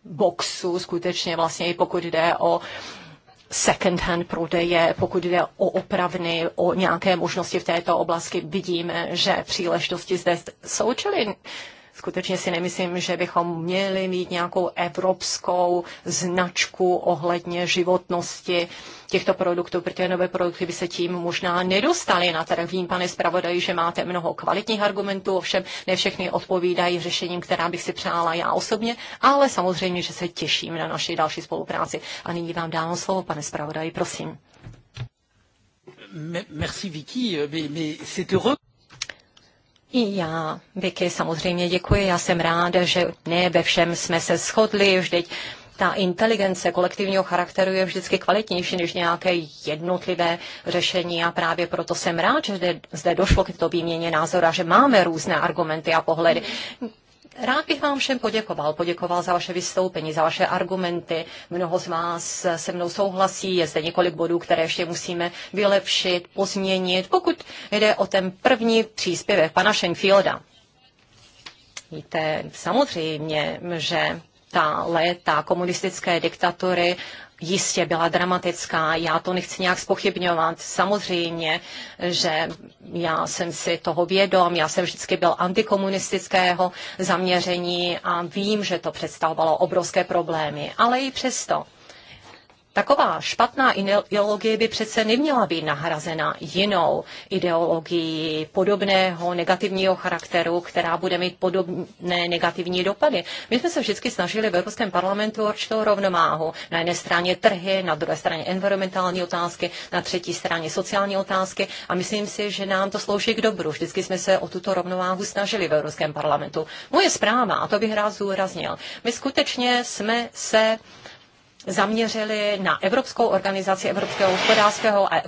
B: boxu, skutečně vlastně i pokud jde o uh, second-hand prodeje, pokud jde o opravny, o nějaké možnosti v této oblasti, vidíme, že příležitosti zde jsou, čili skutečně si nemyslím, že bychom měli mít nějakou evropskou značku ohledně životnosti těchto produktů, protože nové produkty by se tím možná nedostaly na trh. Vím, pane zpravodaji, že máte mnoho kvalitních argumentů, ovšem ne všechny odpovídají řešením, která bych si přála já osobně, ale samozřejmě, že se těším na naši další spolupráci. A nyní vám dávám slovo, pane zpravodaji, prosím.
A: Merci
C: Vicky, mais, mais c'est heureux.
B: I já, Vicky, samozřejmě děkuji. Já jsem ráda, že ne ve všem jsme se shodli. Vždyť ta inteligence kolektivního charakteru je vždycky kvalitnější než nějaké jednotlivé řešení a právě proto jsem rád, že zde, zde došlo k to výměně názora, že máme různé argumenty a pohledy. Rád bych vám všem poděkoval. Poděkoval za vaše vystoupení, za vaše argumenty. Mnoho z vás se mnou souhlasí. Je zde několik bodů, které ještě musíme vylepšit, pozměnit. Pokud jde o ten první příspěvek pana Schenfielda, víte, samozřejmě, že ta léta komunistické diktatury jistě byla dramatická. Já to nechci nějak spochybňovat. Samozřejmě, že já jsem si toho vědom, já jsem vždycky byl antikomunistického zaměření a vím, že to představovalo obrovské problémy. Ale i přesto Taková špatná ideologie by přece neměla být nahrazena jinou ideologií podobného negativního charakteru, která bude mít podobné negativní dopady. My jsme se vždycky snažili v Evropském parlamentu určitou rovnováhu. Na jedné straně trhy, na druhé straně environmentální otázky, na třetí straně sociální otázky a myslím si, že nám to slouží k dobru. Vždycky jsme se o tuto rovnováhu snažili v Evropském parlamentu. Moje zpráva, a to bych rád zúraznil, my skutečně jsme se zaměřili na Evropskou organizaci Evropského hospodářského a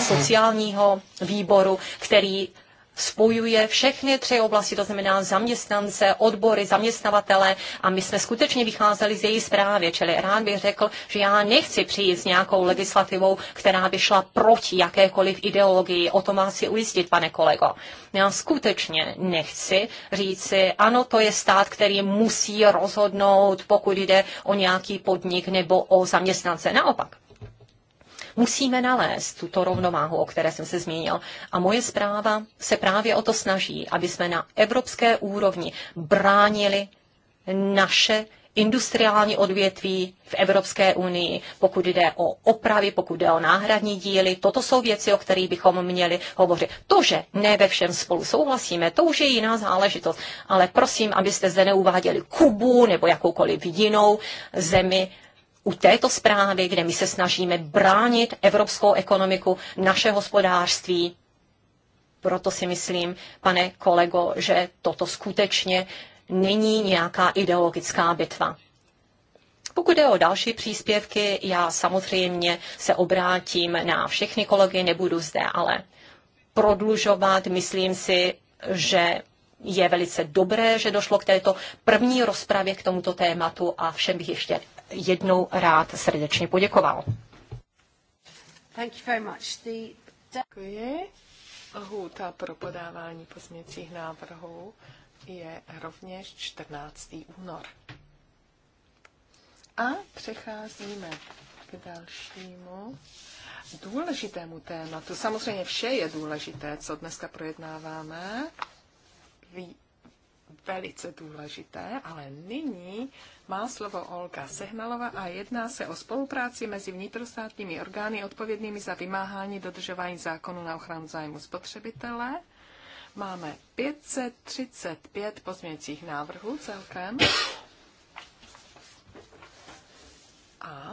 B: sociálního výboru, který spojuje všechny tři oblasti, to znamená zaměstnance, odbory, zaměstnavatele a my jsme skutečně vycházeli z její zprávy, čili rád bych řekl, že já nechci přijít s nějakou legislativou, která by šla proti jakékoliv ideologii, o tom vás si ujistit, pane kolego. Já skutečně nechci říci, ano, to je stát, který musí rozhodnout, pokud jde o nějaký podnik nebo o zaměstnance. Naopak, Musíme nalézt tuto rovnováhu, o které jsem se zmínil. A moje zpráva se právě o to snaží, aby jsme na evropské úrovni bránili naše industriální odvětví v Evropské unii, pokud jde o opravy, pokud jde o náhradní díly. Toto jsou věci, o kterých bychom měli hovořit. To, že ne ve všem spolu souhlasíme, to už je jiná záležitost. Ale prosím, abyste zde neuváděli Kubu nebo jakoukoliv jinou zemi u této zprávy, kde my se snažíme bránit evropskou ekonomiku, naše hospodářství. Proto si myslím, pane kolego, že toto skutečně není nějaká ideologická bitva. Pokud jde o další příspěvky, já samozřejmě se obrátím na všechny kolegy, nebudu zde ale prodlužovat. Myslím si, že je velice dobré, že došlo k této první rozpravě k tomuto tématu a všem bych ještě jednou rád srdečně poděkoval.
C: Thank you very much. The... Děkuji. Lhůta pro podávání pozměcích návrhů je rovněž 14. únor. A přecházíme k dalšímu důležitému tématu. Samozřejmě vše je důležité, co dneska projednáváme. Velice důležité, ale nyní má slovo Olga Sehnalova a jedná se o spolupráci mezi vnitrostátními orgány odpovědnými za vymáhání dodržování zákonu na ochranu zájmu spotřebitele. Máme 535 pozměňujících návrhů celkem. A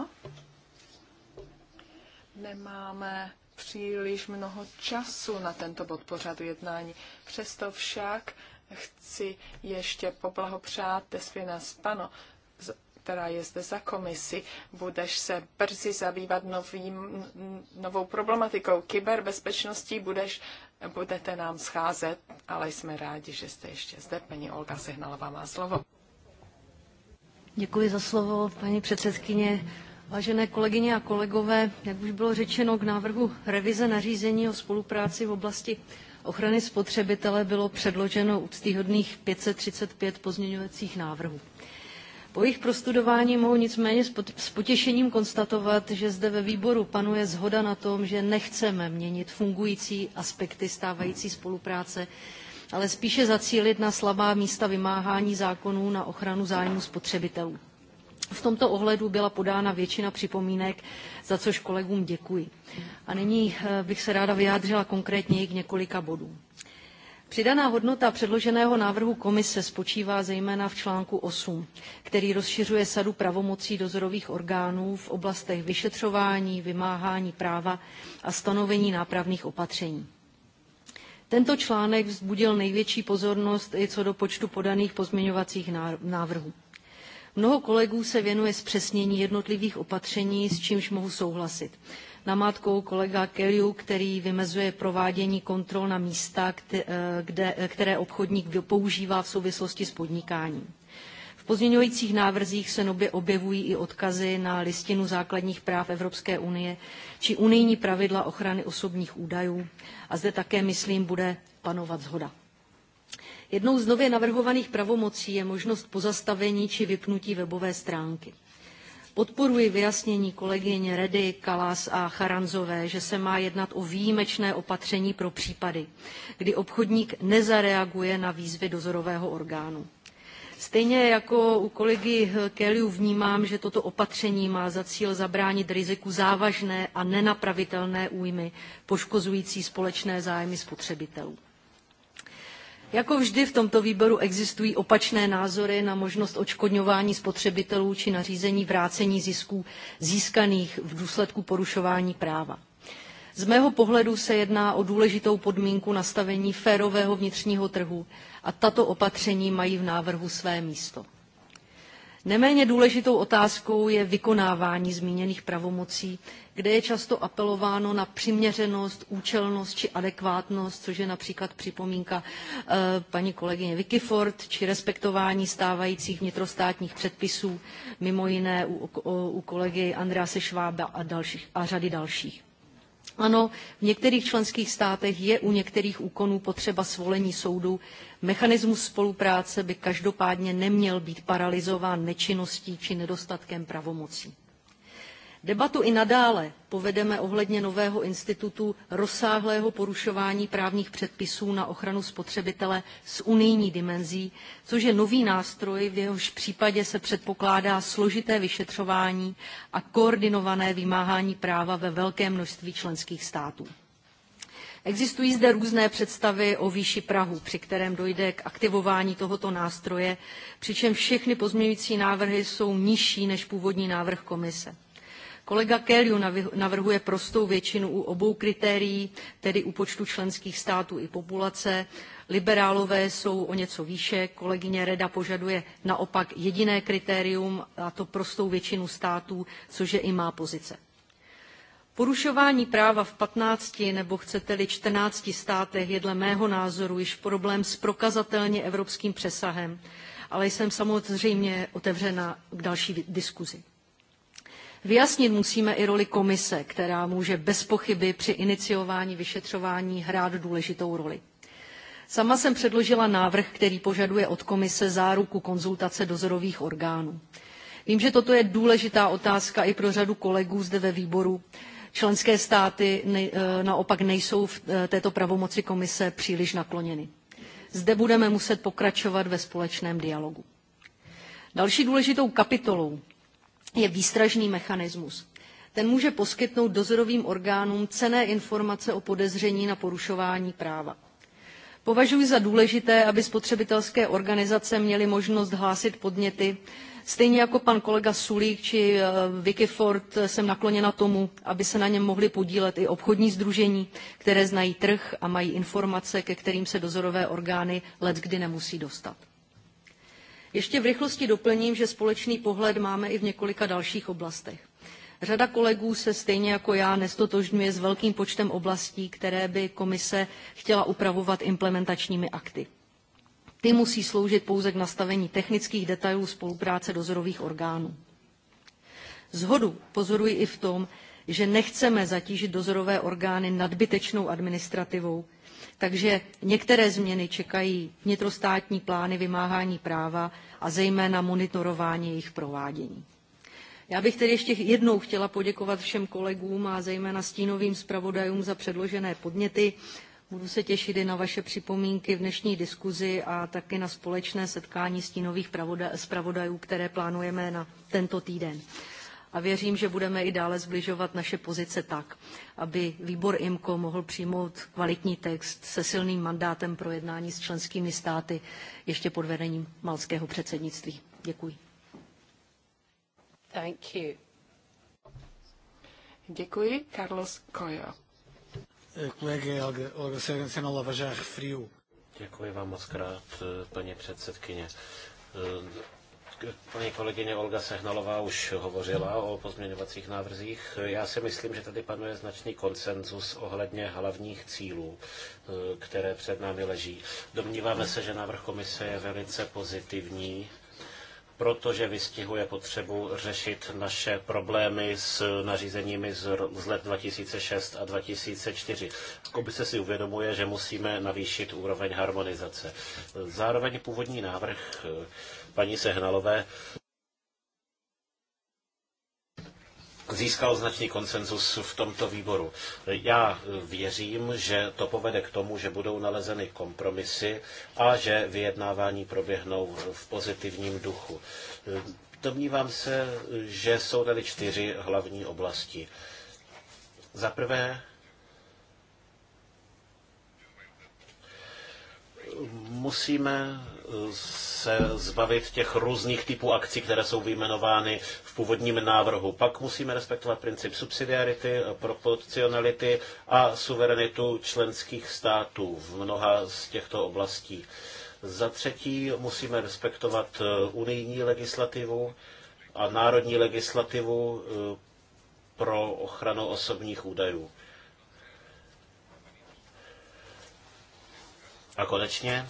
C: nemáme příliš mnoho času na tento bod pořadu jednání. Přesto však chci ještě poblahopřát Despina Spano která je zde za komisi. Budeš se brzy zabývat novým, novou problematikou kyberbezpečností, budeš, budete nám scházet, ale jsme rádi, že jste ještě zde. Paní Olga vám má slovo.
D: Děkuji za slovo, paní předsedkyně. Vážené kolegyně a kolegové, jak už bylo řečeno, k návrhu revize nařízení o spolupráci v oblasti ochrany spotřebitele bylo předloženo úctyhodných 535 pozměňovacích návrhů. Po jejich prostudování mohu nicméně s potěšením konstatovat, že zde ve výboru panuje zhoda na tom, že nechceme měnit fungující aspekty stávající spolupráce, ale spíše zacílit na slabá místa vymáhání zákonů na ochranu zájmů spotřebitelů. V tomto ohledu byla podána většina připomínek, za což kolegům děkuji. A nyní eh, bych se ráda vyjádřila konkrétně k několika bodům. Přidaná hodnota předloženého návrhu komise spočívá zejména v článku 8, který rozšiřuje sadu pravomocí dozorových orgánů v oblastech vyšetřování, vymáhání práva a stanovení nápravných opatření. Tento článek vzbudil největší pozornost i co do počtu podaných pozměňovacích návrhů. Mnoho kolegů se věnuje zpřesnění jednotlivých opatření, s čímž mohu souhlasit namátkou kolega Kelly, který vymezuje provádění kontrol na místa, eh, kde, eh, které obchodník používá v souvislosti s podnikáním. V pozměňujících návrzích se nově objevují i odkazy na listinu základních práv Evropské unie či unijní pravidla ochrany osobních údajů a zde také, myslím, bude panovat zhoda. Jednou z nově navrhovaných pravomocí je možnost pozastavení či vypnutí webové stránky. Podporuji vyjasnění kolegyň Redy, Kalas a Charanzové, že se má jednat o výjimečné opatření pro případy, kdy obchodník nezareaguje na výzvy dozorového orgánu. Stejně jako u kolegy Kelly vnímám, že toto opatření má za cíl zabránit riziku závažné a nenapravitelné újmy poškozující společné zájmy spotřebitelů. Jako vždy v tomto výboru existují opačné názory na možnost odškodňování spotřebitelů či nařízení vrácení zisků získaných v důsledku porušování práva. Z mého pohledu se jedná o důležitou podmínku nastavení férového vnitřního trhu a tato opatření mají v návrhu své místo. Neméně důležitou otázkou je vykonávání zmíněných pravomocí, kde je často apelováno na přiměřenost, účelnost či adekvátnost, což je například připomínka eh, paní kolegyně Vicky Ford, či respektování stávajících vnitrostátních předpisů, mimo jiné u, u kolegy Andrease Švába a, dalších, a řady dalších. Ano, v některých členských státech je u některých úkonů potřeba svolení soudu Mechanismus spolupráce by každopádně neměl být paralizován nečinností či nedostatkem pravomocí. Debatu i nadále povedeme ohledně nového institutu rozsáhlého porušování právních předpisů na ochranu spotřebitele s unijní dimenzí, což je nový nástroj, v jehož případě se předpokládá složité vyšetřování a koordinované vymáhání práva ve velkém množství členských států. Existují zde různé představy o výši Prahu, při kterém dojde k aktivování tohoto nástroje, přičemž všechny pozměňující návrhy jsou nižší než původní návrh komise. Kolega Kelly navrhuje prostou většinu u obou kritérií, tedy u počtu členských států i populace. Liberálové jsou o něco výše, kolegyně Reda požaduje naopak jediné kritérium, a to prostou většinu států, což je i má pozice. Porušování práva v 15 nebo chcete-li 14 státech je dle mého názoru již problém s prokazatelně evropským přesahem, ale jsem samozřejmě otevřena k další diskuzi. Vyjasnit musíme i roli komise, která může bez pochyby při iniciování vyšetřování hrát důležitou roli. Sama jsem předložila návrh, který požaduje od komise záruku konzultace dozorových orgánů. Vím, že toto je důležitá otázka i pro řadu kolegů zde ve výboru, Členské státy eh, naopak nejsou v eh, této pravomoci komise příliš nakloněny. Zde budeme muset pokračovat ve společném dialogu. Další důležitou kapitolou je výstražný mechanismus. Ten může poskytnout dozorovým orgánům cené informace o podezření na porušování práva. Považuji za důležité, aby spotřebitelské organizace měly možnost hlásit podněty Stejně jako pan kolega Sulík či eh, Vicky Ford eh, jsem nakloněna tomu, aby se na něm mohly podílet i obchodní sdružení, které znají trh a mají informace, ke kterým se dozorové orgány leckdy nemusí dostat. Ještě v rychlosti doplním, že společný pohled máme i v několika dalších oblastech. Řada kolegů se stejně jako já nestotožňuje s velkým počtem oblastí, které by komise chtěla upravovat implementačními akty. Ty musí sloužit pouze k nastavení technických detailů spolupráce dozorových orgánů. Zhodu pozoruji i v tom, že nechceme zatížit dozorové orgány nadbytečnou administrativou, takže některé změny čekají vnitrostátní plány vymáhání práva a zejména monitorování jejich provádění. Já bych tedy ještě jednou chtěla poděkovat všem kolegům a zejména stínovým zpravodajům za předložené podněty. Budu se těšit i na vaše připomínky v dnešní diskuzi a taky na společné setkání stínových zpravodajů, které plánujeme na tento týden. A věřím, že budeme i dále zbližovat naše pozice tak, aby výbor IMCO mohl přijmout kvalitní text se silným mandátem pro jednání s členskými státy ještě pod vedením
C: malského předsednictví. Děkuji. Thank you. Děkuji, Carlos Coyo
A: kolega Helga, Olga Senalová já referiu. Děkuji vám moc krát, paní předsedkyně. Paní kolegyně Olga Sehnalová už hovořila o pozměňovacích návrzích. Já si myslím, že tady panuje značný konsenzus ohledně hlavních cílů, které před námi leží. Domníváme se, že návrh komise je velice pozitivní protože vystihuje potřebu řešit naše problémy s nařízeními z let 2006 a 2004. Komise si uvědomuje, že musíme navýšit úroveň harmonizace. Zároveň původní návrh eh, paní Sehnalové získal značný konsenzus v tomto výboru. Já e, věřím, že to povede k tomu, že budou nalezeny kompromisy a že vyjednávání proběhnou v pozitivním duchu. E, domnívám se, že jsou tady čtyři hlavní oblasti. Za prvé, musíme se zbavit těch různých typů akcí, které jsou vyjmenovány v původním návrhu. Pak musíme respektovat princip subsidiarity, proporcionality a suverenitu členských států v mnoha z těchto oblastí. Za třetí musíme respektovat eh, unijní legislativu a národní legislativu eh, pro ochranu osobních údajů. A konečně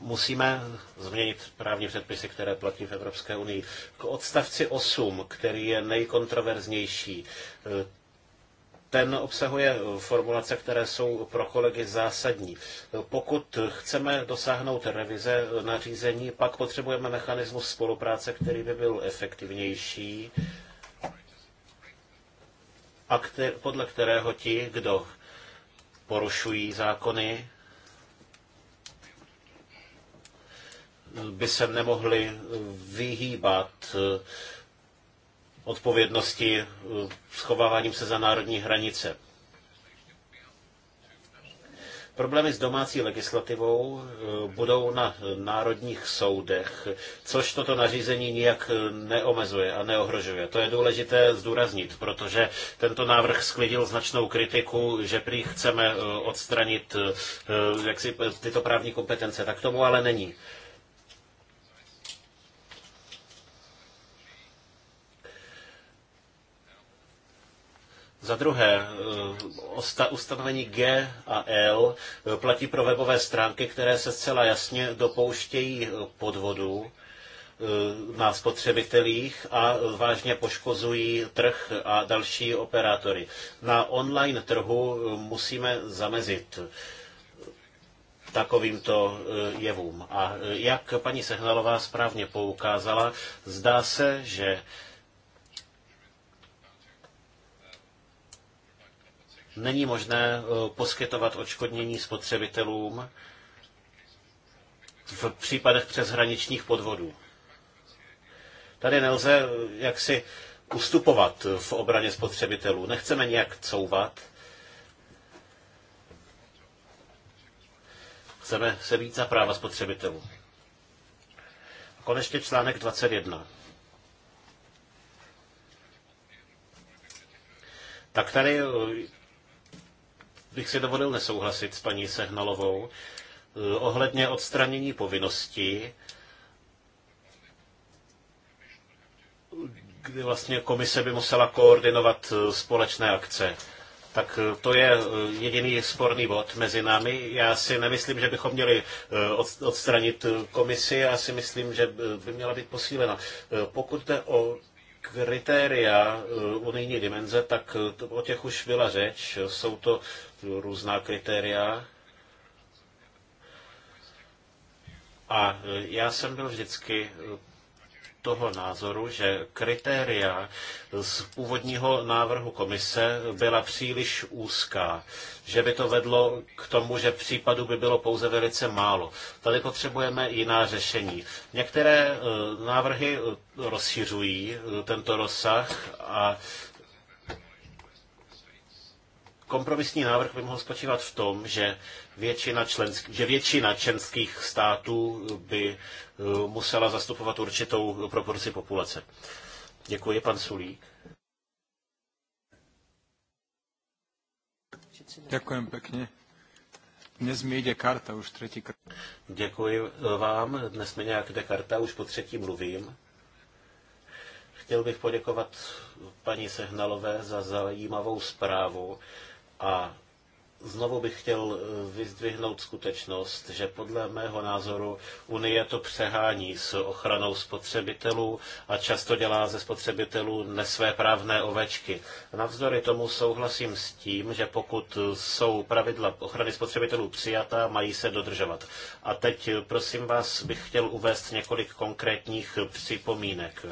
A: musíme změnit právní předpisy, které platí v Evropské unii. K odstavci 8, který je nejkontroverznější, eh, ten obsahuje formulace, které jsou pro kolegy zásadní. Pokud chceme dosáhnout revize nařízení, pak potřebujeme mechanismus spolupráce, který by byl efektivnější a podle kterého ti, kdo porušují zákony, by se nemohli vyhýbat eh, odpovědnosti eh, schováváním se za národní hranice. Problémy s domácí legislativou eh, budou na národních soudech, což toto nařízení nijak neomezuje a neohrožuje. To je důležité zdůraznit, protože tento návrh sklidil značnou kritiku, že prý chceme odstranit jaksi, tyto právní kompetence. Tak tomu ale není. Za druhé, eh, ustanovení G a L eh, platí pro webové stránky, které se zcela jasně dopouštějí eh, podvodu na spotřebitelích a vážně poškozují trh a další operátory. Na online trhu musíme zamezit takovýmto jevům. A jak paní Sehnalová správně poukázala, zdá se, že Není možné eh, poskytovat odškodnění spotřebitelům v případech přeshraničních podvodů. Tady nelze eh, jaksi ustupovat eh, v obraně spotřebitelů. Nechceme nějak couvat. Chceme se víc za práva spotřebitelů. A konečně článek 21. Tak tady bych si dovolil nesouhlasit s paní Sehnalovou eh, ohledně odstranění povinnosti, kdy vlastně komise by musela koordinovat eh, společné akce. Tak eh, to je jediný sporný bod mezi námi. Já si nemyslím, že bychom měli odstranit komisi, já si myslím, že by měla být posílena. Pokud jde o kritéria unijní dimenze, tak o těch už byla řeč. Jsou to různá kritéria. A e, já jsem byl vždycky e, toho názoru, že kritéria z původního návrhu komise byla příliš úzká, že by to vedlo k tomu, že případů by bylo pouze velice málo. Tady potřebujeme jiná řešení. Některé e, návrhy rozšiřují tento rozsah a Kompromisní návrh by mohl spočívat v tom, že většina, člensk- že většina členských států by eh, musela zastupovat určitou proporci populace. Děkuji, pan Sulík.
D: Děkuji pěkně. Dnes mi jde karta už třetí krát.
A: Děkuji vám. Dnes mi nějak jde karta, už po třetí mluvím. Chtěl bych poděkovat paní Sehnalové za zajímavou zprávu. A znovu bych chtěl eh, vyzdvihnout skutečnost, že podle mého názoru Unie to přehání s ochranou spotřebitelů a často dělá ze spotřebitelů nesvéprávné ovečky. Navzdory tomu souhlasím s tím, že pokud jsou pravidla ochrany spotřebitelů přijatá, mají se dodržovat. A teď prosím vás bych chtěl uvést několik konkrétních připomínek.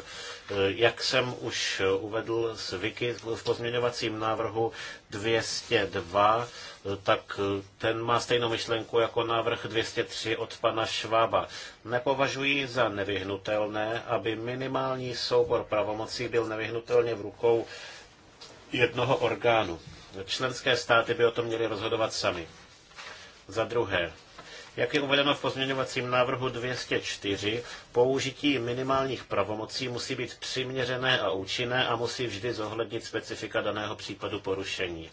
A: Eh, jak jsem už eh, uvedl s Wiki v pozměňovacím návrhu 202, eh, tak ten má stejnou myšlenku jako návrh 203 od pana Švába. Nepovažuji za nevyhnutelné, aby minimální soubor pravomocí byl nevyhnutelně v rukou jednoho orgánu. Členské státy by o tom měly rozhodovat sami. Za druhé, jak je uvedeno v pozměňovacím návrhu 204, použití minimálních pravomocí musí být přiměřené a účinné a musí vždy zohlednit specifika daného případu porušení.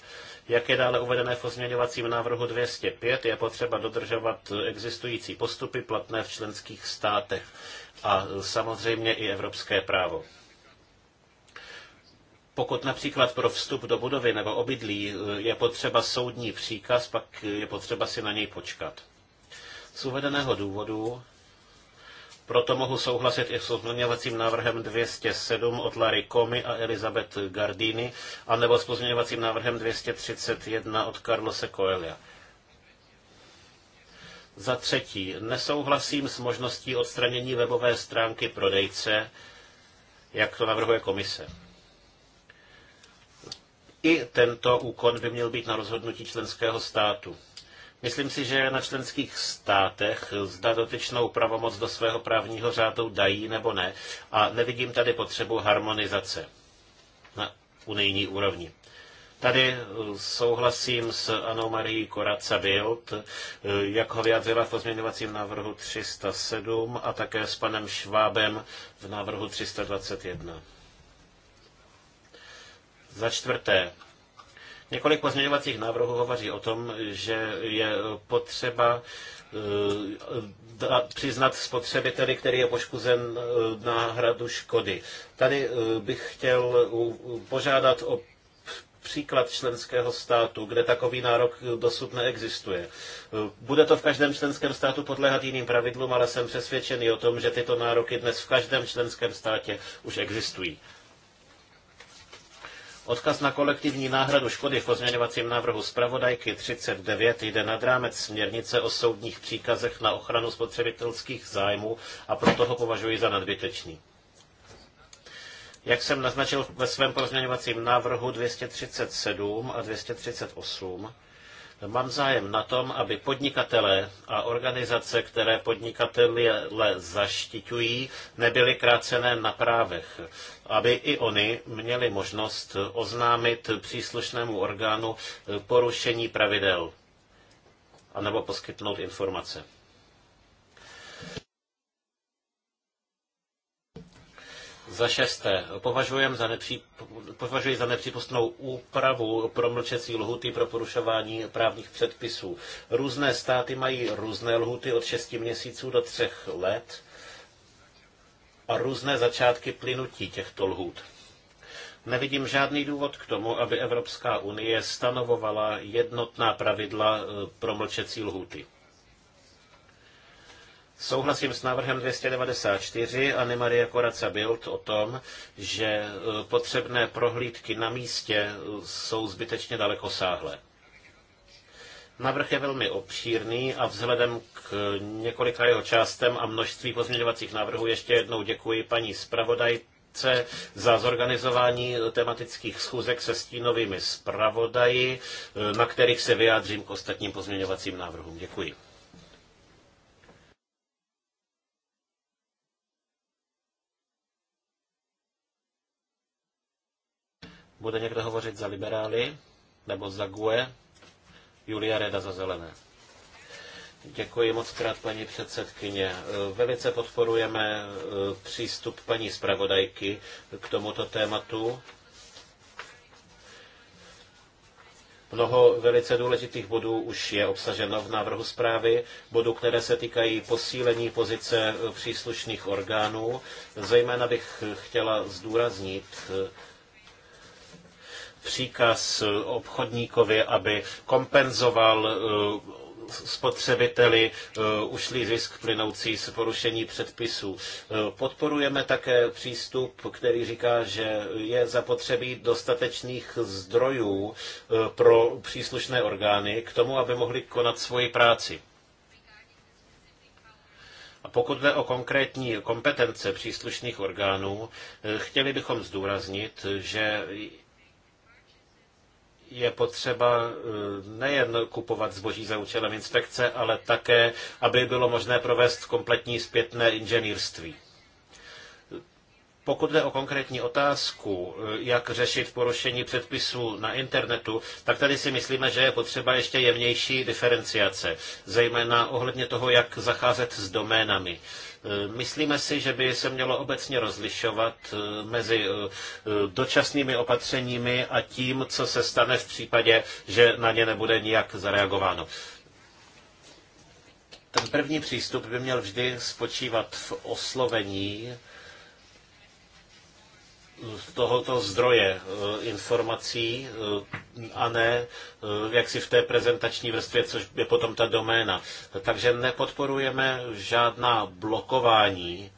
A: Jak je dále uvedené v pozměňovacím návrhu 205, je potřeba dodržovat existující postupy platné v členských státech a samozřejmě i evropské právo. Pokud například pro vstup do budovy nebo obydlí je potřeba soudní příkaz, pak je potřeba si na něj počkat. Z uvedeného důvodu proto mohu souhlasit i s pozměňovacím návrhem 207 od Lary Komy a Elizabeth Gardini, anebo s pozměňovacím návrhem 231 od Carlose Coelia. Za třetí, nesouhlasím s možností odstranění webové stránky prodejce, jak to navrhuje komise. I tento úkon by měl být na rozhodnutí členského státu. Myslím si, že je na členských státech, zda dotyčnou pravomoc do svého právního řádu dají nebo ne. A nevidím tady potřebu harmonizace na unijní úrovni. Tady eh, souhlasím s Anou Marií Koraca Bild, eh, jak ho vyjadřila v pozměňovacím návrhu 307 a také s panem Švábem v návrhu 321. Za čtvrté, Několik pozměňovacích návrhů hovoří o tom, že je potřeba eh, přiznat spotřebiteli, který je poškozen eh, náhradu škody. Tady eh, bych chtěl požádat o příklad členského státu, kde takový nárok dosud neexistuje. Bude to v každém členském státu podléhat jiným pravidlům, ale jsem přesvědčený o tom, že tyto nároky dnes v každém členském státě už existují. Odkaz na kolektivní náhradu škody v pozměňovacím návrhu zpravodajky 39 jde nad rámec směrnice o soudních příkazech na ochranu spotřebitelských zájmů a proto ho považuji za nadbytečný. Jak jsem naznačil ve svém pozměňovacím návrhu 237 a 238, Mám zájem na tom, aby podnikatelé a organizace, které podnikatele zaštiťují, nebyly krácené na právech. Aby i oni měli možnost oznámit příslušnému orgánu porušení pravidel anebo poskytnout informace. Za šesté, považujem za nepří, považuji za nepřípustnou úpravu promlčecí lhuty pro porušování právních předpisů. Různé státy mají různé lhuty od 6 měsíců do 3 let a různé začátky plynutí těchto lhůt. Nevidím žádný důvod k tomu, aby Evropská unie stanovovala jednotná pravidla eh, pro mlčecí lhuty. Souhlasím s návrhem 294 Anny Marie Koraca Bild o tom, že e, potřebné prohlídky na místě e, jsou zbytečně dalekosáhlé. Návrh je velmi obšírný a vzhledem k několika jeho částem a množství pozměňovacích návrhů ještě jednou děkuji paní zpravodajce za zorganizování e, tematických schůzek se stínovými zpravodaji, na kterých se vyjádřím k ostatním pozměňovacím návrhům. Děkuji. Bude někdo hovořit za liberály nebo za GUE? Julia Reda za zelené. Děkuji moc krát, paní předsedkyně. Velice podporujeme eh, přístup paní zpravodajky k tomuto tématu. Mnoho velice důležitých bodů už je obsaženo v návrhu zprávy, bodů, které se týkají posílení pozice eh, příslušných orgánů. Zejména bych eh, chtěla zdůraznit příkaz obchodníkovi, aby kompenzoval eh, spotřebiteli eh, ušlý zisk plynoucí z porušení předpisů. Eh, podporujeme také přístup, který říká, že je zapotřebí dostatečných zdrojů pro příslušné orgány k tomu, aby mohli konat svoji práci. A pokud jde o konkrétní kompetence příslušných orgánů, chtěli bychom zdůraznit, že je potřeba eh, nejen kupovat zboží za účelem inspekce, ale také, aby bylo možné provést kompletní zpětné inženýrství. Pokud jde o konkrétní otázku, eh, jak řešit porušení předpisů na internetu, tak tady si myslíme, že je potřeba ještě jemnější diferenciace, zejména ohledně toho, jak zacházet s doménami. Eh, myslíme si, že by se mělo obecně rozlišovat eh, mezi eh, dočasnými opatřeními a tím, co se stane v případě, že na ně nebude nijak zareagováno. Ten první přístup by měl vždy spočívat v oslovení tohoto zdroje eh, informací eh, a ne eh, jak si v té prezentační vrstvě, což je potom ta doména. Takže nepodporujeme žádná blokování,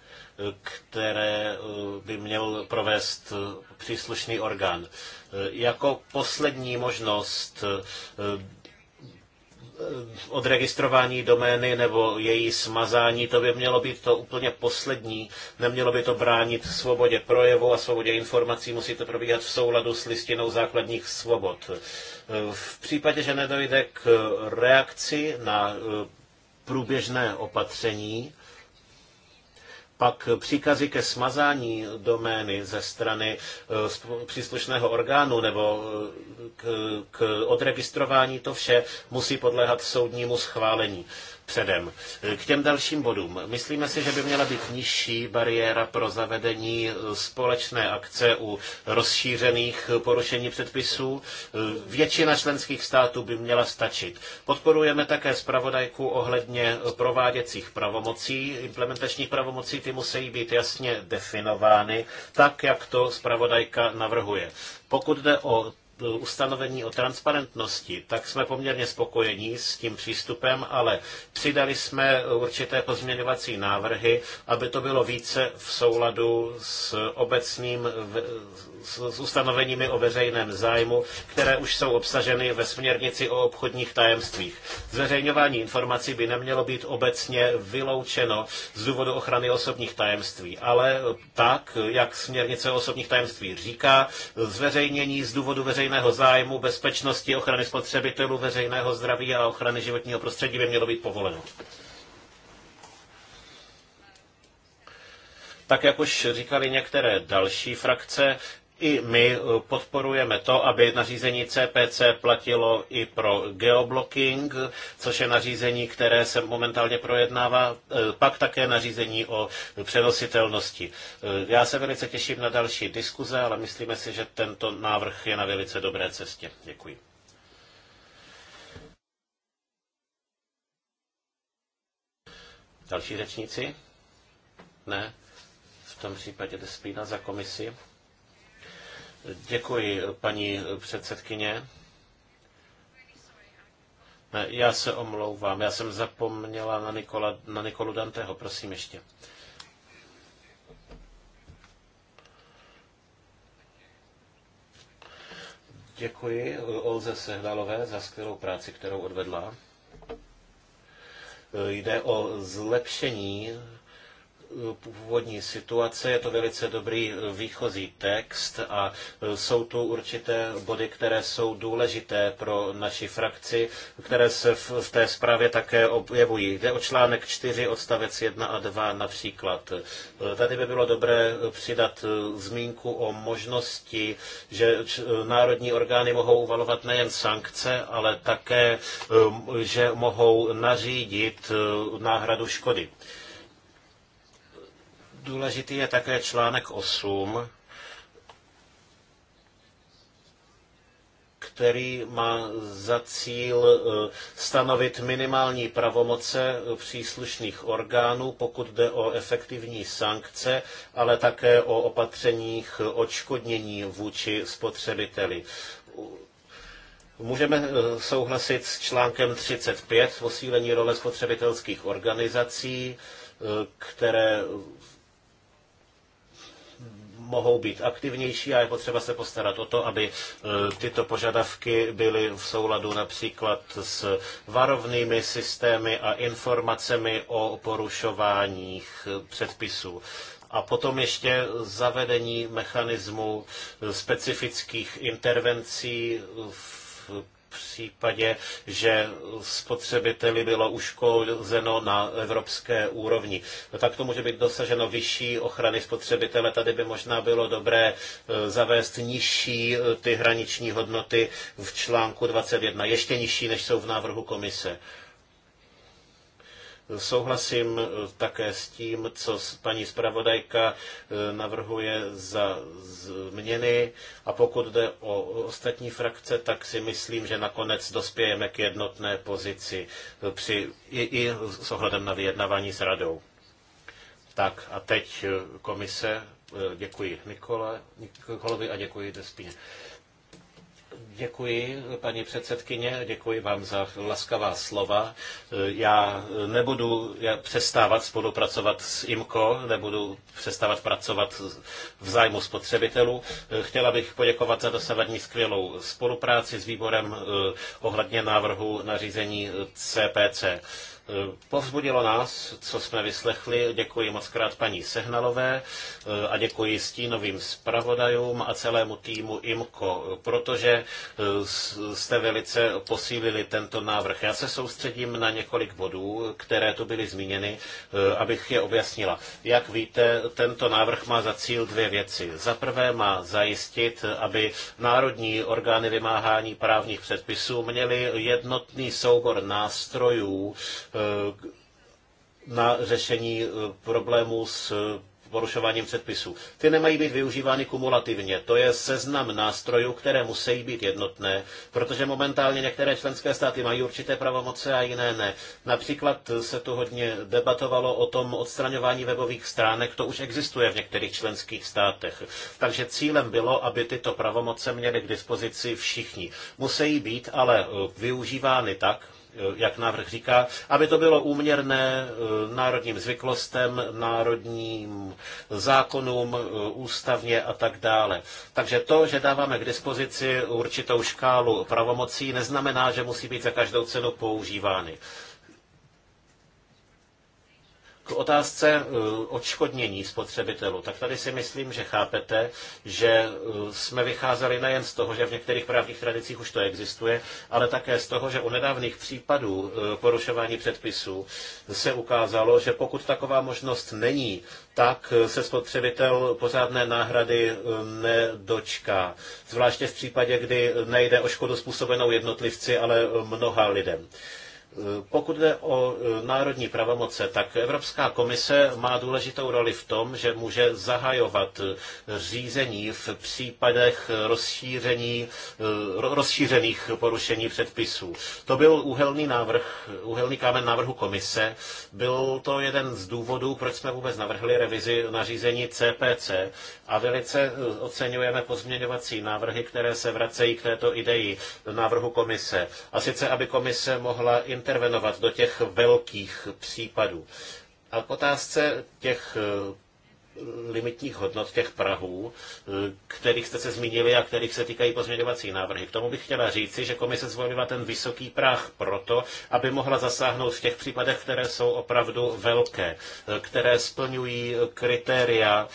A: které by měl provést příslušný orgán. Jako poslední možnost odregistrování domény nebo její smazání, to by mělo být to úplně poslední. Nemělo by to bránit svobodě projevu a svobodě informací, musí to probíhat v souladu s listinou základních svobod. E, v případě, že nedojde k reakci na e, průběžné opatření, pak příkazy ke smazání domény ze strany eh, příslušného orgánu nebo eh, k, k odregistrování, to vše musí podléhat soudnímu schválení předem. K těm dalším bodům. Myslíme si, že by měla být nižší bariéra pro zavedení společné akce u rozšířených porušení předpisů. Většina členských států by měla stačit. Podporujeme také zpravodajku ohledně prováděcích pravomocí. Implementační pravomocí ty musí být jasně definovány, tak jak to zpravodajka navrhuje. Pokud jde o Eh, ustanovení o transparentnosti, tak jsme poměrně spokojení s tím přístupem, ale přidali jsme eh, určité pozměňovací návrhy, aby to bylo více v souladu s obecným s ustanoveními o veřejném zájmu, které už jsou obsaženy ve směrnici o obchodních tajemstvích. Zveřejňování informací by nemělo být obecně vyloučeno z důvodu ochrany osobních tajemství, ale tak, jak směrnice o osobních tajemství říká, zveřejnění z důvodu veřejného zájmu, bezpečnosti, ochrany spotřebitelů, veřejného zdraví a ochrany životního prostředí by mělo být povoleno. Tak jak už říkali některé další frakce, i my eh, podporujeme to, aby nařízení CPC platilo i pro geoblocking, což je nařízení, které se momentálně projednává, eh, pak také nařízení o přenositelnosti. Eh, já se velice těším na další diskuze, ale myslíme si, že tento návrh je na velice dobré cestě. Děkuji. Další řečníci? Ne? V tom případě Despína za komisi. Děkuji, paní předsedkyně. Ne, já se omlouvám, já jsem zapomněla na, Nikola, na Nikolu Danteho, prosím ještě. Děkuji Olze Sehnalové za skvělou práci, kterou odvedla. Jde o zlepšení původní situace, je to velice dobrý eh, výchozí text a eh, jsou tu určité body, které jsou důležité pro naši frakci, které se v té zprávě také objevují. Jde o článek 4, odstavec 1 a 2 například. Eh, tady by bylo dobré přidat zmínku o možnosti, že národní orgány mohou uvalovat nejen sankce, ale také, že mohou nařídit náhradu škody. Důležitý je také článek 8, který má za cíl e, stanovit minimální pravomoce příslušných orgánů, pokud jde o efektivní sankce, ale také o opatřeních odškodnění vůči spotřebiteli. Můžeme e, souhlasit s článkem 35, posílení role spotřebitelských organizací, e, které mohou být aktivnější a je potřeba se postarat o to, aby e, tyto požadavky byly v souladu například s varovnými systémy a informacemi o porušováních e, předpisů. A potom ještě zavedení mechanismu e, specifických intervencí v případě, že spotřebiteli bylo uškozeno na evropské úrovni. No, tak to může být dosaženo vyšší ochrany spotřebitele. Tady by možná bylo dobré e, zavést nižší e, ty hraniční hodnoty v článku 21, ještě nižší, než jsou v návrhu komise. Souhlasím eh, také s tím, co paní zpravodajka eh, navrhuje za změny a pokud jde o ostatní frakce, tak si myslím, že nakonec dospějeme k jednotné pozici eh, při, i, i s ohledem na vyjednávání s radou. Tak a teď komise. Děkuji Nikole, Nikolovi a děkuji Despině. Děkuji, paní předsedkyně, děkuji vám za laskavá slova. Já nebudu přestávat spolupracovat s IMCO, nebudu přestávat pracovat v zájmu spotřebitelů. Chtěla bych poděkovat za dosavadní skvělou spolupráci s výborem eh, ohledně návrhu nařízení CPC. Eh, povzbudilo nás, co jsme vyslechli. Děkuji moc krát paní Sehnalové eh, a děkuji stínovým zpravodajům a celému týmu IMKO, eh, protože jste velice posílili tento návrh. Já se soustředím na několik bodů, které tu byly zmíněny, abych je objasnila. Jak víte, tento návrh má za cíl dvě věci. Za prvé má zajistit, aby národní orgány vymáhání právních předpisů měly jednotný soubor nástrojů, Eh, na řešení eh, problémů s eh, porušováním předpisů. Ty nemají být využívány kumulativně. To je seznam nástrojů, které musí být jednotné, protože momentálně některé členské státy mají určité pravomoce a jiné ne. Například se tu hodně debatovalo o tom odstraňování webových stránek, to už existuje v některých členských státech. Takže cílem bylo, aby tyto pravomoce měly k dispozici všichni. Musí být ale využívány tak, Eh, jak návrh říká, aby to bylo úměrné eh, národním zvyklostem, národním zákonům, eh, ústavně a tak dále. Takže to, že dáváme k dispozici určitou škálu pravomocí, neznamená, že musí být za každou cenu používány. K otázce eh, odškodnění spotřebitelů, tak tady si myslím, že chápete, že eh, jsme vycházeli nejen z toho, že v některých právních tradicích už to existuje, ale také z toho, že u nedávných případů eh, porušování předpisů se ukázalo, že pokud taková možnost není, tak se spotřebitel pořádné náhrady nedočká. Zvláště v případě, kdy nejde o škodu způsobenou jednotlivci, ale mnoha lidem. Pokud jde o e, národní pravomoce, tak Evropská komise má důležitou roli v tom, že může zahajovat e, řízení v případech rozšíření, e, rozšířených porušení předpisů. To byl úhelný, návrh, úhelný kámen návrhu komise. Byl to jeden z důvodů, proč jsme vůbec navrhli revizi nařízení CPC a velice oceňujeme pozměňovací návrhy, které se vracejí k této ideji návrhu komise. A sice, aby komise mohla intervenovat do těch velkých případů. A k otázce těch eh, limitních hodnot těch Prahů, eh, kterých jste se zmínili a kterých se týkají pozměňovací návrhy. K tomu bych chtěla říci, že komise zvolila ten vysoký práh proto, aby mohla zasáhnout v těch případech, které jsou opravdu velké, eh, které splňují kritéria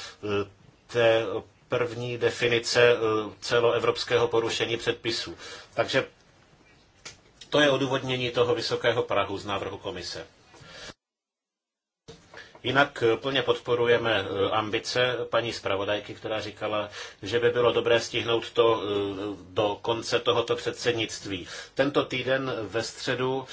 A: té první definice celoevropského porušení předpisů. Takže to je odůvodnění toho vysokého Prahu z návrhu komise. Jinak eh, plně podporujeme eh, ambice paní zpravodajky, která říkala, že by bylo dobré stihnout to eh, do konce tohoto předsednictví. Tento týden ve středu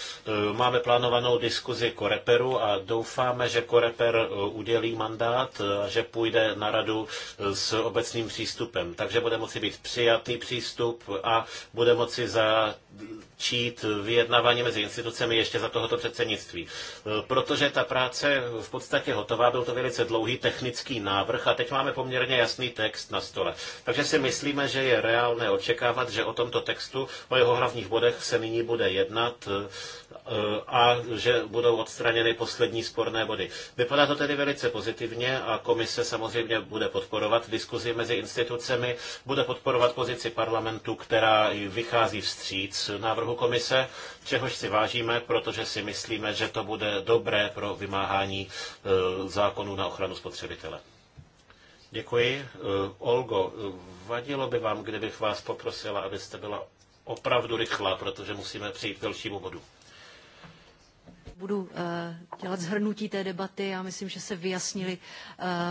A: máme plánovanou diskuzi Koreperu a doufáme, že Koreper udělí mandát a že půjde na radu s obecným přístupem. Takže bude moci být přijatý přístup a bude moci začít vyjednávání mezi institucemi ještě za tohoto předsednictví. Protože ta práce v podstatě podstatě hotová, byl to velice dlouhý technický návrh a teď máme poměrně jasný text na stole. Takže si myslíme, že je reálné očekávat, že o tomto textu, o jeho hlavních bodech se nyní bude jednat eh, a že budou odstraněny poslední sporné body. Vypadá to tedy velice pozitivně a komise samozřejmě bude podporovat diskuzi mezi institucemi, bude podporovat pozici parlamentu, která vychází vstříc návrhu komise čehož si vážíme, protože si myslíme, že to bude dobré pro vymáhání e, zákonů na ochranu spotřebitele. Děkuji. E, Olgo, e, vadilo by vám, kdybych vás poprosila, abyste byla opravdu rychlá, protože musíme přijít k dalšímu bodu
D: budu eh, dělat zhrnutí té debaty. Já myslím, že se vyjasnily eh,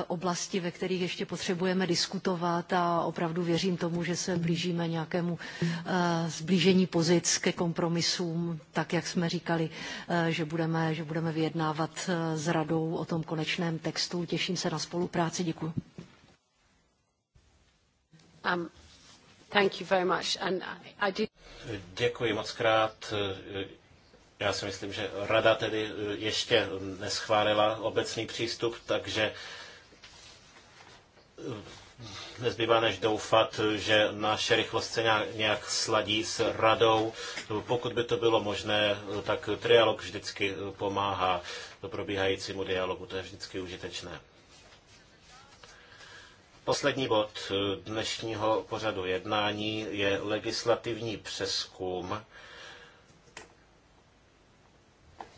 D: oblasti, ve kterých ještě potřebujeme diskutovat a opravdu věřím tomu, že se blížíme nějakému eh, zblížení pozic ke kompromisům, tak jak jsme říkali, že budeme, že budeme vyjednávat s radou o tom konečném textu. Těším se na spolupráci. Um, Děkuji.
C: Um,
A: Děkuji moc krát. Já si myslím, že rada tedy e, ještě neschválila obecný přístup, takže e, nezbývá než doufat, že naše rychlost se nějak sladí s radou. Pokud by to bylo možné, tak trialog vždycky pomáhá probíhajícímu dialogu. To je vždycky užitečné. Poslední bod dnešního pořadu jednání je legislativní přeskum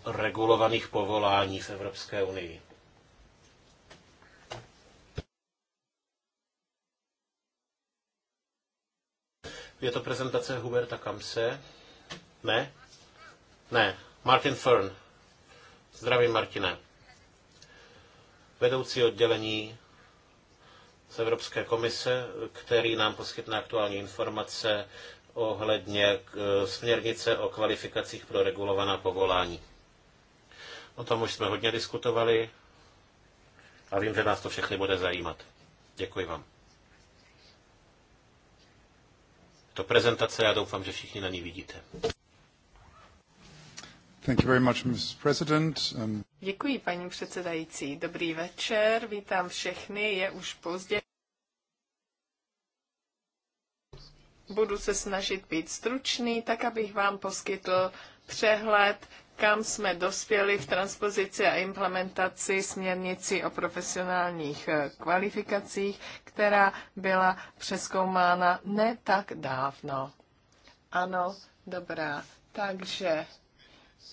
A: regulovaných povolání v Evropské unii. Je to prezentace Huberta Kamse? Ne? Ne. Martin Fern. Zdravím, Martine. Vedoucí oddělení z Evropské komise, který nám poskytne aktuální informace ohledně eh, směrnice o kvalifikacích pro regulovaná povolání. O tom už jsme hodně diskutovali a vím, že nás to všechny bude zajímat. Děkuji vám. To prezentace, já doufám, že všichni na ní vidíte.
D: Thank you very much, Mr. President. Um...
C: Děkuji, paní předsedající. Dobrý večer, vítám všechny, je už pozdě. Budu se snažit být stručný, tak abych vám poskytl přehled kam jsme dospěli v transpozici a implementaci směrnici o profesionálních eh, kvalifikacích, která byla přeskoumána ne tak dávno. Ano, dobrá. Takže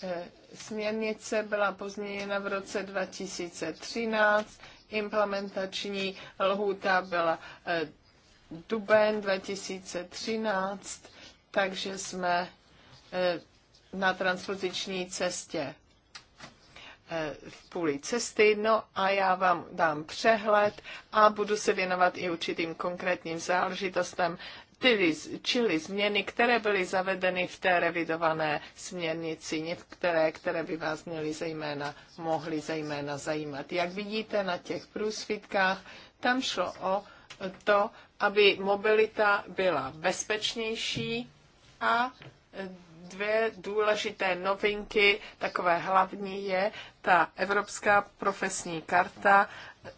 C: eh, směrnice byla pozměněna v roce 2013, implementační lhůta byla eh, duben 2013, takže jsme na transfuziční cestě eh, v půli cesty, no a já vám dám přehled a budu se věnovat i určitým konkrétním záležitostem, tedy, čili změny, které byly zavedeny v té revidované směrnici, některé, které by vás měly zejména, mohly zejména zajímat. Jak vidíte na těch průsvitkách, tam šlo o to, aby mobilita byla bezpečnější a dvě důležité novinky, takové hlavní je ta Evropská profesní karta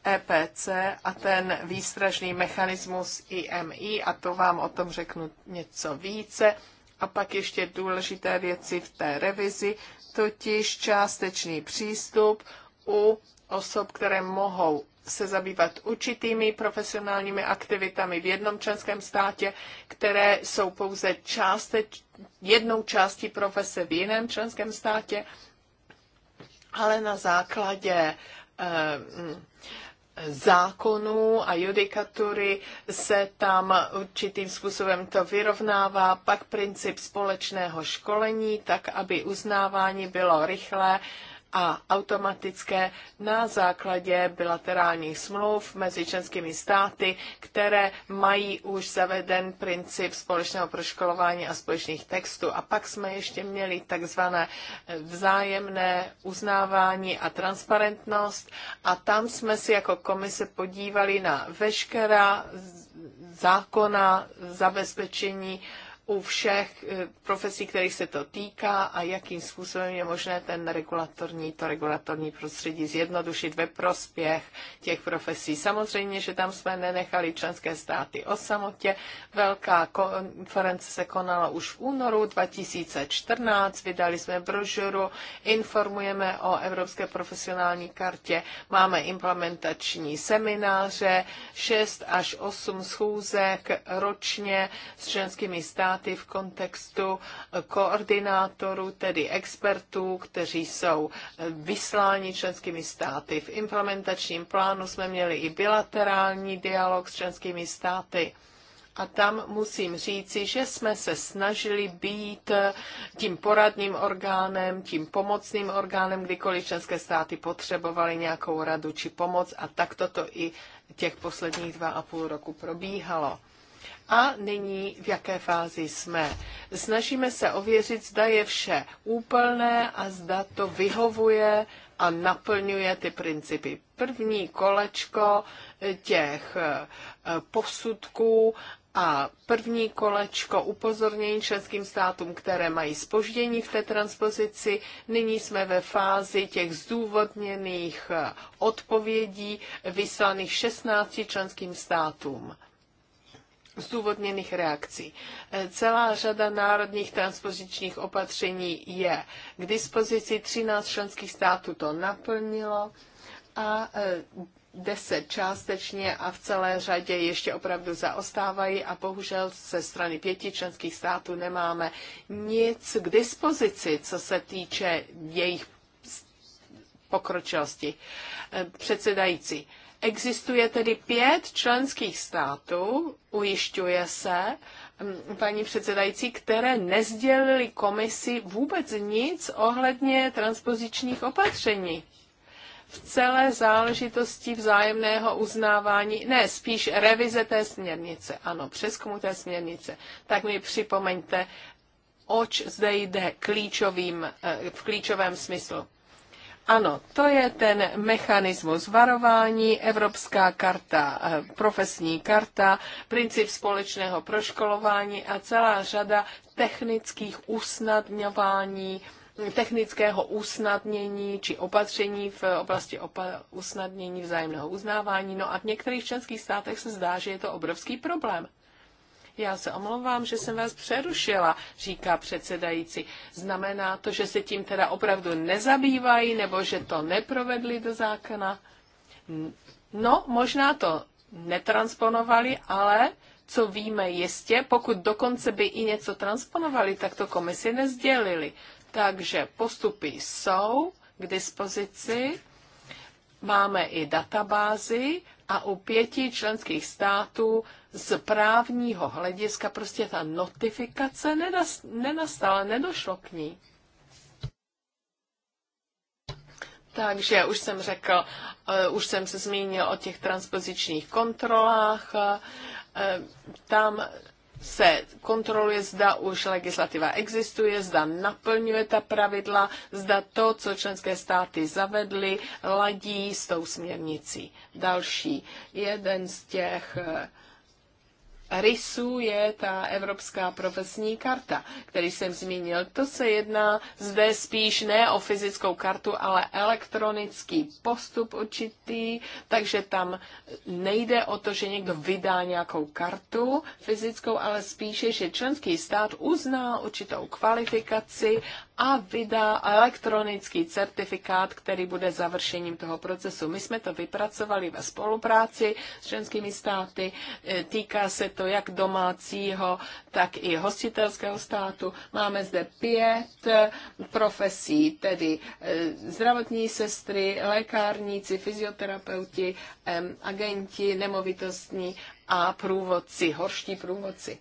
C: EPC a ten výstražný mechanismus IMI a to vám o tom řeknu něco více. A pak ještě důležité věci v té revizi, totiž částečný přístup u osob, které mohou se zabývat určitými profesionálními aktivitami v jednom členském státě, které jsou pouze částe, jednou částí profese v jiném členském státě, ale na základě eh, zákonů a judikatury se tam určitým způsobem to vyrovnává, pak princip společného školení, tak aby uznávání bylo rychlé a automatické na základě bilaterálních smluv mezi členskými státy, které mají už zaveden princip společného proškolování a společných textů. A pak jsme ještě měli takzvané vzájemné uznávání a transparentnost a tam jsme si jako komise podívali na veškerá zákona zabezpečení u všech eh, profesí, kterých se to týká a jakým způsobem je možné ten regulatorní, to regulatorní prostředí zjednodušit ve prospěch těch profesí. Samozřejmě, že tam jsme nenechali členské státy o samotě. Velká konference se konala už v únoru 2014. Vydali jsme brožuru, informujeme o Evropské profesionální kartě, máme implementační semináře, 6 až 8 schůzek ročně s členskými státy státy v kontextu koordinátorů, tedy expertů, kteří jsou vysláni členskými státy. V implementačním plánu jsme měli i bilaterální dialog s členskými státy. A tam musím říci, že jsme se snažili být tím poradním orgánem, tím pomocným orgánem, kdykoliv členské státy potřebovaly nějakou radu či pomoc a tak toto i těch posledních dva a půl roku probíhalo. A nyní v jaké fázi jsme. Snažíme se ověřit, zda je vše úplné a zda to vyhovuje a naplňuje ty principy. První kolečko těch eh, posudků a první kolečko upozornění členským státům, které mají spoždění v té transpozici. Nyní jsme ve fázi těch zdůvodněných eh, odpovědí vyslaných 16 členským státům zdůvodněných reakcí. Eh, Celá řada národních transpozičních opatření je k dispozici. 13 členských států to naplnilo a 10 eh, částečně a v celé řadě ještě opravdu zaostávají a bohužel ze strany pěti členských států nemáme nic k dispozici, co se týče jejich pokročilosti. Eh, Předsedající, Existuje tedy pět členských států, ujišťuje se, paní předsedající, které nezdělili komisi vůbec nic ohledně transpozičních opatření v celé záležitosti vzájemného uznávání, ne, spíš revize té směrnice, ano, přeskumu té směrnice, tak mi připomeňte, oč zde jde klíčovým, eh, v klíčovém smyslu. Ano, to je ten mechanismus varování, Evropská karta, eh, profesní karta, princip společného proškolování a celá řada technických usnadňování, technického usnadnění či opatření v oblasti opa- usnadnění vzájemného uznávání. No a v některých členských státech se zdá, že je to obrovský problém. Já se omlouvám, že jsem vás přerušila, říká předsedající. Znamená to, že se tím teda opravdu nezabývají, nebo že to neprovedli do zákona? No, možná to netransponovali, ale co víme jistě, pokud dokonce by i něco transponovali, tak to komisi nezdělili. Takže postupy jsou k dispozici, máme i databázy, a u pěti členských států z právního hlediska prostě ta notifikace nenastala, nedošlo k ní. Takže už jsem řekl, eh, už jsem se zmínil o těch transpozičních kontrolách. Eh, tam se kontroluje, zda už legislativa existuje, zda naplňuje ta pravidla, zda to, co členské státy zavedly, ladí s tou směrnicí. Další, jeden z těch uh, rysů je ta Evropská profesní karta, který jsem zmínil. To se jedná zde spíš ne o fyzickou kartu, ale elektronický postup určitý, takže tam nejde o to, že někdo vydá nějakou kartu fyzickou, ale spíše, že členský stát uzná určitou kvalifikaci a vydá elektronický certifikát, který bude završením toho procesu. My jsme to vypracovali ve spolupráci s členskými státy. E, týká se to jak domácího, tak i hostitelského státu. Máme zde pět e, profesí, tedy e, zdravotní sestry, lékárníci, fyzioterapeuti, agenti nemovitostní a průvodci, horští průvodci.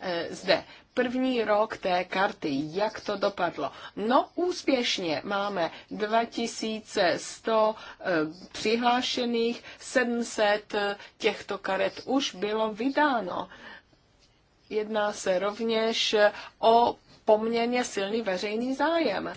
C: E, zde první rok té karty, jak to dopadlo. No úspěšně máme 2100 e, přihlášených, 700 e, těchto karet už bylo vydáno. Jedná se rovněž o poměrně silný veřejný zájem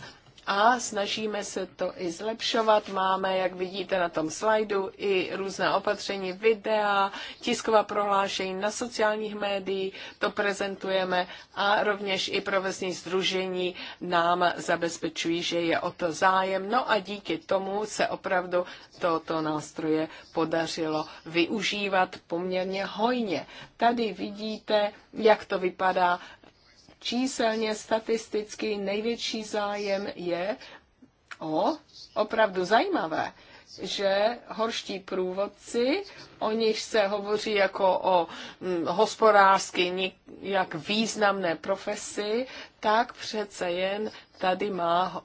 C: a snažíme se to i zlepšovat. Máme, jak vidíte na tom slajdu, i různá opatření, videa, tisková prohlášení na sociálních médiích, to prezentujeme a rovněž i provozní združení nám zabezpečují, že je o to zájem. No a díky tomu se opravdu toto nástroje podařilo využívat poměrně hojně. Tady vidíte, jak to vypadá číselně, statisticky největší zájem je o opravdu zajímavé, že horští průvodci, o nich se hovoří jako o hm, hospodářsky jak významné profesi, tak přece jen tady má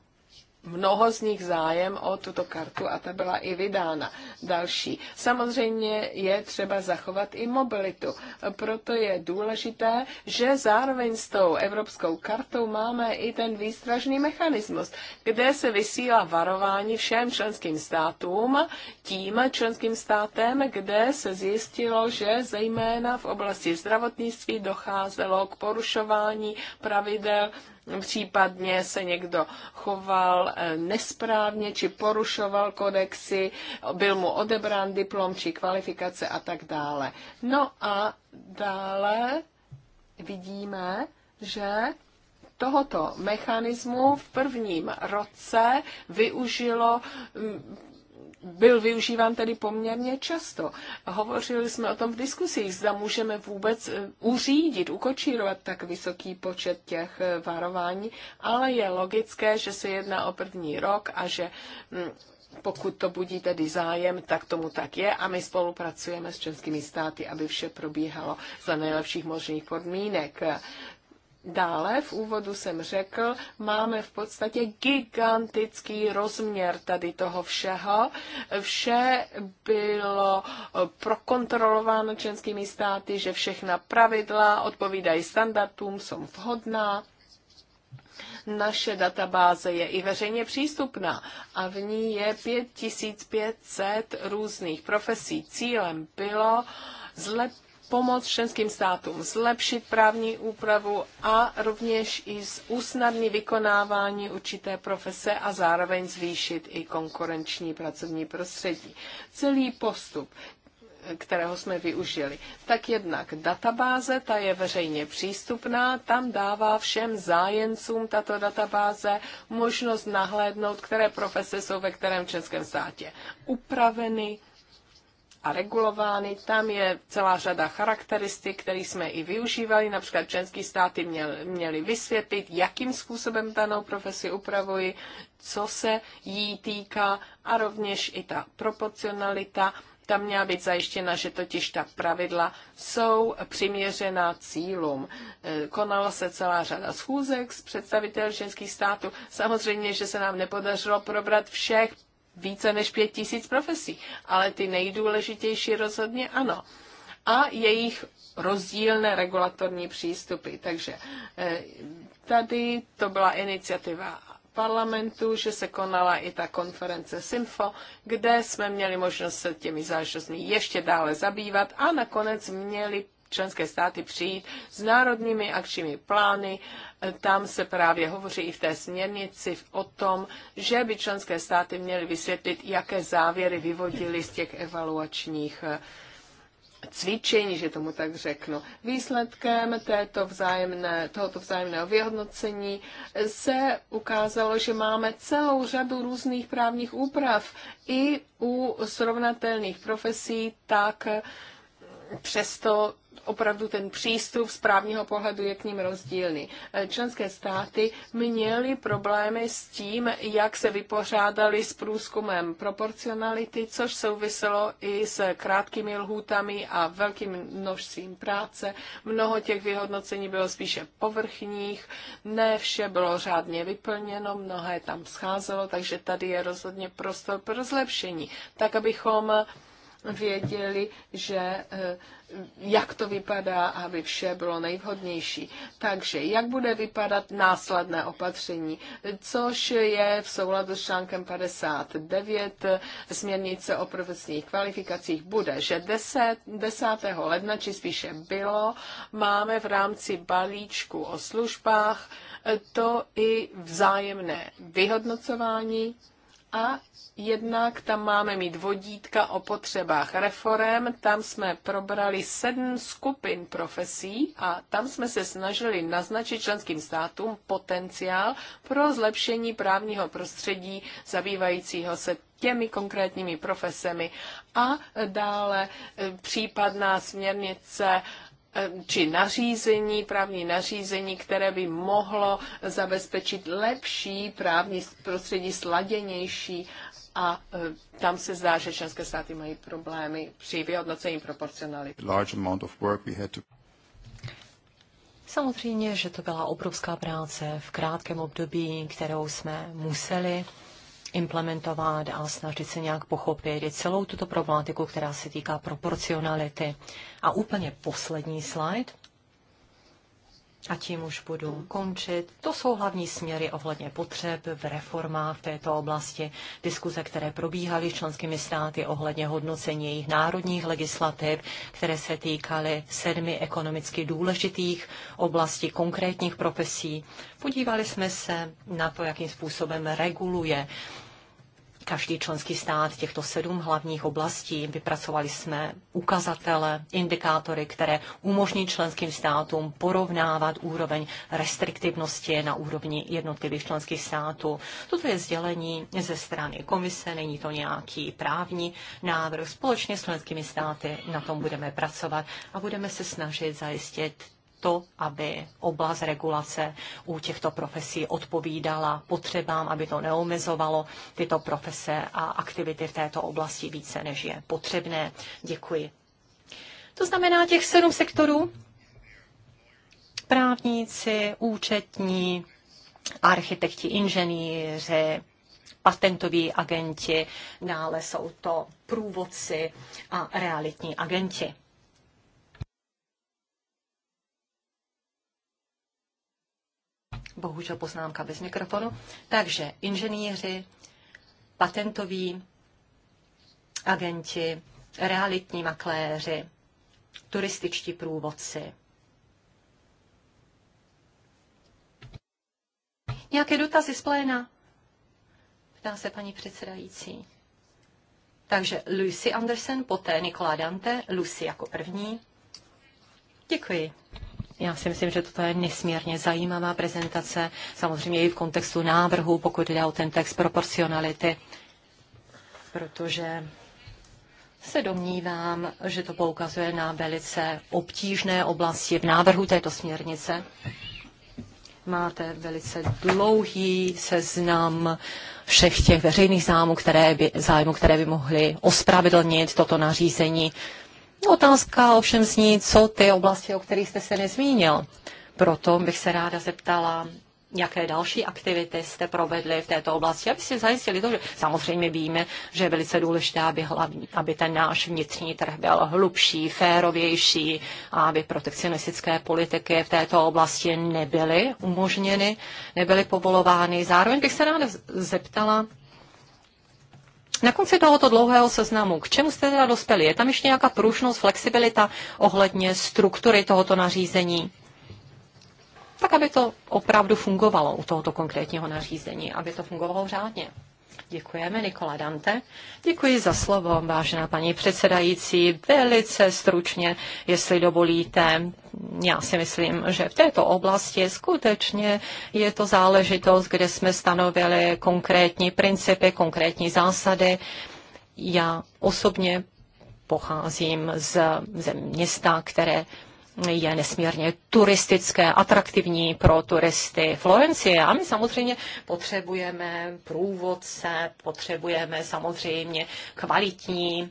C: mnoho z nich zájem o tuto kartu a ta byla i vydána. Další. Samozřejmě je třeba zachovat i mobilitu. Proto je důležité, že zároveň s tou evropskou kartou máme i ten výstražný mechanismus, kde se vysílá varování všem členským státům, tím členským státem, kde se zjistilo, že zejména v oblasti zdravotnictví docházelo k porušování pravidel případně se někdo choval eh, nesprávně či porušoval kodexy, byl mu odebrán diplom či kvalifikace a tak dále. No a dále vidíme, že tohoto mechanismu v prvním roce využilo mm, byl využíván tedy poměrně často. Hovořili jsme o tom v diskusích, zda můžeme vůbec eh, uřídit, ukočírovat tak vysoký počet těch eh, varování, ale je logické, že se jedná o první rok a že hm, pokud to budí tedy zájem, tak tomu tak je a my spolupracujeme s českými státy, aby vše probíhalo za nejlepších možných podmínek. Dále v úvodu jsem řekl, máme v podstatě gigantický rozměr tady toho všeho. Vše bylo eh, prokontrolováno členskými státy, že všechna pravidla odpovídají standardům, jsou vhodná. Naše databáze je i veřejně přístupná a v ní je 5500 různých profesí. Cílem bylo zlepšit pomoct členským státům zlepšit právní úpravu a rovněž i usnadnit vykonávání určité profese a zároveň zvýšit i konkurenční pracovní prostředí. Celý postup kterého jsme využili. Tak jednak databáze, ta je veřejně přístupná, tam dává všem zájemcům tato databáze možnost nahlédnout, které profese jsou ve kterém českém státě upraveny, a regulovány. Tam je celá řada charakteristik, které jsme i využívali. Například členské státy měl, měly vysvětlit, jakým způsobem danou profesi upravují, co se jí týká a rovněž i ta proporcionalita. Tam měla být zajištěna, že totiž ta pravidla jsou přiměřená cílům. E, konala se celá řada schůzek s představiteli ženských států. Samozřejmě, že se nám nepodařilo probrat všech více než pět tisíc profesí, ale ty nejdůležitější rozhodně ano. A jejich rozdílné regulatorní přístupy. Takže eh, tady to byla iniciativa parlamentu, že se konala i ta konference SIMFO, kde jsme měli možnost se těmi záležitostmi ještě dále zabývat a nakonec měli členské státy přijít s národními akčními plány. Tam se právě hovoří i v té směrnici o tom, že by členské státy měly vysvětlit, jaké závěry vyvodili z těch evaluačních eh, cvičení, že tomu tak řeknu. Výsledkem této vzájemné, tohoto vzájemného vyhodnocení se ukázalo, že máme celou řadu různých právních úprav i u srovnatelných profesí, tak přesto opravdu ten přístup z právního pohledu je k ním rozdílný. Eh, Členské státy měly problémy s tím, jak se vypořádali s průzkumem proporcionality, což souviselo i s krátkými lhůtami a velkým množstvím práce. Mnoho těch vyhodnocení bylo spíše povrchních, ne vše bylo řádně vyplněno, mnohé tam scházelo, takže tady je rozhodně prostor pro zlepšení, tak abychom věděli, že eh, jak to vypadá, aby vše bylo nejvhodnější. Takže jak bude vypadat následné opatření, což je v souladu s článkem 59 eh, směrnice o profesních kvalifikacích, bude, že 10, 10. ledna, či spíše bylo, máme v rámci balíčku o službách eh, to i vzájemné vyhodnocování a jednak tam máme mít vodítka o potřebách reform. Tam jsme probrali sedm skupin profesí a tam jsme se snažili naznačit členským státům potenciál pro zlepšení právního prostředí zabývajícího se těmi konkrétními profesemi a dále e, případná směrnice Eh, či nařízení, právní nařízení, které by mohlo zabezpečit lepší právní prostředí, sladěnější a eh, tam se zdá, že členské státy mají problémy při vyhodnocení proporcionality.
B: Samozřejmě, že to byla obrovská práce v krátkém období, kterou jsme museli implementovat a snažit se nějak pochopit i celou tuto problematiku, která se týká proporcionality. A úplně poslední slide a tím už budu končit. To jsou hlavní směry ohledně potřeb v reformách v této oblasti. Diskuze, které probíhaly s členskými státy ohledně hodnocení jejich národních legislativ, které se týkaly sedmi ekonomicky důležitých oblastí konkrétních profesí. Podívali jsme se na to, jakým způsobem reguluje každý členský stát těchto sedm hlavních oblastí. Vypracovali jsme ukazatele, indikátory, které umožní členským státům porovnávat úroveň restriktivnosti na úrovni jednotlivých členských států. Toto je sdělení ze strany komise, není to nějaký právní návrh. Společně s členskými státy na tom budeme pracovat a budeme se snažit zajistit to, aby oblast regulace u těchto profesí odpovídala potřebám, aby to neomezovalo tyto profese a aktivity v této oblasti více, než je potřebné. Děkuji. To znamená těch sedm sektorů. Právníci, účetní, architekti, inženýři, patentoví agenti, dále jsou to průvodci a realitní agenti. bohužel poznámka bez mikrofonu. Takže inženýři, patentoví agenti, realitní makléři, turističtí průvodci. Nějaké dotazy z pléna? Ptá se paní předsedající. Takže Lucy Anderson, poté Nikola Dante, Lucy jako první. Děkuji. Já si myslím, že toto je nesmírně zajímavá prezentace, samozřejmě i v kontextu návrhu, pokud jde o ten text proporcionality, protože se domnívám, že to poukazuje na velice obtížné oblasti v návrhu této směrnice. Máte velice dlouhý seznam všech těch veřejných zájmů, které by, zájmů, které by mohly ospravedlnit toto nařízení. Otázka ovšem zní, co ty oblasti, o kterých jste se nezmínil. Proto bych se ráda zeptala, jaké další aktivity jste provedli v této oblasti, aby si zajistili to, že samozřejmě víme, že je velice důležité, aby, hlavní, aby ten náš vnitřní trh byl hlubší, férovější a aby protekcionistické politiky v této oblasti nebyly umožněny, nebyly povolovány. Zároveň bych se ráda zeptala, na konci tohoto dlouhého seznamu, k čemu jste teda dospěli? Je tam ještě nějaká pružnost, flexibilita ohledně struktury tohoto nařízení? Tak, aby to opravdu fungovalo u tohoto konkrétního nařízení, aby to fungovalo řádně. Děkujeme, Nikola Dante. Děkuji za slovo, vážená paní předsedající. Velice stručně, jestli dovolíte, já si myslím, že v této oblasti skutečně je to záležitost, kde jsme stanovili konkrétní principy, konkrétní zásady. Já osobně pocházím z, z města, které je nesmírně turistické, atraktivní pro turisty Florencie. A my samozřejmě potřebujeme průvodce, potřebujeme samozřejmě kvalitní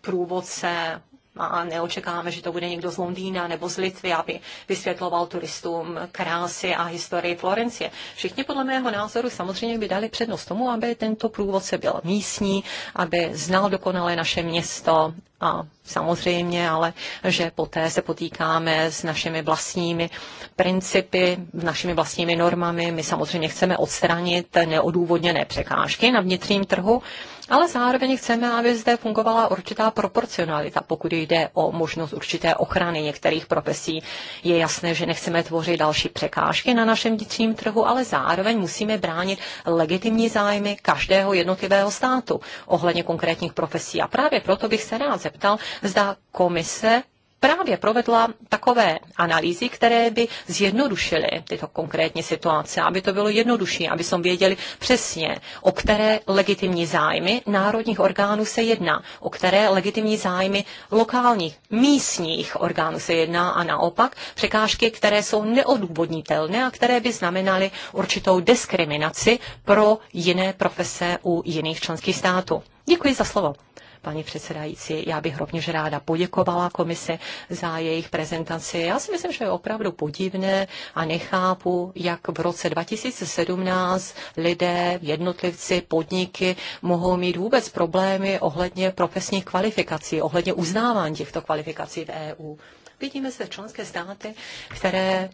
B: průvodce, a neočekáváme, že to bude někdo z Londýna nebo z Litvy, aby vysvětloval turistům krásy a historii Florencie. Všichni podle mého názoru samozřejmě by dali přednost tomu, aby tento průvodce byl místní, aby znal dokonale naše město a samozřejmě, ale že poté se potýkáme s našimi vlastními principy, našimi vlastními normami. My samozřejmě chceme odstranit neodůvodněné překážky na vnitřním trhu, ale zároveň chceme, aby zde fungovala určitá proporcionalita, pokud jde o možnost určité ochrany některých profesí. Je jasné, že nechceme tvořit další překážky na našem vnitřním trhu, ale zároveň musíme bránit legitimní zájmy každého jednotlivého státu ohledně konkrétních profesí. A právě proto bych se rád zeptal, zda komise právě provedla takové analýzy, které by zjednodušily tyto konkrétní situace, aby to bylo jednodušší, aby jsme věděli přesně, o které legitimní zájmy národních orgánů se jedná, o které legitimní zájmy lokálních, místních orgánů se jedná a naopak překážky, které jsou neodůvodnitelné a které by znamenaly určitou diskriminaci pro jiné profese u jiných členských států. Děkuji za slovo paní předsedající. Já bych rovněž ráda poděkovala komisi za jejich prezentaci. Já si myslím, že je opravdu podivné a nechápu, jak v roce 2017 lidé, jednotlivci, podniky mohou mít vůbec problémy ohledně profesních kvalifikací, ohledně uznávání těchto kvalifikací v EU. Vidíme se členské státy, které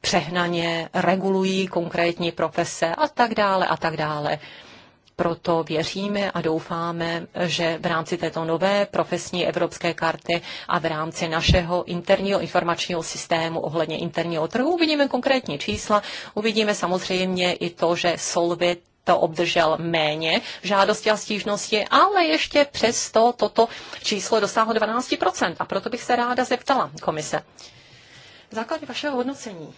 B: přehnaně regulují konkrétní profese a tak dále a tak dále. Proto věříme a doufáme, že v rámci této nové profesní evropské karty a v rámci našeho interního informačního systému ohledně interního trhu uvidíme konkrétní čísla, uvidíme samozřejmě i to, že Solvit to obdržel méně žádosti a stížnosti, ale ještě přesto toto číslo dosáhlo 12%. A proto bych se ráda zeptala komise. Základě vašeho hodnocení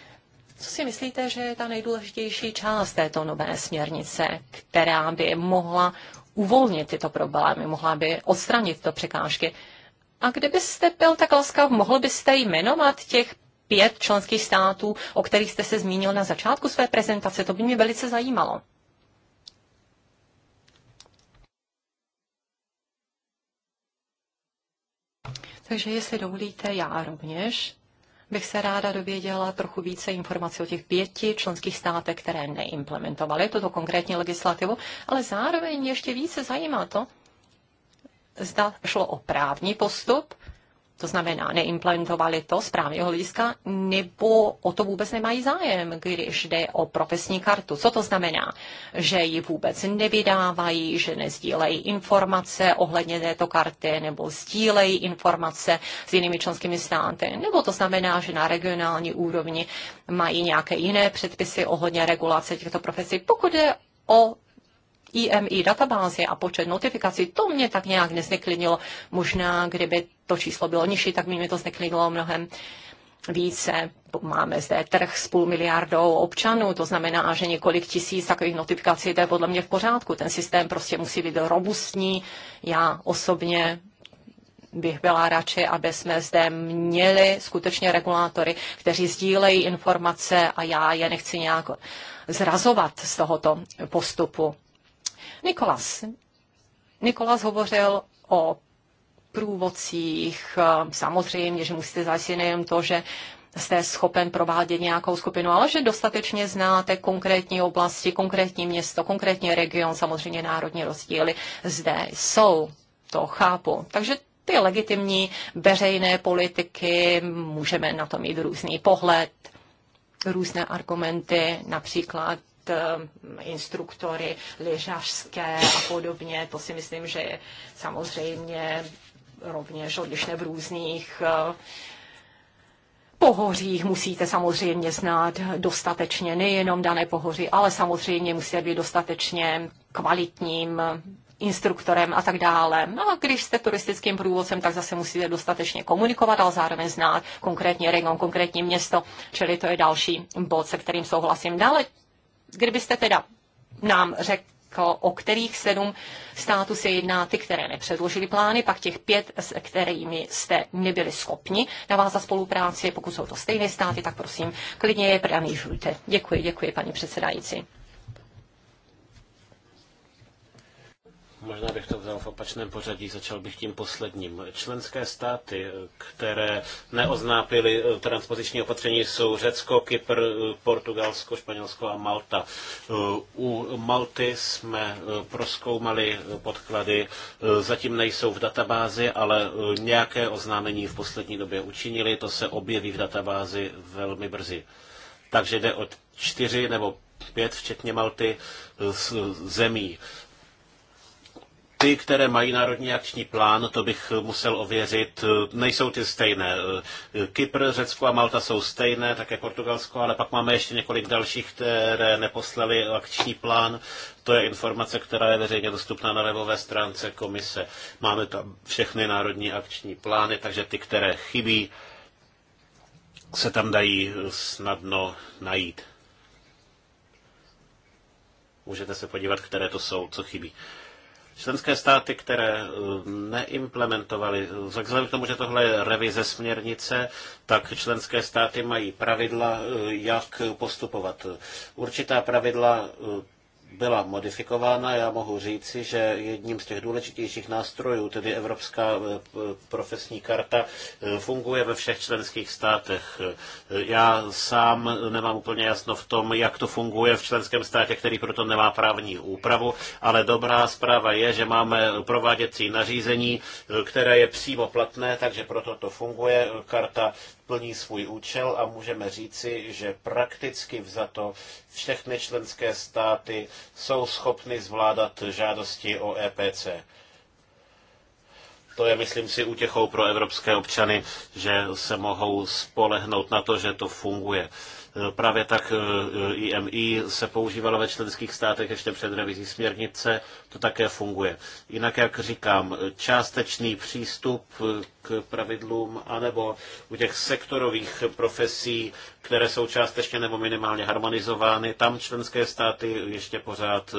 B: co si myslíte, že je ta nejdůležitější část této nové směrnice, která by mohla uvolnit tyto problémy, mohla by odstranit tyto překážky? A kdybyste byl tak laskav, mohl byste jmenovat těch pět členských států, o kterých jste se zmínil na začátku své prezentace? To by mě velice zajímalo. Takže jestli dovolíte, já rovněž bych se ráda dověděla trochu více informací o těch pěti členských státech, které neimplementovaly tuto konkrétní legislativu, ale zároveň ještě více zajímá to, zda šlo o právní postup, to znamená neimplementovali to z právního hlediska, nebo o to vůbec nemají zájem, když jde o profesní kartu. Co to znamená? Že ji vůbec nevydávají, že nezdílejí informace ohledně této karty, nebo sdílejí informace s jinými členskými státy, nebo to znamená, že na regionální úrovni mají nějaké jiné předpisy ohledně regulace těchto profesí. Pokud je o IMI databázi a počet notifikací, to mě tak nějak nezneklinilo. Možná, kdyby to číslo bylo nižší, tak by mě to zneklidnilo mnohem více. Máme zde trh s půl miliardou občanů, to znamená, že několik tisíc takových notifikací, to je podle mě v pořádku. Ten systém prostě musí být robustní. Já osobně bych byla radši, aby jsme zde měli skutečně regulátory, kteří sdílejí informace a já je nechci nějak zrazovat z tohoto postupu. Nikolas. Nikolas hovořil o průvodcích. Samozřejmě, že musíte zajistit nejen to, že jste schopen provádět nějakou skupinu, ale že dostatečně znáte konkrétní oblasti, konkrétní město, konkrétní region, samozřejmě národní rozdíly zde jsou. To chápu. Takže ty legitimní veřejné politiky, můžeme na to mít různý pohled, různé argumenty, například Eh, instruktory lyžařské a podobně. To si myslím, že je samozřejmě rovněž odlišné v různých eh, pohořích musíte samozřejmě znát dostatečně nejenom dané pohoří, ale samozřejmě musíte být dostatečně kvalitním instruktorem a tak dále. No a když jste turistickým průvodcem, tak zase musíte dostatečně komunikovat, ale zároveň znát konkrétní region, konkrétní město, čili to je další bod, se kterým souhlasím. Dále Kdybyste teda nám řekl, o kterých sedm států se jedná, ty, které nepředložili plány, pak těch pět, s kterými jste nebyli schopni navázat spolupráci, pokud jsou to stejné státy, tak prosím, klidně je pranýžujte. Děkuji, děkuji, paní předsedající.
A: Možná bych to vzal v opačném pořadí, začal bych tím posledním. Členské státy, které neoznápily eh, transpoziční opatření, jsou Řecko, Kypr, eh, Portugalsko, Španělsko a Malta. Eh, u Malty jsme proskoumali podklady, zatím nejsou v databázi, ale nějaké oznámení v poslední době učinili, to se objeví v databázi velmi brzy. Takže jde od čtyři nebo pět, včetně Malty, zemí ty, které mají národní akční plán, to bych musel ověřit, nejsou ty stejné. Kypr, Řecko a Malta jsou stejné, také Portugalsko, ale pak máme ještě několik dalších, které neposlali akční plán. To je informace, která je veřejně dostupná na webové stránce komise. Máme tam všechny národní akční plány, takže ty, které chybí, se tam dají snadno najít. Můžete se podívat, které to jsou, co chybí. Členské státy, které eh, neimplementovaly, eh, vzhledem k tomu, že tohle je revize směrnice, tak členské státy mají pravidla, eh, jak postupovat. Určitá pravidla byla modifikována, já mohu říci, že jedním z těch důležitějších nástrojů, tedy Evropská eh, profesní karta, eh, funguje ve všech členských státech. Eh, já sám nemám úplně jasno v tom, jak to funguje v členském státě, který proto nemá právní úpravu, ale dobrá zpráva je, že máme prováděcí nařízení, které je přímo platné, takže proto to funguje. Karta plní svůj účel a můžeme říci, že prakticky vzato všechny členské státy jsou schopny zvládat žádosti o EPC. To je, myslím si, útěchou pro evropské občany, že se mohou spolehnout na to, že to funguje. Eh, právě tak IMI eh, se používalo ve členských státech ještě před revizí směrnice, to také funguje. Jinak, jak říkám, částečný přístup eh, k pravidlům, anebo u těch sektorových profesí, které jsou částečně nebo minimálně harmonizovány, tam členské státy ještě pořád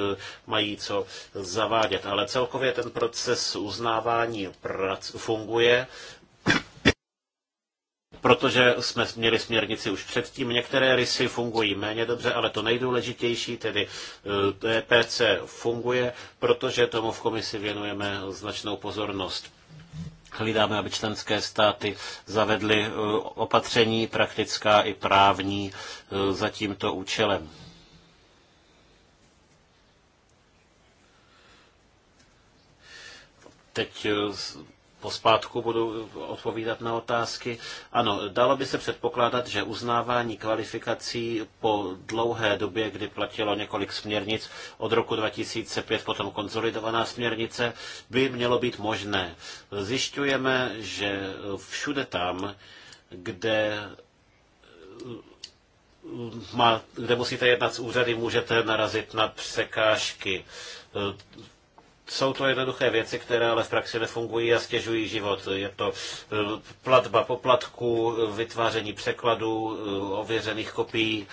A: mají co zavádět. Ale celkově ten proces uznávání prac funguje protože jsme měli směrnici už předtím. Některé rysy fungují méně dobře, ale to nejdůležitější, tedy DPC eh, funguje, protože tomu v komisi věnujeme značnou pozornost. Hlídáme, aby členské státy zavedly eh, opatření praktická i právní eh, za tímto účelem. Teď pospátku budu odpovídat na otázky. Ano, dalo by se předpokládat, že uznávání kvalifikací po dlouhé době, kdy platilo několik směrnic, od roku 2005 potom konzolidovaná směrnice, by mělo být možné. Zjišťujeme, že všude tam, kde kde musíte jednat s úřady, můžete narazit na překážky jsou to jednoduché věci, které ale v praxi nefungují a stěžují život. Je to eh, platba poplatků, eh, vytváření překladů, eh, ověřených kopií.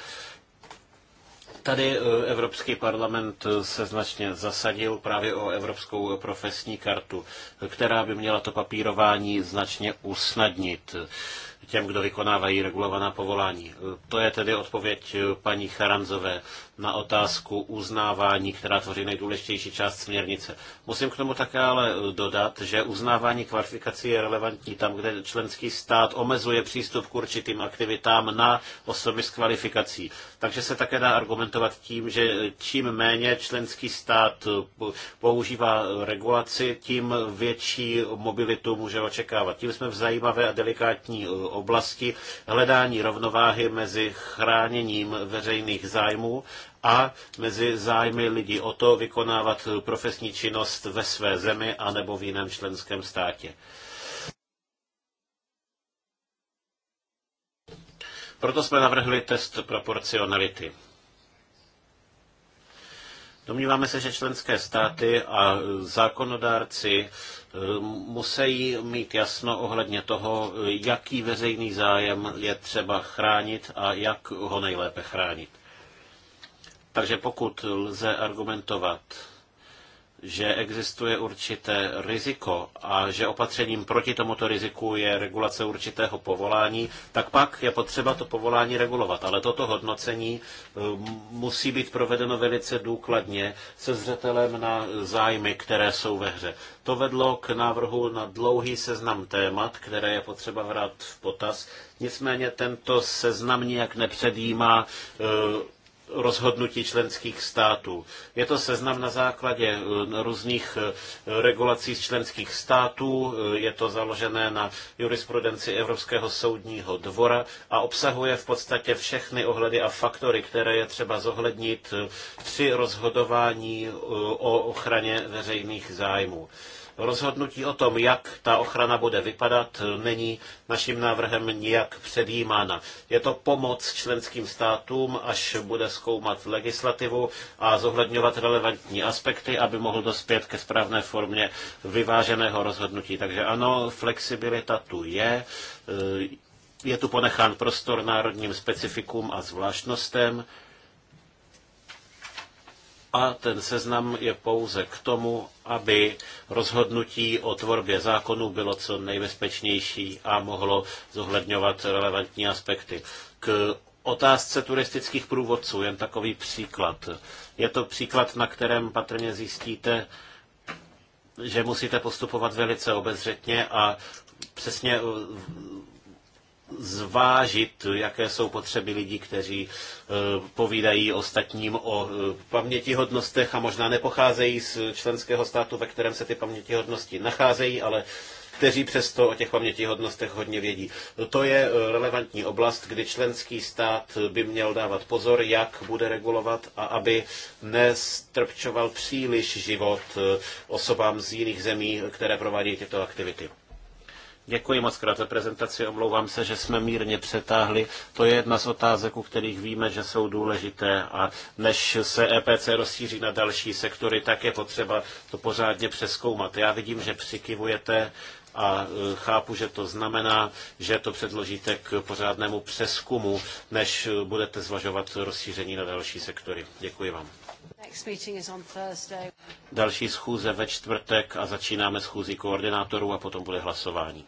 A: Tady Evropský parlament se značně zasadil právě o Evropskou profesní kartu, která by měla to papírování značně usnadnit těm, kdo vykonávají regulovaná povolání. To je tedy odpověď paní Charanzové na otázku uznávání, která tvoří nejdůležitější část směrnice. Musím k tomu také ale dodat, že uznávání kvalifikací je relevantní tam, kde členský stát omezuje přístup k určitým aktivitám na osoby s kvalifikací. Takže se také dá argumentovat tím, že čím méně členský stát používá regulaci, tím větší mobilitu může očekávat. Tím jsme v zajímavé a delikátní oblasti hledání rovnováhy mezi chráněním veřejných zájmů a mezi zájmy lidí o to vykonávat profesní činnost ve své zemi anebo v jiném členském státě. Proto jsme navrhli test proporcionality. Domníváme se, že členské státy a zákonodárci eh, musí mít jasno ohledně toho, jaký veřejný zájem je třeba chránit a jak ho nejlépe chránit. Takže pokud lze argumentovat že existuje určité riziko a že opatřením proti tomuto riziku je regulace určitého povolání, tak pak je potřeba to povolání regulovat. Ale toto hodnocení eh, musí být provedeno velice důkladně se zřetelem na zájmy, které jsou ve hře. To vedlo k návrhu na dlouhý seznam témat, které je potřeba vrát v potaz. Nicméně tento seznam nijak nepředjímá eh, rozhodnutí členských států. Je to seznam na základě eh, různých eh, regulací z členských států, eh, je to založené na jurisprudenci Evropského soudního dvora a obsahuje v podstatě všechny ohledy a faktory, které je třeba zohlednit při rozhodování o ochraně veřejných zájmů. Rozhodnutí o tom, jak ta ochrana bude vypadat, není naším návrhem nijak předjímána. Je to pomoc členským státům, až bude zkoumat legislativu a zohledňovat relevantní aspekty, aby mohl dospět ke správné formě vyváženého rozhodnutí. Takže ano, flexibilita tu je. E, je tu ponechán prostor národním specifikům a zvláštnostem a ten seznam je pouze k tomu, aby rozhodnutí o tvorbě zákonů bylo co nejbezpečnější a mohlo zohledňovat relevantní aspekty. K otázce turistických průvodců, jen takový příklad. Je to příklad, na kterém patrně zjistíte, že musíte postupovat velice obezřetně a přesně zvážit, jaké jsou potřeby lidí, kteří eh, povídají ostatním o eh, pamětihodnostech a možná nepocházejí z členského státu, ve kterém se ty pamětihodnosti nacházejí, ale kteří přesto o těch pamětihodnostech hodně vědí. To je eh, relevantní oblast, kdy členský stát by měl dávat pozor, jak bude regulovat a aby nestrpčoval příliš život osobám z jiných zemí, které provádějí tyto aktivity. Děkuji moc krát za prezentaci, omlouvám se, že jsme mírně přetáhli. To je jedna z otázek, u kterých víme, že jsou důležité a než se EPC rozšíří na další sektory, tak je potřeba to pořádně přeskoumat. Já vidím, že přikivujete a e, chápu, že to znamená, že to předložíte k pořádnému přeskumu, než e, budete zvažovat rozšíření na další sektory. Děkuji vám. Další schůze ve čtvrtek a začínáme schůzí koordinátorů a potom bude hlasování.